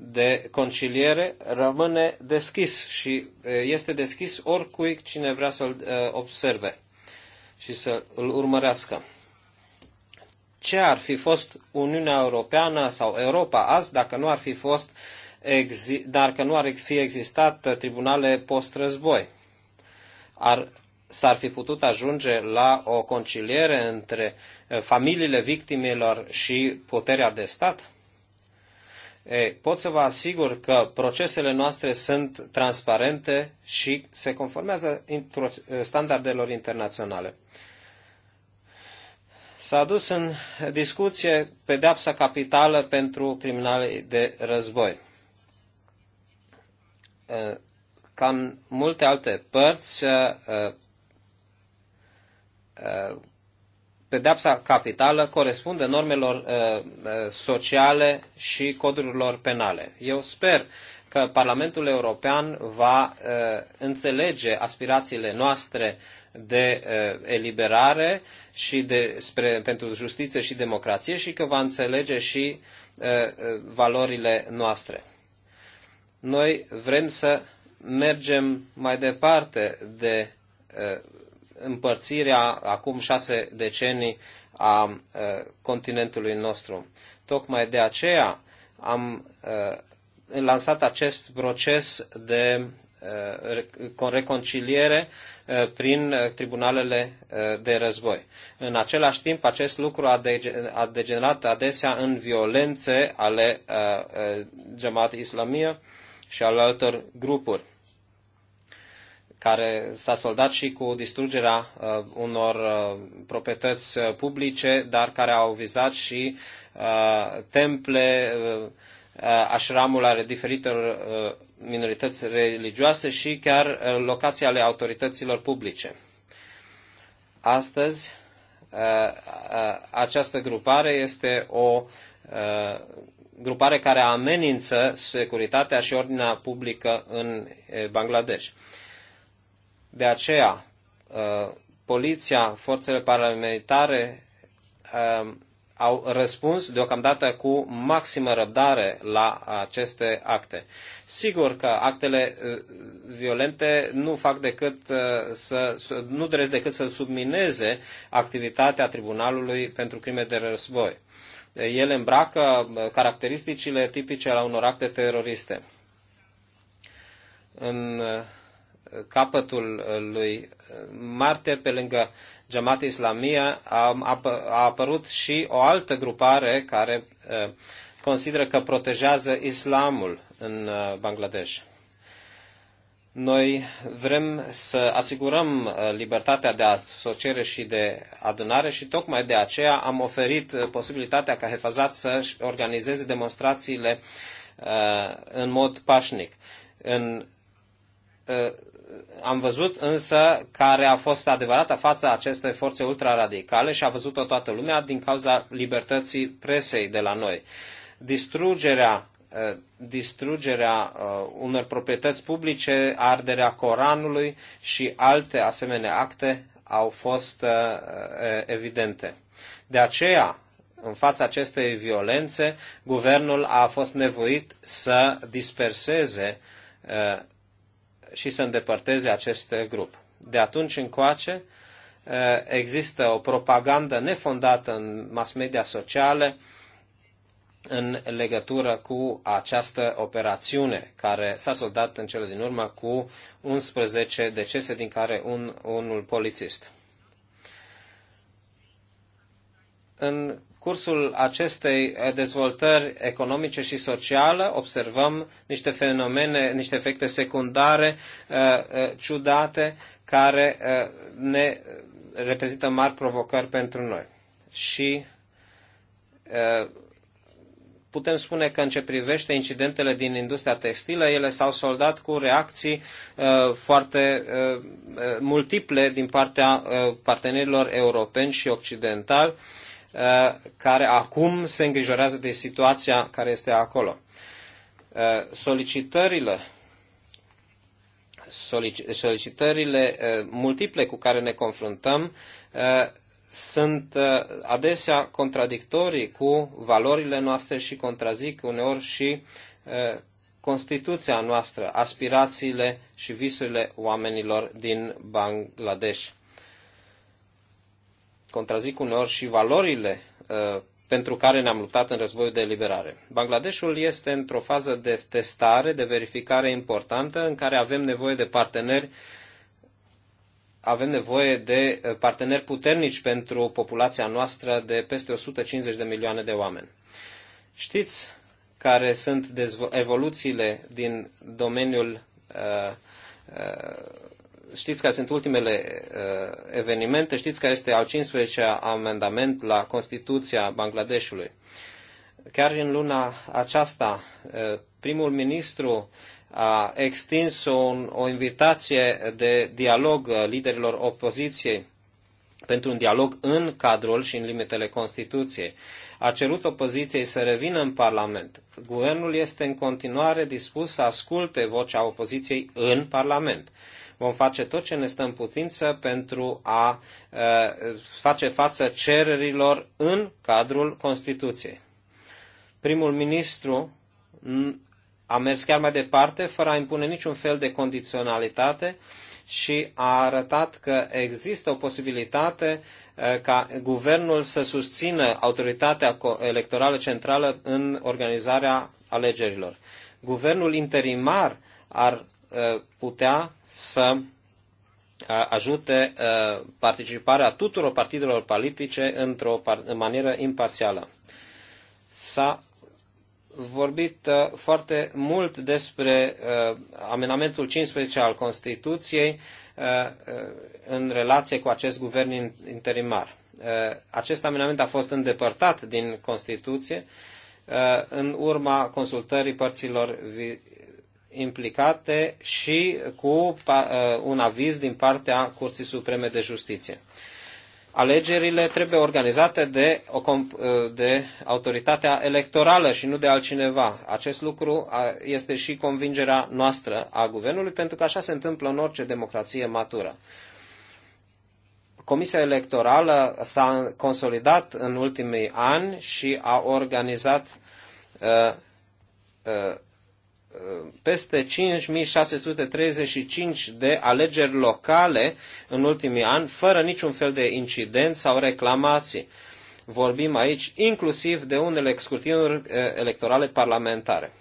de conciliere rămâne deschis și este deschis oricui cine vrea să-l observe și să-l urmărească. Ce ar fi fost Uniunea Europeană sau Europa azi dacă nu ar fi fost dacă nu ar fi existat tribunale post-război? Ar, s-ar fi putut ajunge la o conciliere între familiile victimelor și puterea de stat? E, pot să vă asigur că procesele noastre sunt transparente și se conformează standardelor internaționale. S-a adus în discuție pedeapsa capitală pentru criminalii de război. Ca în multe alte părți, pedeapsa capitală corespunde normelor uh, uh, sociale și codurilor penale. Eu sper că Parlamentul European va uh, înțelege aspirațiile noastre de eliberare și de, spre, pentru justiție și democrație și că va înțelege și valorile noastre. Noi vrem să mergem mai departe de împărțirea acum șase decenii a uh, continentului nostru. Tocmai de aceea am uh, lansat acest proces de uh, reconciliere prin tribunalele de război. În același timp, acest lucru a degenerat adesea în violențe ale Jamaat Islamia și al altor grupuri care s-a soldat și cu distrugerea uh, unor uh, proprietăți uh, publice, dar care au vizat și uh, temple, uh, uh așramul ale diferitelor uh, minorități religioase și chiar uh, locații ale autorităților publice. Astăzi, uh, uh, această grupare este o uh, grupare care amenință securitatea și ordinea publică în eh, Bangladesh. De aceea, uh, poliția, forțele parlamentare uh, au răspuns deocamdată cu maximă răbdare la aceste acte. Sigur că actele uh, violente nu fac decât să, nu doresc decât să submineze activitatea tribunalului pentru crime de război. Ele îmbracă caracteristicile tipice la unor acte teroriste. În capătul uh, lui uh, Marte pe lângă Jamaat Islamia, a, a apărut și o altă grupare care uh, consideră că protejează islamul în Bangladesh. Noi vrem să asigurăm libertatea de asociere și de adunare și tocmai de aceea am oferit posibilitatea ca Hefazat să organizeze demonstrațiile în mod pașnic. În am văzut însă care a fost adevărata fața acestei forțe ultraradicale și a văzut-o toată lumea din cauza libertății presei de la noi. Distrugerea uh, distrugerea uh, unor proprietăți publice, arderea Coranului și alte asemenea acte au fost uh, evidente. De aceea, în fața acestei violențe, guvernul a fost nevoit să disperseze și să îndepărteze acest grup. De atunci încoace eh, există o propagandă nefondată în mass media sociale în legătură cu această operațiune care s-a soldat în cele din urmă cu 11 decese, din care un, unul polițist. În cursul acestei eh, dezvoltări economice și sociale observăm niște fenomene, niște efecte secundare eh, eh, ciudate care ne reprezintă mari provocări pentru noi. Și putem spune că în ce privește incidentele din industria textilă, ele s-au soldat cu reacții uh, foarte uh, multiple din partea uh, partenerilor europeni și occidentali Uh, care acum se îngrijorează de situația care este acolo. Uh, solicitările solicitările uh, multiple cu care ne confruntăm sunt adesea contradictorii cu valorile noastre și contrazic uneori și Constituția noastră, aspirațiile și visurile oamenilor din Bangladesh contrazic uneori și valorile uh, pentru care ne-am luptat în războiul de eliberare. Bangladeshul este într-o fază de testare, de verificare importantă, în care avem nevoie de parteneri avem nevoie de uh, parteneri puternici pentru populația noastră de peste 150 de milioane de oameni. Știți care sunt evoluțiile din domeniul uh, uh, știți că sunt ultimele uh, evenimente, știți că este al 15-a amendament la Constituția Bangladeshului. Chiar în luna aceasta, uh, primul ministru a extins o, o invitație de dialog uh, liderilor opoziției pentru un dialog în cadrul și în limitele Constituției. A cerut opoziției să revină în Parlament. Guvernul este în continuare dispus să asculte vocea opoziției în Parlament. Vom face tot ce ne stă în putință pentru a face față cererilor în cadrul Constituției. Primul ministru a mers chiar mai departe, fără a impune niciun fel de condiționalitate și a arătat că există o posibilitate ca guvernul să susțină autoritatea electorală centrală în organizarea alegerilor. Guvernul interimar ar Uh, putea să uh, ajute uh, participarea tuturor partidelor politice într-o manieră imparțială. S-a vorbit foarte mult despre amenamentul 15 al Constituției în relație cu acest guvern interimar. Acest amenament a fost îndepărtat din Constituție în urma consultării părților implicate și cu uh, un aviz din partea Curții Supreme de Justiție. Alegerile trebuie organizate de, o, uh, de autoritatea electorală și nu de altcineva. Acest lucru este și convingerea noastră a guvernului, pentru că așa se întâmplă în orice democrație matură. Comisia Electorală s-a consolidat în ultimii ani și a organizat uh, uh, peste 5635 de alegeri locale în ultimii ani, fără niciun fel de incident sau reclamații. Vorbim aici inclusiv de unele scrutinuri eh, electorale parlamentare.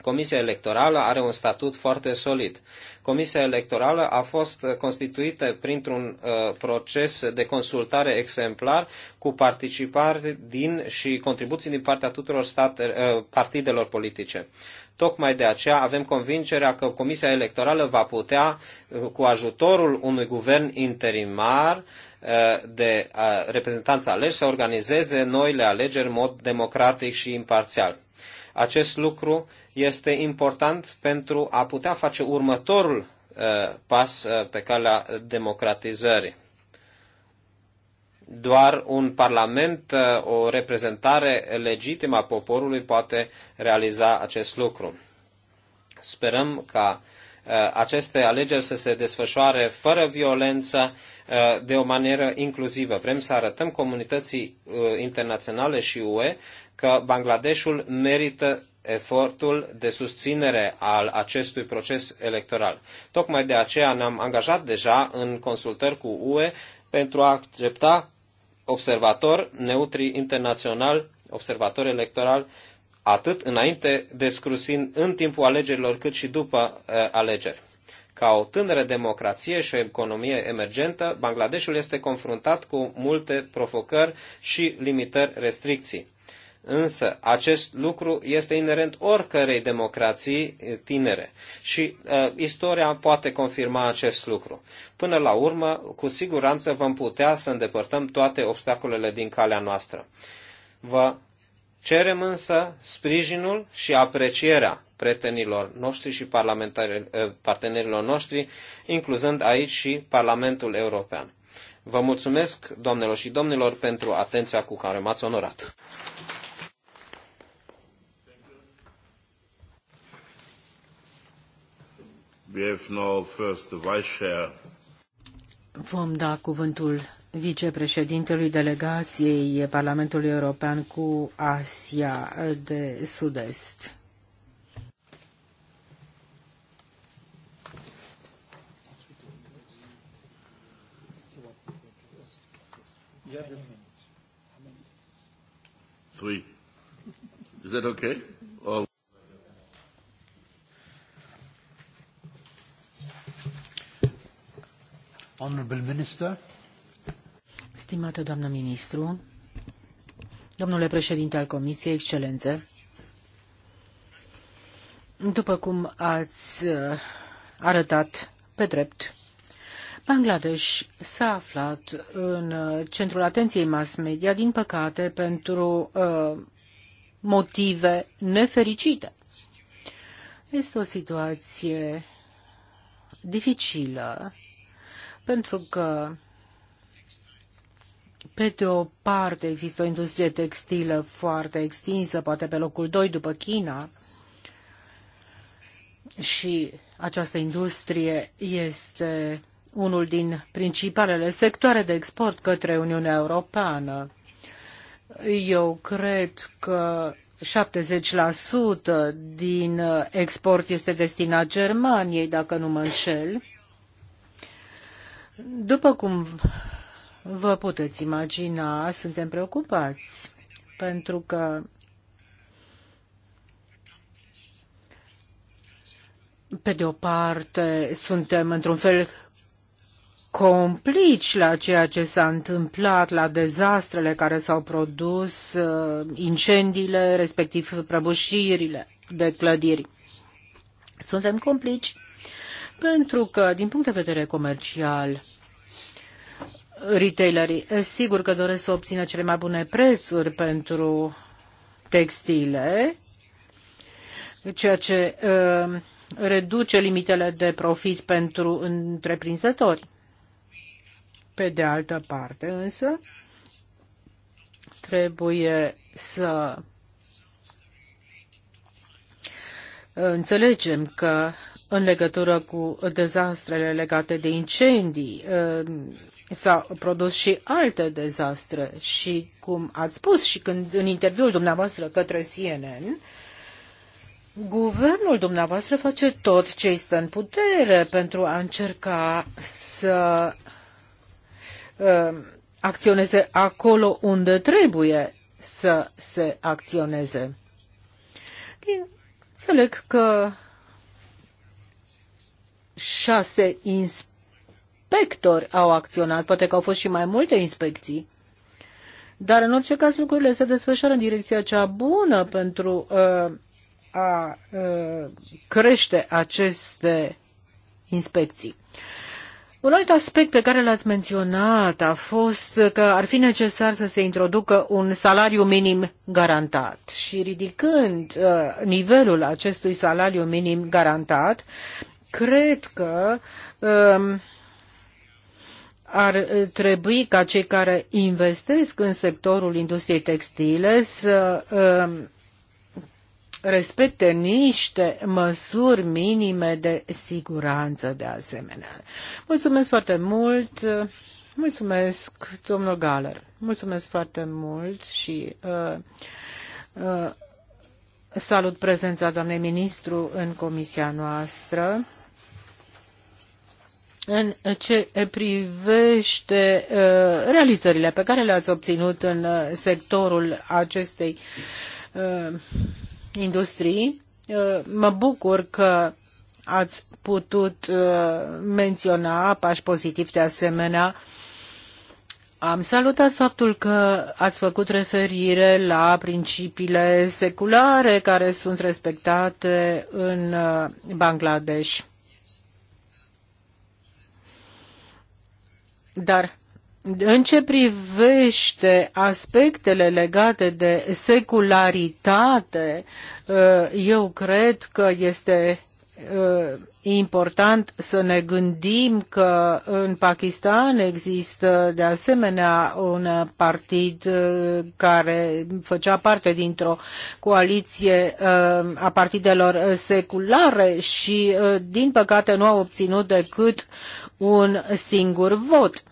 Comisia Electorală are un statut foarte solid. Comisia Electorală a fost constituită printr-un uh, proces de consultare exemplar cu participare din și contribuții din partea tuturor state, uh, partidelor politice. Tocmai de aceea avem convingerea că Comisia Electorală va putea, cu ajutorul unui guvern interimar uh, de uh, reprezentanți aleși, să organizeze noile alegeri în mod democratic și imparțial. Acest lucru este important pentru a putea face următorul uh, pas pe calea democratizării. Doar un parlament, uh, o reprezentare legitimă a poporului poate realiza acest lucru. Sperăm ca uh, aceste alegeri să se desfășoare fără violență, uh, de o manieră inclusivă. Vrem să arătăm comunității internaționale și UE că Bangladeshul merită efortul de susținere al acestui proces electoral. Tocmai de aceea ne-am angajat deja în consultări cu UE pentru a accepta observator neutri internațional, observator electoral, atât înainte de scrusin în timpul alegerilor, cât și după uh, alegeri. Ca o tânără democrație și o economie emergentă, Bangladeshul este confruntat cu multe provocări și limitări restricții. Însă acest lucru este inerent oricărei democrații tinere și uh, istoria poate confirma acest lucru. Până la urmă, cu siguranță vom putea să îndepărtăm toate obstacolele din calea noastră. Vă cerem însă sprijinul și aprecierea prietenilor noștri și partenerilor noștri, incluzând aici și Parlamentul European. Vă mulțumesc, doamnelor și domnilor, pentru atenția cu care m-ați onorat. We have now first the vice chair. Vom da cuvântul vicepreședintelui delegației Parlamentului European cu Asia de Sud-Est. Three. Is that okay? Honorable Minister. Stimată doamnă ministru, domnule președinte al Comisiei, excelențe, după cum ați uh, arătat pe drept, Bangladesh s-a aflat în uh, centrul atenției mass media, din păcate, pentru uh, motive nefericite. Este o situație dificilă pentru că pe de o parte există o industrie textilă foarte extinsă, poate pe locul 2 după China, și această industrie este unul din principalele sectoare de export către Uniunea Europeană. Eu cred că 70% din export este destinat Germaniei, dacă nu mă înșel. După cum vă puteți imagina, suntem preocupați pentru că pe de o parte suntem într-un fel complici la ceea ce s-a întâmplat, la dezastrele care s-au produs, uh, incendiile, respectiv prăbușirile de clădiri. Suntem complici pentru că, din punct de vedere comercial, retailerii eh, sigur că doresc să obțină cele mai bune prețuri pentru textile, ceea ce uh, reduce limitele de profit pentru întreprinzători. Pe de altă parte, însă, trebuie să eh, înțelegem că în legătură cu dezastrele legate de incendii. Uh, s-au produs și alte dezastre și, cum ați spus și când în interviul dumneavoastră către CNN, Guvernul dumneavoastră face tot ce este în putere pentru a încerca să uh, acționeze acolo unde trebuie să se acționeze. Înțeleg că șase inspectori au acționat, poate că au fost și mai multe inspecții. Dar, în orice caz, lucrurile se desfășoară în direcția cea bună pentru uh, a uh, crește aceste inspecții. Un alt aspect pe care l-ați menționat a fost că ar fi necesar să se introducă un salariu minim garantat și ridicând uh, nivelul acestui salariu minim garantat, cred că um, ar trebui ca cei care investesc în sectorul industriei textile să um, respecte niște măsuri minime de siguranță de asemenea. Mulțumesc foarte mult! Mulțumesc, domnul Galer! Mulțumesc foarte mult și uh, uh, salut prezența doamnei ministru în comisia noastră în ce privește uh, realizările pe care le-ați obținut în uh, sectorul acestei uh, industrii. Mă bucur că ați putut menționa pași pozitivi de asemenea. Am salutat faptul că ați făcut referire la principiile seculare care sunt respectate în Bangladesh Dar în ce privește aspectele legate de secularitate, uh, eu cred că este important să ne gândim că în Pakistan există de asemenea un partid uh, care făcea parte dintr-o coaliție uh, a partidelor seculare și uh, din păcate nu a obținut decât un singur vot.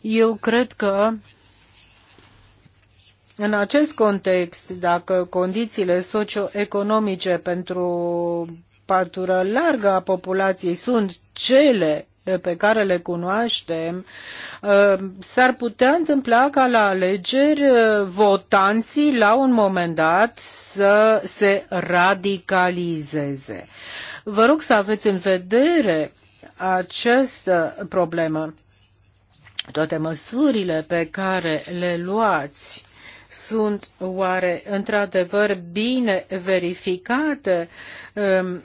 Eu cred că în acest context, dacă condițiile socioeconomice pentru patură largă a populației sunt cele pe care le cunoaștem, uh, s-ar putea întâmpla ca la alegeri uh, votanții la un moment dat să se radicalizeze. Vă rog să aveți în vedere această problemă. Toate măsurile pe care le luați sunt oare într-adevăr bine verificate? Um,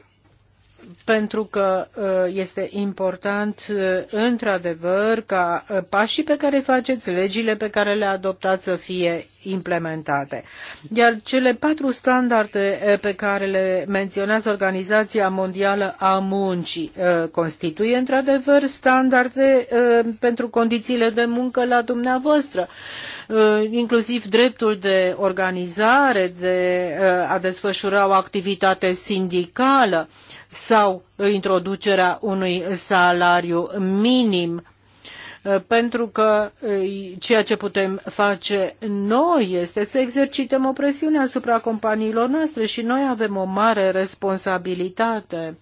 pentru că uh, este important, uh, într-adevăr, ca uh, pașii pe care îi faceți, legile pe care le adoptați să fie implementate. Iar cele patru standarde pe care le menționează Organizația Mondială a Muncii constituie, într-adevăr, standarde pentru condițiile de muncă la dumneavoastră. Uh, inclusiv dreptul de organizare, de uh, a desfășura o activitate sindicală sau introducerea unui salariu minim uh, pentru că ceea ce putem face noi este să exercităm o presiune asupra companiilor noastre și noi avem o mare responsabilitate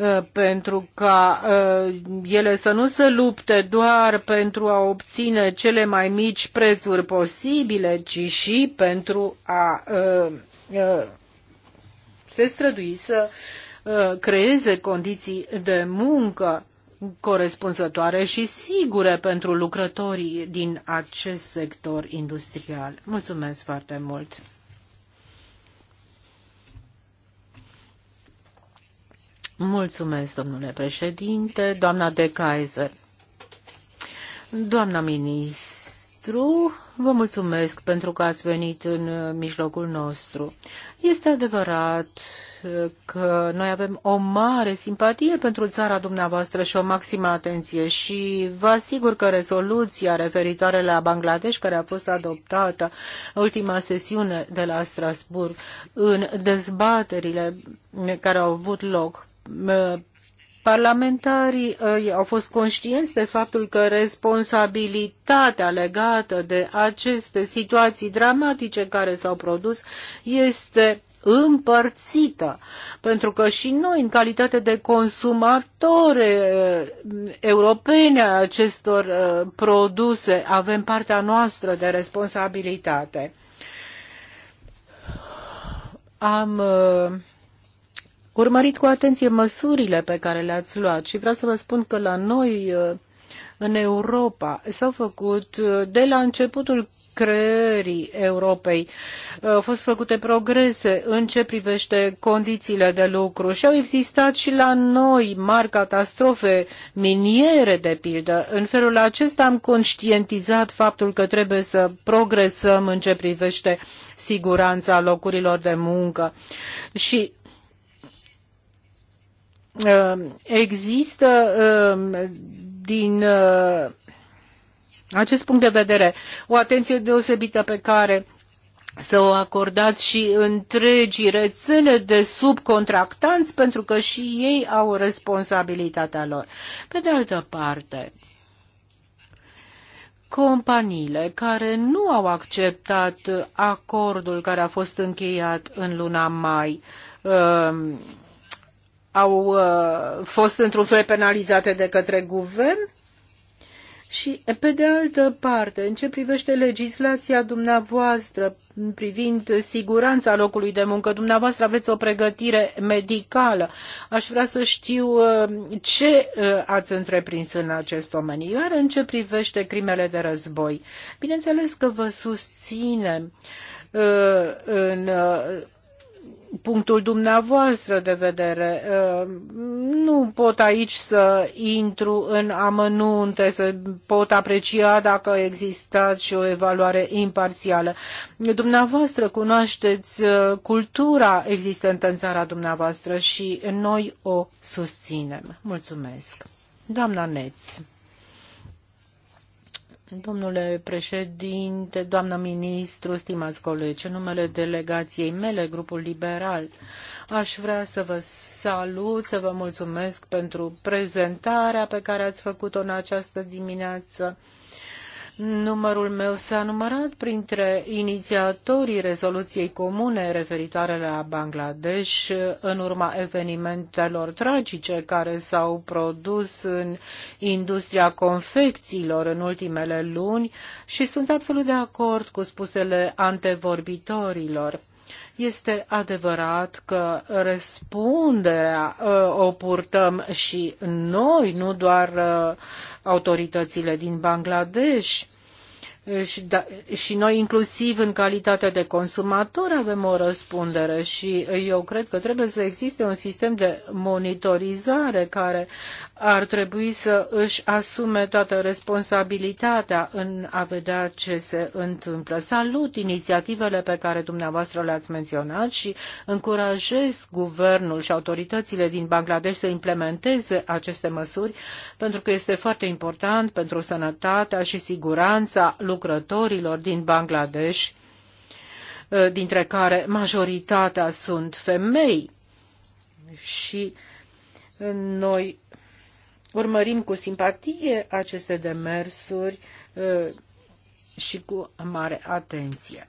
Uh, pentru ca uh, ele să nu se lupte doar pentru a obține cele mai mici prețuri posibile, ci și pentru a uh, se strădui să creeze condiții de muncă corespunzătoare și sigure pentru lucrătorii din acest sector industrial. Mulțumesc foarte mult! Mulțumesc, domnule președinte, doamna de Kaiser. Doamna ministru, vă mulțumesc pentru că ați venit în uh, mijlocul nostru. Este adevărat uh, că noi avem o mare simpatie pentru țara dumneavoastră și o maximă atenție și vă asigur că rezoluția referitoare la Bangladesh care a fost adoptată ultima sesiune de la Strasburg în dezbaterile care au avut loc Parlamentarii ă, au fost conștienți de faptul că responsabilitatea legată de aceste situații dramatice care s-au produs este împărțită, pentru că și noi, în calitate de consumatori ă, europene a acestor ă, produse, avem partea noastră de responsabilitate. Am uh, urmărit cu atenție măsurile pe care le-ați luat și vreau să vă spun că la noi uh, în Europa s-au făcut uh, de la începutul creării Europei. Uh, au fost făcute progrese în ce privește condițiile de lucru și au existat și la noi mari catastrofe miniere, de pildă. În felul acesta am conștientizat faptul că trebuie să progresăm în ce privește siguranța locurilor de muncă. Și Uh, există uh, din uh, acest punct de vedere o atenție deosebită pe care să o acordați și întregii rețele de subcontractanți, pentru că și ei au responsabilitatea lor. Pe de altă parte, companiile care nu au acceptat acordul care a fost încheiat în luna mai, au uh, fost într-un fel penalizate de către guvern? Și, pe de altă parte, în ce privește legislația dumneavoastră privind siguranța locului de muncă, dumneavoastră aveți o pregătire medicală. Aș vrea să știu uh, ce uh, ați întreprins în acest domeniu. Iar în ce privește crimele de război, bineînțeles că vă susținem uh, în punctul dumneavoastră de vedere. Uh, nu pot aici să intru în amănunte, să pot aprecia dacă a existat și o evaluare imparțială. Dumneavoastră cunoașteți uh, cultura existentă în țara dumneavoastră și noi o susținem. Mulțumesc. Doamna Neți. Domnule președinte, doamnă ministru, stimați colegi, în numele delegației mele, grupul liberal, aș vrea să vă salut, să vă mulțumesc pentru prezentarea pe care ați făcut-o în această dimineață. Numărul meu s-a numărat printre inițiatorii rezoluției comune referitoare la Bangladesh în urma evenimentelor tragice care s-au produs în industria confecțiilor în ultimele luni și sunt absolut de acord cu spusele antevorbitorilor. Este adevărat că răspunderea uh, o purtăm și noi, nu doar uh, autoritățile din Bangladesh. Și, da, și noi inclusiv în calitate de consumatori avem o răspundere și eu cred că trebuie să existe un sistem de monitorizare care ar trebui să își asume toată responsabilitatea în a vedea ce se întâmplă. Salut inițiativele pe care dumneavoastră le-ați menționat și încurajez guvernul și autoritățile din Bangladesh să implementeze aceste măsuri pentru că este foarte important pentru sănătatea și siguranța lucrătorilor din Bangladesh dintre care majoritatea sunt femei și noi urmărim cu simpatie aceste demersuri uh, și cu mare atenție.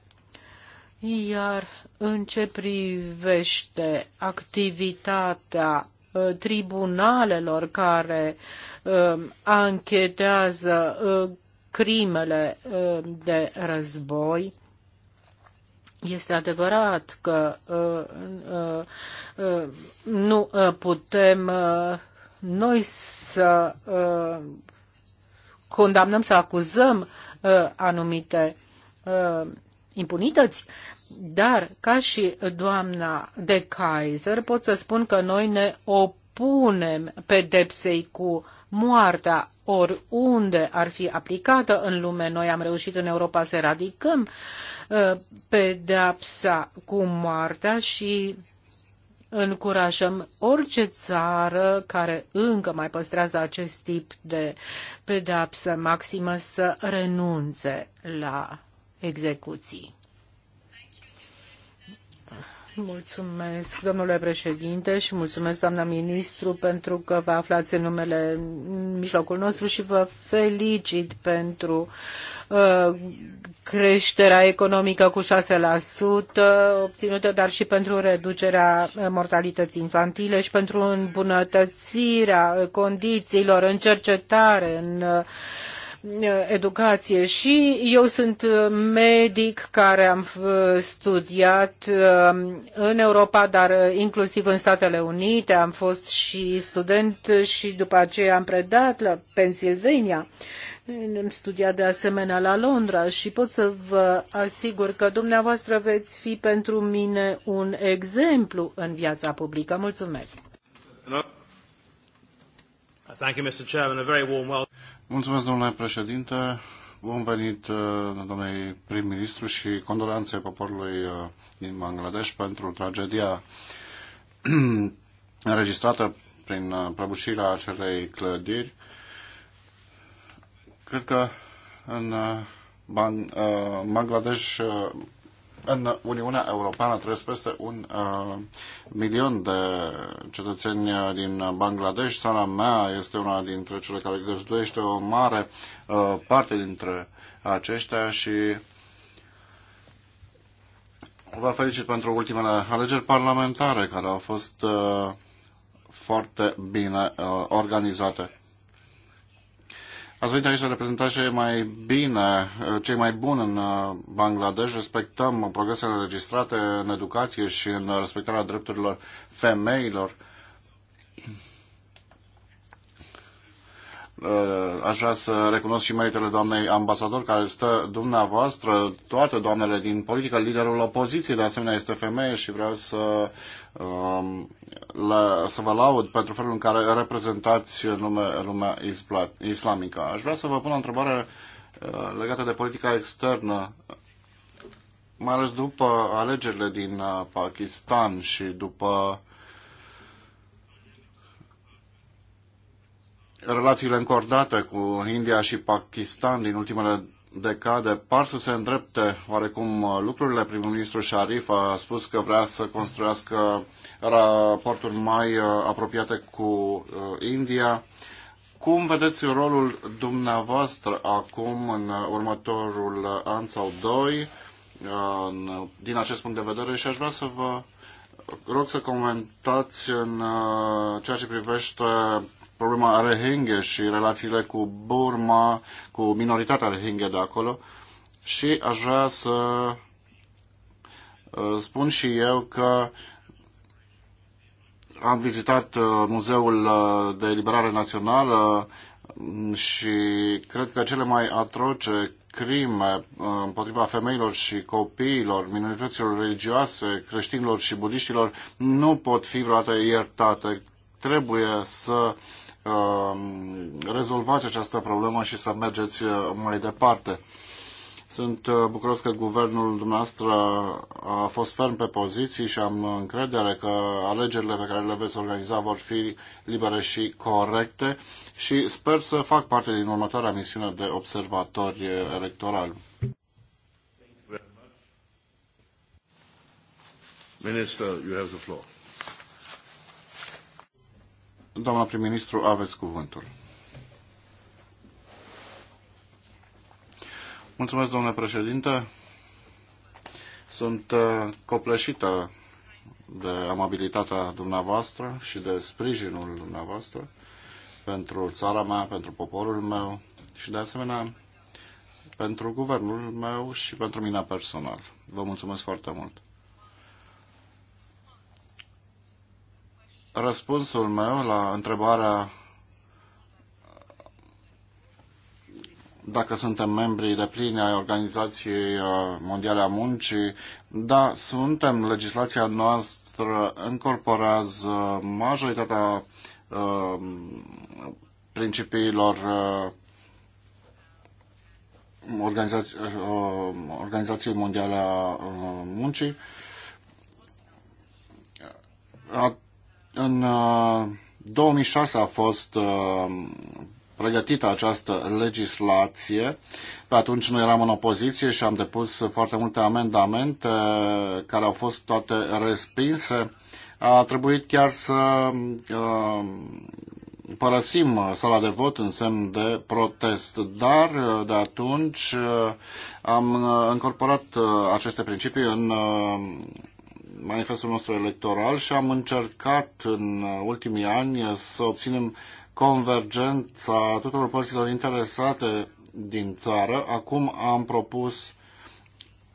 Iar în ce privește activitatea uh, tribunalelor care uh, anchetează crimele de război, este adevărat că nu putem noi să uh, condamnăm, să acuzăm uh, anumite uh, impunități, dar ca și doamna de Kaiser pot să spun că noi ne opunem pedepsei cu moartea oriunde ar fi aplicată în lume. Noi am reușit în Europa să eradicăm uh, pedepsa cu moartea și încurajăm orice țară care încă mai păstrează acest tip de pedapsă maximă să renunțe la execuții. Mulțumesc, domnule președinte, și mulțumesc, doamna ministru, pentru că vă aflați în numele în mijlocul nostru și vă felicit pentru uh, creșterea economică cu 6% obținută, dar și pentru reducerea mortalității infantile și pentru îmbunătățirea condițiilor în cercetare, în uh, educație și eu sunt medic care am studiat um, în Europa, dar uh, inclusiv în Statele Unite, am fost și student și după aceea am predat la Pennsylvania. Am studiat de asemenea la Londra și pot să vă asigur că dumneavoastră veți fi pentru mine un exemplu în viața publică. Mulțumesc! Thank you, Mr. Chairman. A very warm welcome. Mulțumesc, domnule președinte. Bun venit, uh, domnule prim-ministru și condolențe poporului uh, din Bangladesh pentru tragedia înregistrată prin uh, prăbușirea acelei clădiri. Cred că în Bangladesh în Uniunea Europeană trăiesc peste un uh, milion de cetățeni uh, din Bangladesh. Țara mea este una dintre cele care găzduiește o mare uh, parte dintre aceștia și vă felicit pentru ultimele alegeri parlamentare care au fost uh, foarte bine uh, organizate. Ați venit aici să reprezentați cei mai bine, cei mai buni în uh, Bangladesh. Respectăm progresele înregistrate în educație și în uh, respectarea drepturilor femeilor. Eh, aș vrea să recunosc și meritele doamnei ambasador, care stă dumneavoastră, toate doamnele din politică, liderul opoziției, de asemenea, este femeie și vreau să, ehm, să vă laud pentru felul în care reprezentați lume, lumea islamică. Aș vrea să vă pun o întrebare eh, legată de politica externă, mai ales după alegerile din eh, Pakistan și după relațiile încordate cu India și Pakistan din ultimele decade par să se îndrepte oarecum lucrurile. Prim-ministru Sharif a spus că vrea să construiască raporturi mai uh, apropiate cu uh, India. Cum vedeți rolul dumneavoastră acum în următorul an sau doi uh, din acest punct de vedere și aș vrea să vă rog să comentați în ceea ce privește problema Rohingya și relațiile cu Burma, cu minoritatea Rohingya de acolo și aș vrea să uh, spun și eu că am vizitat uh, Muzeul uh, de Eliberare Națională mm, și cred că cele mai atroce crime împotriva femeilor și copiilor, minorităților religioase, creștinilor și budiștilor nu pot fi vreodată iertate trebuie să um, rezolvați această problemă și să mergeți uh, mai departe. Sunt uh, bucuros că guvernul dumneavoastră a fost ferm pe poziții și am încredere că alegerile pe care le veți organiza vor fi libere și corecte și sper să fac parte din următoarea misiune de observatori electorali. Minister, you have the floor. Doamna prim-ministru, aveți cuvântul. Mulțumesc, domnule președinte. Sunt uh, copleșită de amabilitatea dumneavoastră și de sprijinul dumneavoastră pentru țara mea, pentru poporul meu și, de asemenea, pentru guvernul meu și pentru mine personal. Vă mulțumesc foarte mult. răspunsul meu la întrebarea dacă suntem membri de plini ai Organizației uh, Mondiale a Muncii, da, suntem, legislația noastră încorporează majoritatea uh, principiilor uh, Organizației Mondiale a Muncii. În 2006 uh, a fost uh, pregătită această legislație. Pe atunci noi eram în opoziție și am depus foarte multe amendamente care au fost toate respinse. A trebuit chiar să uh, părăsim sala de vot în semn de protest, dar de atunci am încorporat aceste principii în manifestul nostru electoral și am încercat în ultimii ani să obținem convergența tuturor părților interesate din țară. Acum am propus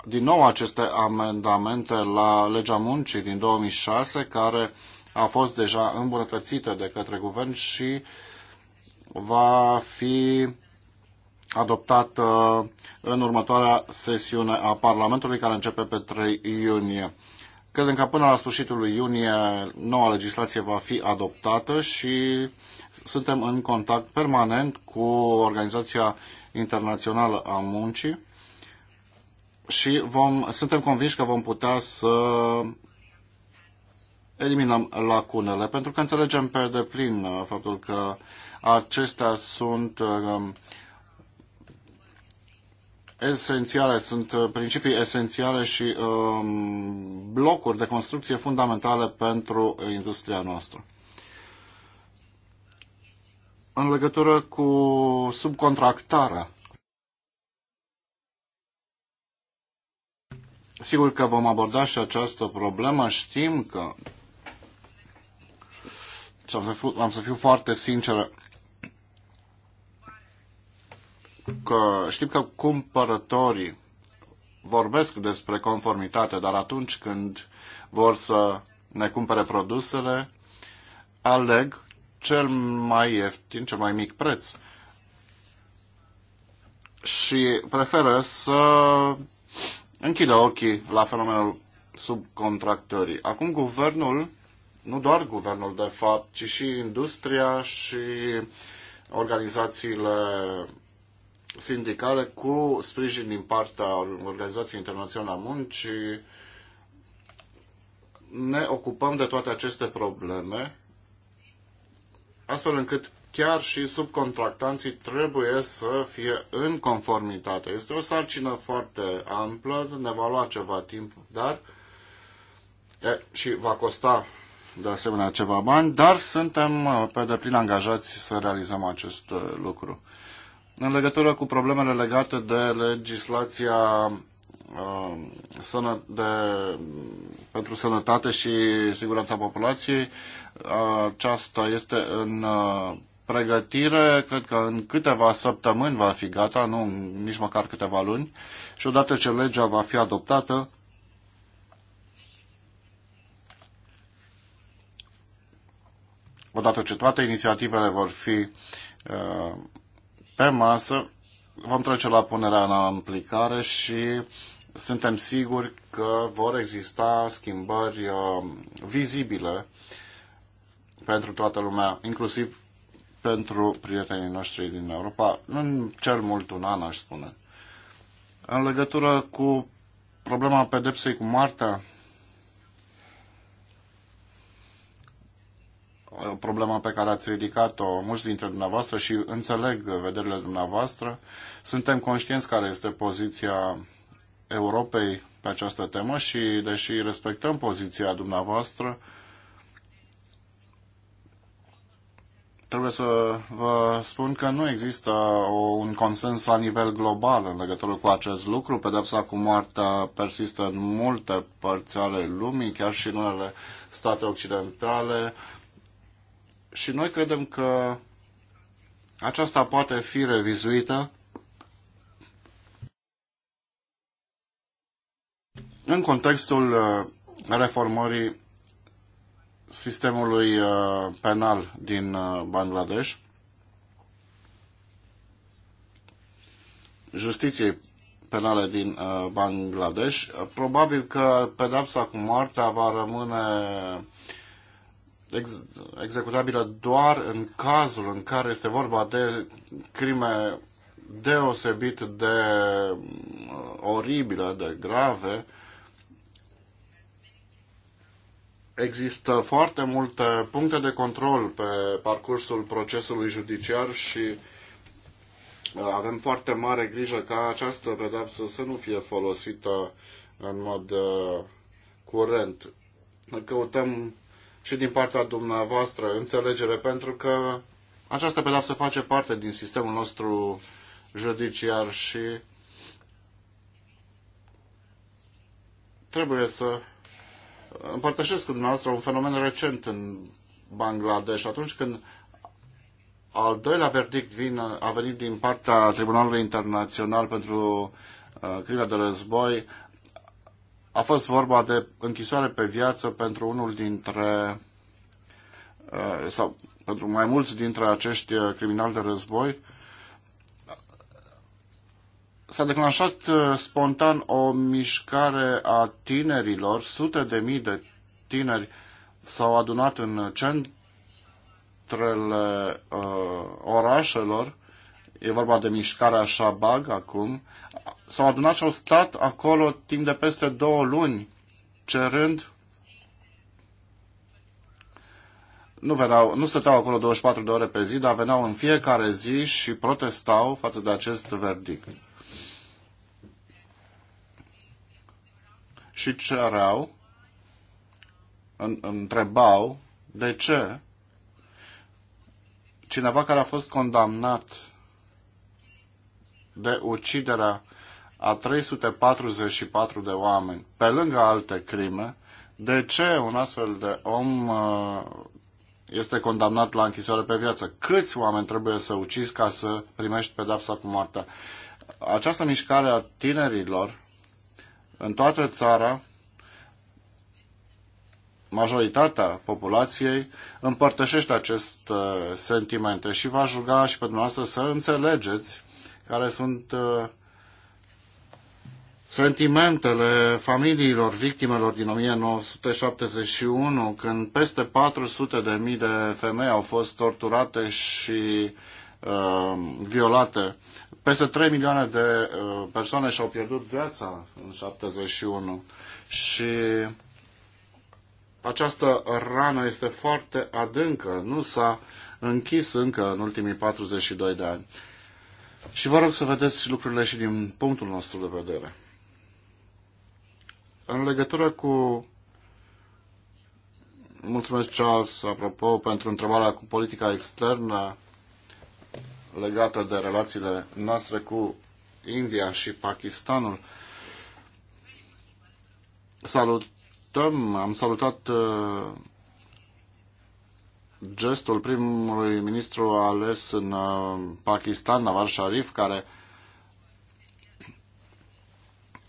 din nou aceste amendamente la legea muncii din 2006, care a fost deja îmbunătățită de către guvern și va fi adoptată în următoarea sesiune a Parlamentului, care începe pe 3 iunie. Credem că până la sfârșitul lui iunie noua legislație va fi adoptată și suntem în contact permanent cu Organizația Internațională a Muncii și vom, suntem convinși că vom putea să eliminăm lacunele, pentru că înțelegem pe deplin uh, faptul că acestea sunt uh, esențiale, sunt uh, principii esențiale și um, blocuri de construcție fundamentale pentru industria noastră. În legătură cu subcontractarea, sigur că vom aborda și această problemă. Știm că, am să fiu, am să fiu foarte sinceră, că știm că cumpărătorii vorbesc despre conformitate, dar atunci când vor să ne cumpere produsele, aleg cel mai ieftin, cel mai mic preț. Și preferă să închidă ochii la fenomenul subcontractorii. Acum guvernul, nu doar guvernul de fapt, ci și industria și organizațiile sindicale cu sprijin din partea Organizației Internaționale a Muncii. Ne ocupăm de toate aceste probleme, astfel încât chiar și subcontractanții trebuie să fie în conformitate. Este o sarcină foarte amplă, ne va lua ceva timp, dar e, și va costa de asemenea ceva bani, dar suntem uh, pe deplin angajați să realizăm acest uh, lucru în legătură cu problemele legate de legislația uh, de, pentru sănătate și siguranța populației. Aceasta este în uh, pregătire, cred că în câteva săptămâni va fi gata, nu nici măcar câteva luni, și odată ce legea va fi adoptată, odată ce toate inițiativele vor fi uh, pe masă, vom trece la punerea în aplicare și suntem siguri că vor exista schimbări uh, vizibile pentru toată lumea, inclusiv pentru prietenii noștri din Europa, în cel mult un an, aș spune. În legătură cu problema pedepsei cu moartea, problema pe care ați ridicat-o mulți dintre dumneavoastră și înțeleg vederile dumneavoastră. Suntem conștienți care este poziția Europei pe această temă și, deși respectăm poziția dumneavoastră, trebuie să vă spun că nu există un consens la nivel global în legătură cu acest lucru. Pedepsa cu moartea persistă în multe părți ale lumii, chiar și în unele state occidentale. Uh, și noi credem că aceasta poate fi revizuită în contextul uh, reformării sistemului uh, penal din uh, Bangladesh, justiției penale din Bangladesh. Probabil că pedapsa cu moartea va rămâne ex- executabilă doar în cazul în care este vorba de crime deosebit de uh, oribile, de grave. Există foarte multe puncte de control pe parcursul procesului judiciar și uh, avem foarte mare grijă ca această pedapsă să nu fie folosită în mod uh, curent. Căutăm și din partea dumneavoastră înțelegere, pentru că această pedeapsă face parte din sistemul nostru judiciar și trebuie să împărtășesc cu dumneavoastră un fenomen recent în Bangladesh. Atunci când al doilea verdict vine, a venit din partea Tribunalului Internațional pentru uh, crime de război, a fost vorba de închisoare pe viață pentru unul dintre uh, sau pentru mai mulți dintre acești uh, criminali de război. S-a declanșat uh, spontan o mișcare a tinerilor, sute de mii de tineri s-au adunat în centrele uh, orașelor, e vorba de mișcarea Shabag acum, s-au adunat și au stat acolo timp de peste două luni, cerând nu, veneau, nu stăteau acolo 24 de ore pe zi, dar veneau în fiecare zi și protestau față de acest verdict. Și cereau, întrebau de ce cineva care a fost condamnat de uciderea a 344 de oameni, pe lângă alte crime, de ce un astfel de om uh, este condamnat la închisoare pe viață? Câți oameni trebuie să ucizi ca să primești pedapsa cu moartea? Această mișcare a tinerilor în toată țara, majoritatea populației împărtășește acest uh, sentiment și va juga și pe dumneavoastră să înțelegeți care sunt uh, sentimentele familiilor victimelor din 1971, când peste 400 de mii de femei au fost torturate și uh, violate. Peste 3 milioane de uh, persoane și-au pierdut viața în 71 și această rană este foarte adâncă, nu s-a închis încă în ultimii 42 de ani. Și vă rog să vedeți lucrurile și din punctul nostru de vedere. În legătură cu Mulțumesc, Charles, apropo, pentru întrebarea cu politica externă legată de relațiile noastre cu India și Pakistanul. Salutăm, am salutat uh, gestul primului ministru ales în uh, Pakistan, Nawaz Sharif, care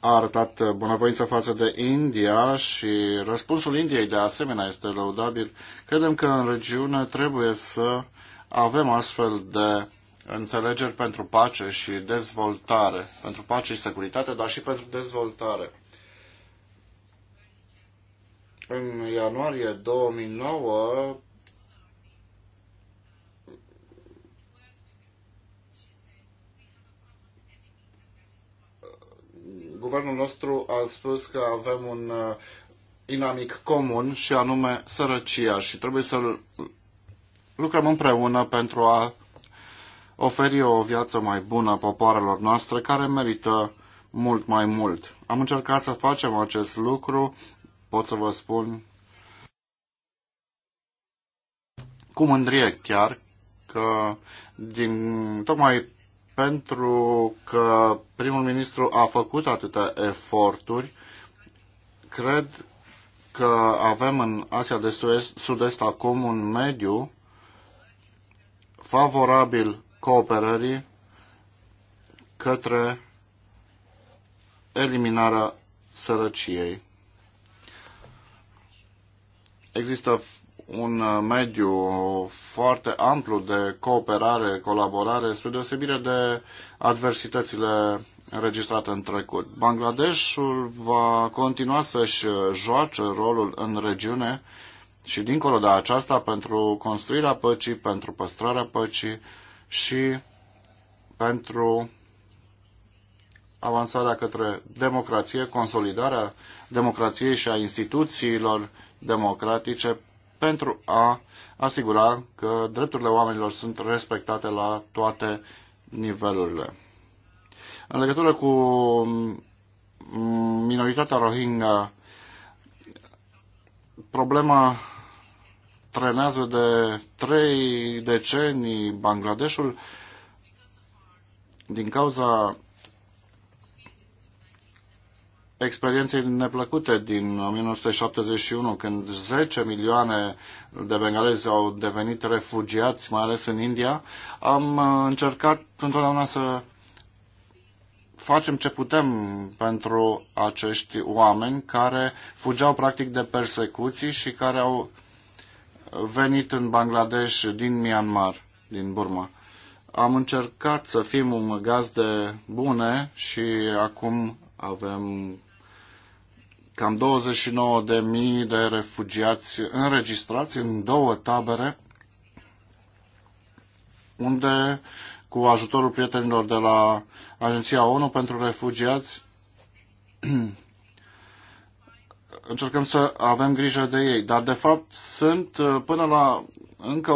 a arătat bunăvoință față de India și răspunsul Indiei de asemenea este lăudabil. Credem că în regiune trebuie să avem astfel de înțelegeri pentru pace și dezvoltare, pentru pace și securitate, dar și pentru dezvoltare. În ianuarie 2009 guvernul nostru a spus că avem un uh, inamic comun și anume sărăcia și trebuie să lucrăm împreună pentru a oferi o viață mai bună popoarelor noastre care merită mult mai mult. Am încercat să facem acest lucru, pot să vă spun cu mândrie chiar că din, tocmai pentru că primul ministru a făcut atâtea eforturi, cred că avem în Asia de Sud-Est acum un mediu favorabil cooperării către eliminarea sărăciei. Există un uh, mediu foarte amplu de cooperare, colaborare, spre deosebire de adversitățile registrate în trecut. Bangladeshul va continua să-și uh, joace rolul în regiune și dincolo de aceasta pentru construirea păcii, pentru păstrarea păcii și pentru avansarea către democrație, consolidarea democrației și a instituțiilor democratice pentru a asigura că drepturile oamenilor sunt respectate la toate nivelurile. În legătură cu minoritatea Rohingya, problema trenează de trei decenii Bangladeshul din cauza experienței neplăcute din 1971, când 10 milioane de bengalezi au devenit refugiați, mai ales în India, am uh, încercat întotdeauna să facem ce putem pentru acești oameni care fugeau practic de persecuții și care au venit în Bangladesh din Myanmar, din Burma. Am încercat să fim un gaz de bune și acum avem cam 29.000 de refugiați înregistrați în două tabere, unde, cu ajutorul prietenilor de la Agenția ONU pentru Refugiați, încercăm să avem grijă de ei. Dar, de fapt, sunt uh, până la încă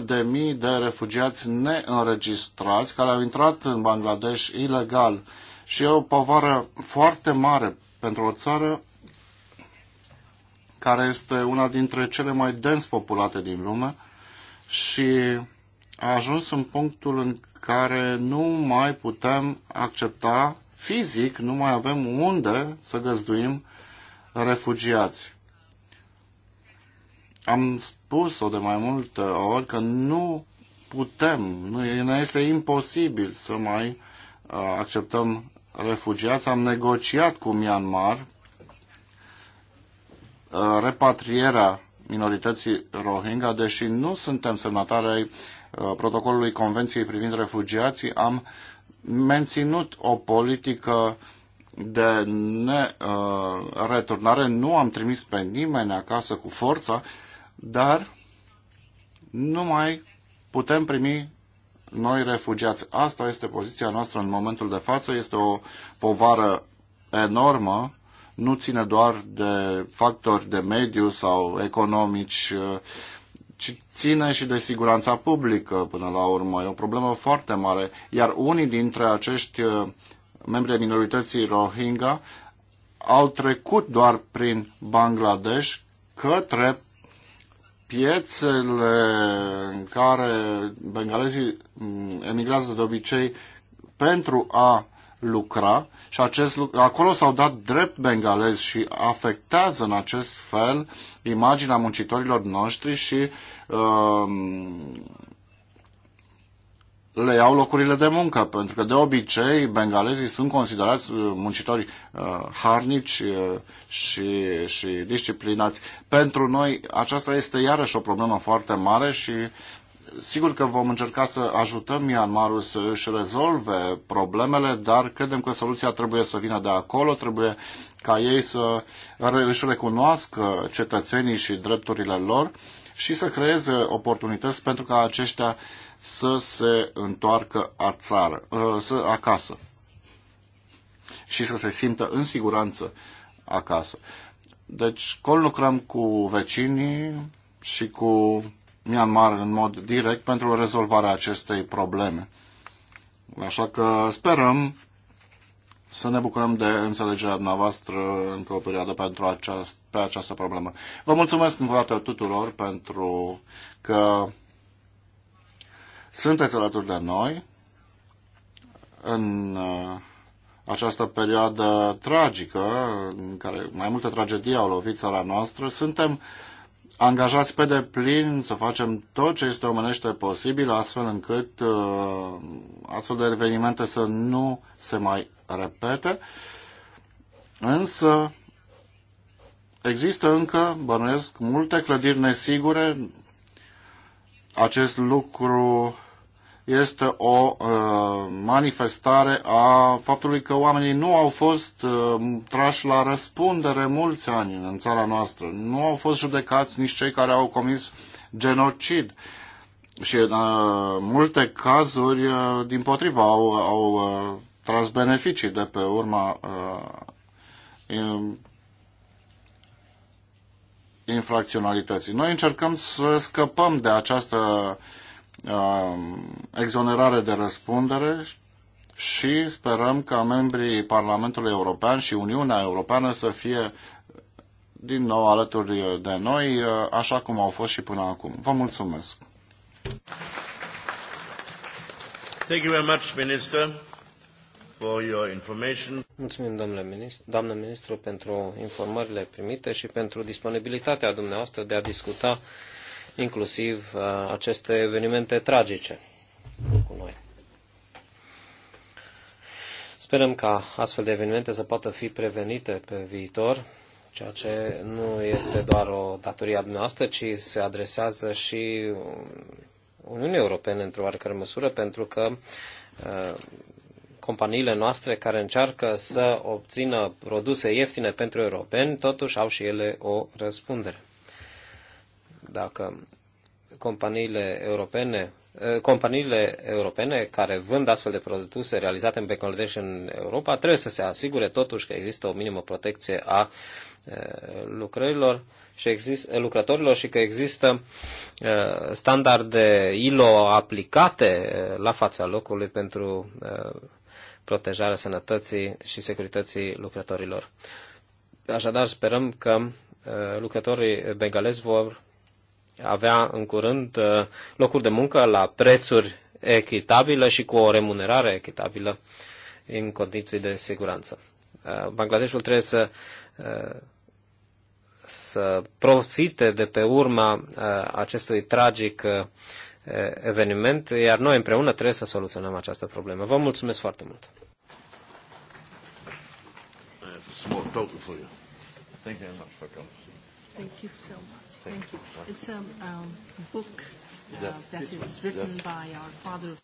100.000 de mii de refugiați neînregistrați care au intrat în Bangladesh ilegal și e o povară foarte mare pentru o țară care este una dintre cele mai dens populate din lume și a ajuns în punctul în care nu mai putem accepta fizic, nu mai avem unde să găzduim refugiați. Am spus-o de mai multe ori că nu putem, nu, este imposibil să mai uh, acceptăm refugiați. Am negociat cu Myanmar Uh, repatrierea minorității Rohingya, deși nu suntem semnatari ai uh, protocolului Convenției privind refugiații, am menținut o politică de ne returnare. Nu am trimis pe nimeni acasă cu forța, dar nu mai putem primi noi refugiați. Asta este poziția noastră în momentul de față. Este o povară enormă nu ține doar de factori de mediu sau economici, uh, ci ține și de siguranța publică până la urmă. E o problemă foarte mare. Iar unii dintre acești uh, membri ai minorității Rohingya au trecut doar prin Bangladesh către piețele în care bengalezii mm, emigrează de obicei pentru a lucra și acest lucru, acolo s-au dat drept bengalezi și afectează în acest fel imaginea muncitorilor noștri și uh, le iau locurile de muncă, pentru că de obicei bengalezii sunt considerați uh, muncitori uh, harnici uh, și, și disciplinați. Pentru noi aceasta este iarăși o problemă foarte mare și Sigur că vom încerca să ajutăm Myanmarul să își rezolve problemele, dar credem că soluția trebuie să vină de acolo, trebuie ca ei să își recunoască cetățenii și drepturile lor și să creeze oportunități pentru ca aceștia să se întoarcă țară, uh, să, acasă și să se simtă în siguranță acasă. Deci, col lucrăm cu vecinii și cu Myanmar în mod direct pentru rezolvarea acestei probleme. Așa că sperăm să ne bucurăm de înțelegerea dumneavoastră încă o perioadă pentru aceast, pe această problemă. Vă mulțumesc încă o dată tuturor pentru că sunteți alături de noi în uh, această perioadă tragică, în care mai multe tragedii au lovit țara noastră. Suntem angajați pe deplin, să facem tot ce este omenește posibil, astfel încât uh, astfel de evenimente să nu se mai repete. Însă există încă, bănuiesc, multe clădiri nesigure. Acest lucru este o uh, manifestare a faptului că oamenii nu au fost uh, trași la răspundere mulți ani în țara noastră. Nu au fost judecați nici cei care au comis genocid. Și în uh, multe cazuri, din potriva, au, au tras beneficii de pe urma infracționalității. Noi încercăm să scăpăm de această uh, Um, exonerare de răspundere și sperăm ca membrii Parlamentului European și Uniunea Europeană să fie din nou alături de noi, uh, așa cum au fost și până acum. Vă mulțumesc! Thank you very much, Minister, for your information. Mulțumim, domnule ministru, doamnă ministru, pentru informările primite și pentru disponibilitatea dumneavoastră de a discuta inclusiv uh, aceste evenimente tragice cu noi. Sperăm ca astfel de evenimente să poată fi prevenite pe viitor, ceea ce nu este doar o datorie a dumneavoastră, ci se adresează și Uniunii Europene într-o oarecare măsură, pentru că uh, companiile noastre care încearcă să obțină produse ieftine pentru europeni, totuși au și ele o răspundere. Dacă companiile europene eh, companiile europene care vând astfel de produse realizate în Bangladesh în Europa trebuie să se asigure totuși că există o minimă protecție a eh, lucrărilor și exist, eh, lucrătorilor și că există standarde ILO aplicate la fața locului pentru protejarea sănătății și securității lucrătorilor. Așadar, sperăm că lucrătorii bengalezi vor avea în curând uh, locuri de muncă la prețuri echitabile și cu o remunerare echitabilă în condiții de siguranță. Uh, Bangladeshul trebuie să, uh, să profite de pe urma acestui tragic eveniment, iar noi împreună trebuie să soluționăm această problemă. Vă mulțumesc foarte mult! Thank you very much for coming. Thank you so much. Thank you. It's a um, book uh, that is written by our father.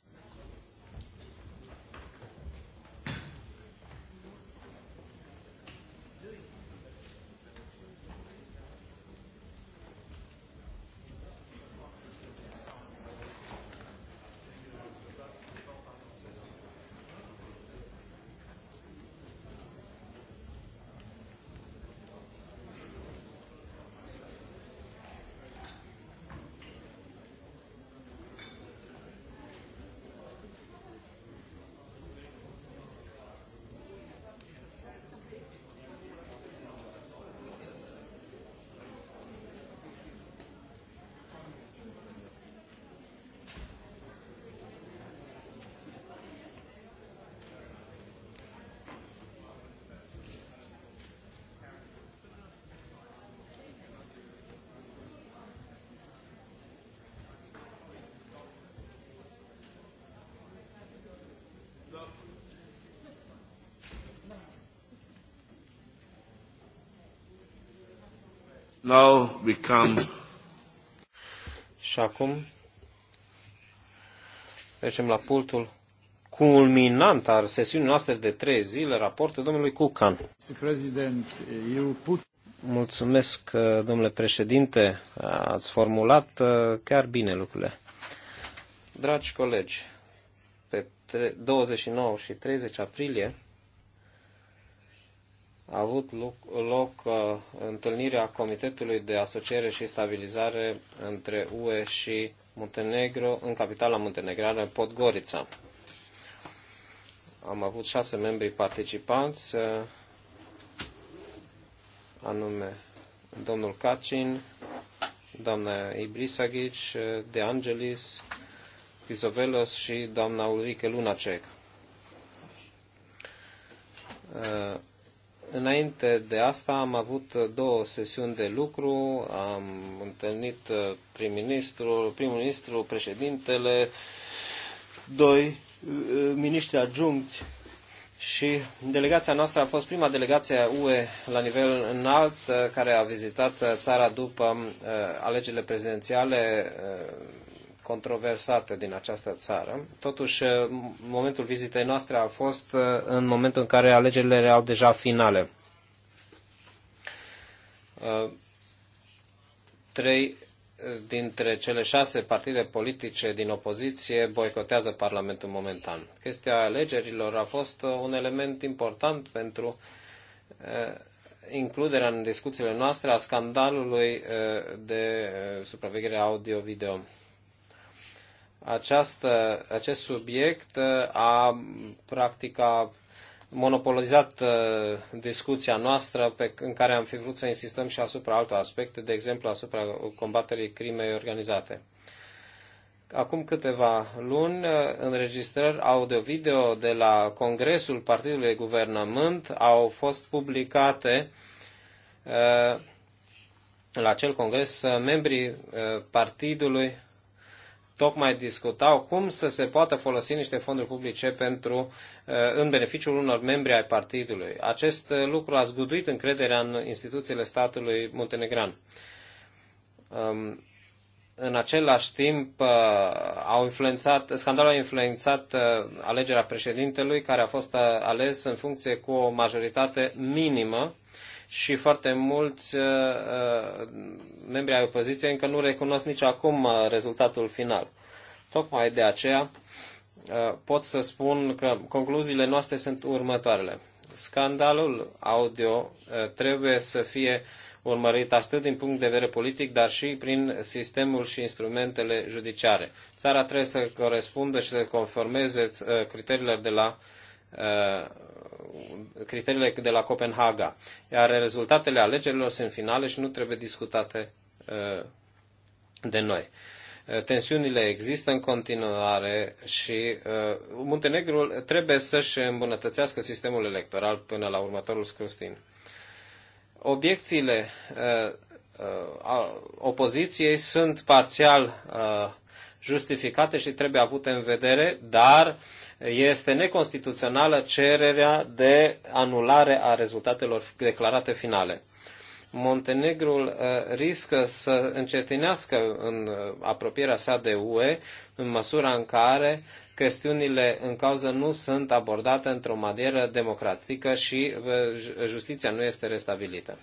Now we come. Și acum mergem la pultul culminant al sesiunii noastre de trei zile, raportul domnului Cucan. Mulțumesc, uh, domnule președinte, ați formulat uh, chiar bine lucrurile. Dragi colegi, pe 29 și 30 aprilie a avut loc, loc uh, întâlnirea Comitetului de Asociere și Stabilizare între UE și Muntenegro în capitala muntenegrană Podgorița. Am avut șase membri participanți, uh, anume domnul Cacin, doamna Ibrisagic, uh, De Angelis, Pisovelos și doamna Ulrike Lunacek. Uh, Înainte de asta am avut două sesiuni de lucru, am întâlnit prim-ministrul, uh, prim-ministrul, președintele, doi uh, miniștri adjuncți și delegația noastră a fost prima delegație UE la nivel înalt uh, care a vizitat țara după alegerile prezidențiale controversată din această țară. Totuși, eh, momentul vizitei noastre a fost eh, în momentul în care alegerile erau deja finale. Eh, trei dintre cele șase partide politice din opoziție boicotează Parlamentul momentan. Chestia alegerilor a fost un element important pentru includerea în discuțiile noastre a scandalului de supraveghere audio-video această, acest subiect uh, a practic a monopolizat uh, discuția noastră pe, în care am fi vrut să insistăm și asupra altor aspecte, de exemplu asupra combaterii crimei organizate. Acum câteva luni, uh, înregistrări audio-video de la Congresul Partidului Guvernământ au fost publicate la acel congres membrii partidului tocmai discutau cum să se poată folosi niște fonduri publice pentru, uh, în beneficiul unor membri ai partidului. Acest uh, lucru a zguduit încrederea în instituțiile statului muntenegran. Um, în același timp, uh, au influențat, scandalul a influențat alegerea președintelui, care a fost ales în funcție cu o majoritate minimă și foarte mulți uh, uh, membri ai opoziției încă nu recunosc nici acum uh, rezultatul final. Tocmai de aceea pot să spun că concluziile noastre sunt următoarele. Scandalul audio trebuie să fie urmărit atât din punct de vedere politic, dar și prin sistemul și instrumentele judiciare. Țara trebuie să corespundă și să conformeze criteriilor de la criteriile de la Copenhaga. Iar rezultatele alegerilor sunt finale și nu trebuie discutate uh, de noi. Uh, tensiunile există în continuare și uh, Muntenegrul trebuie să-și îmbunătățească sistemul electoral până la următorul scrutin. Obiecțiile opoziției sunt parțial justificate și trebuie avute în vedere, dar este neconstituțională cererea de anulare a rezultatelor declarate finale. Montenegrul uh, riscă să încetinească în uh, apropierea sa de UE în măsura în care chestiunile în cauză nu sunt abordate într-o manieră democratică și uh, justiția nu este restabilită.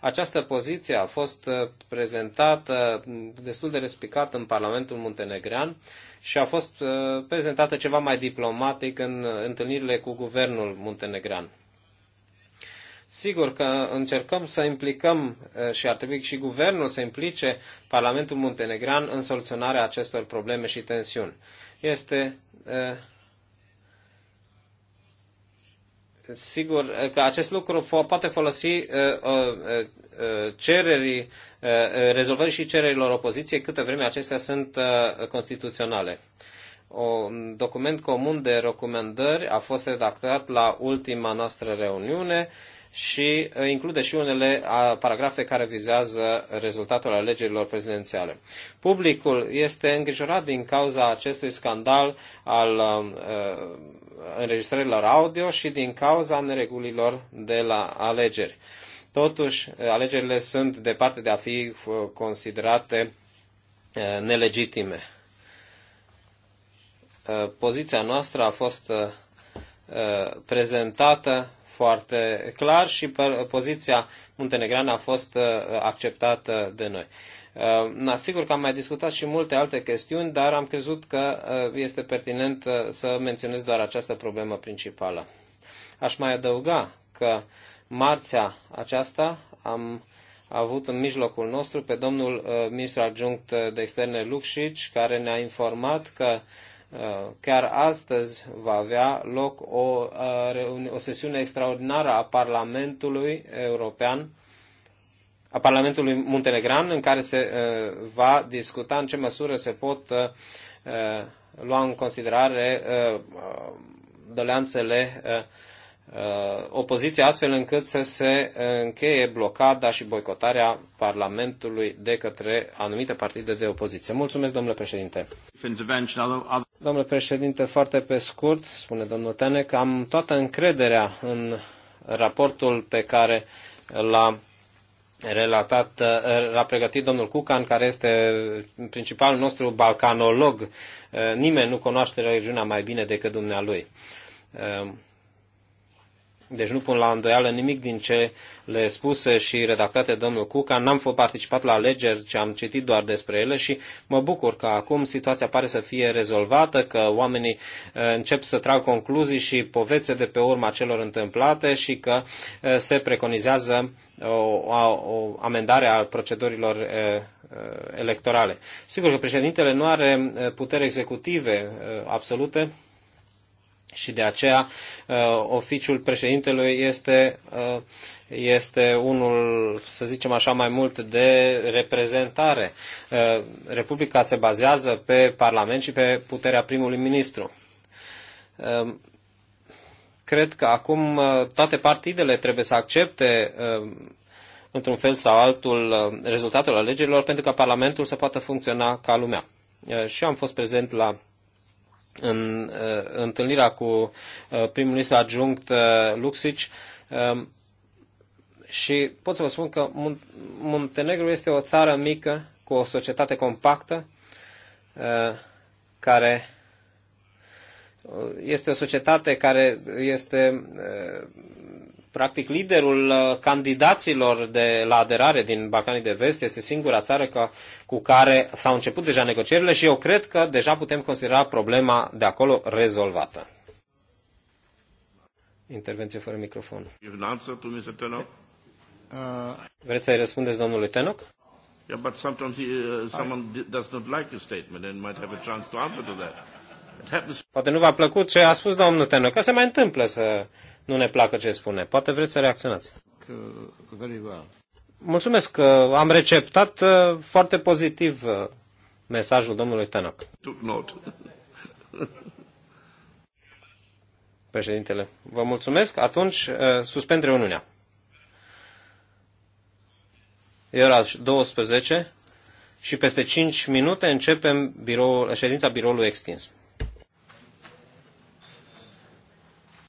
Această poziție a fost uh, prezentată destul de respicată în Parlamentul muntenegrean și a fost uh, prezentată ceva mai diplomatic în uh, întâlnirile cu guvernul muntenegrean. Sigur că încercăm să implicăm și ar trebui și guvernul să implice Parlamentul Muntenegrean în soluționarea acestor probleme și tensiuni. Este Sigur eh, că acest lucru poate folosi eh, eh, cererii, rezolvării și cererilor opoziției câtă vreme acestea sunt constituționale. Un document comun de recomandări a fost redactat la ultima noastră reuniune și uh, include și unele paragrafe care vizează rezultatul alegerilor prezidențiale. Publicul este îngrijorat din cauza acestui scandal al um, uh, înregistrărilor audio și din cauza neregulilor de la alegeri. Totuși, uh, alegerile sunt departe de a fi considerate nelegitime. Poziția noastră a fost prezentată foarte clar și poziția muntenegreană a fost uh, acceptată de noi. Uh, na, sigur că am mai discutat și multe alte chestiuni, dar am crezut că uh, este pertinent să menționez doar această problemă principală. Aș mai adăuga că marțea aceasta am avut în mijlocul nostru pe domnul ministru adjunct de externe Luxic, care ne-a informat că Uh, chiar astăzi va avea loc o, uh, o sesiune extraordinară a Parlamentului European, a Parlamentului Muntenegran, în care se uh, va discuta în ce măsură se pot lua în considerare doleanțele Uh, opoziția astfel încât să se uh, încheie blocada și boicotarea Parlamentului de către anumite partide de opoziție. Mulțumesc, domnule președinte. Domnule președinte, foarte pe scurt, spune domnul că am toată încrederea în raportul pe care l-a relatat, uh, l-a pregătit domnul Cucan, care este principalul nostru balcanolog. Nimeni nu cunoaște regiunea mai bine decât dumnealui deci nu pun la îndoială nimic din ce le spuse și redactate domnul Cuca. N-am fost participat la alegeri, ci am citit doar despre ele și mă bucur că acum situația pare să fie rezolvată, că oamenii eh, încep să trag concluzii și povețe de pe urma celor întâmplate și că eh, se preconizează eh, o, o amendare a procedurilor electorale. Sigur că președintele nu are putere executive absolute, și de aceea uh, oficiul președintelui este, uh, este unul, să zicem așa, mai mult de reprezentare. Uh, Republica se bazează pe Parlament și pe puterea primului ministru cred că acum toate partidele trebuie să accepte într-un fel sau altul rezultatul alegerilor pentru ca Parlamentul să poată funcționa ca lumea. Și eu am fost prezent la în uh, întâlnirea cu uh, primul ministru adjunct uh, Luxici uh, um, și pot să vă spun că Muntenegru este o țară mică cu o societate compactă uh, care uh, este o societate care este uh, Practic, liderul uh, candidaților de la aderare din Balcanii de Vest este singura țară ca, cu care s-au început deja negocierile și eu cred că deja putem considera problema de acolo rezolvată. Intervenție fără microfon. Uh. Vreți să-i răspundeți domnului Tenoc? Yeah, but sometimes he, uh, someone does not like a statement and might have a chance to answer to that. Poate nu v-a plăcut ce a spus domnul Tenă, că se mai întâmplă să nu ne placă ce spune. Poate vreți să reacționați. Mulțumesc că am receptat uh, foarte pozitiv uh, mesajul domnului Tenoc. Președintele, vă mulțumesc. Atunci uh, suspend reuniunea. E ora 12 și peste 5 minute începem birou, ședința biroului extins.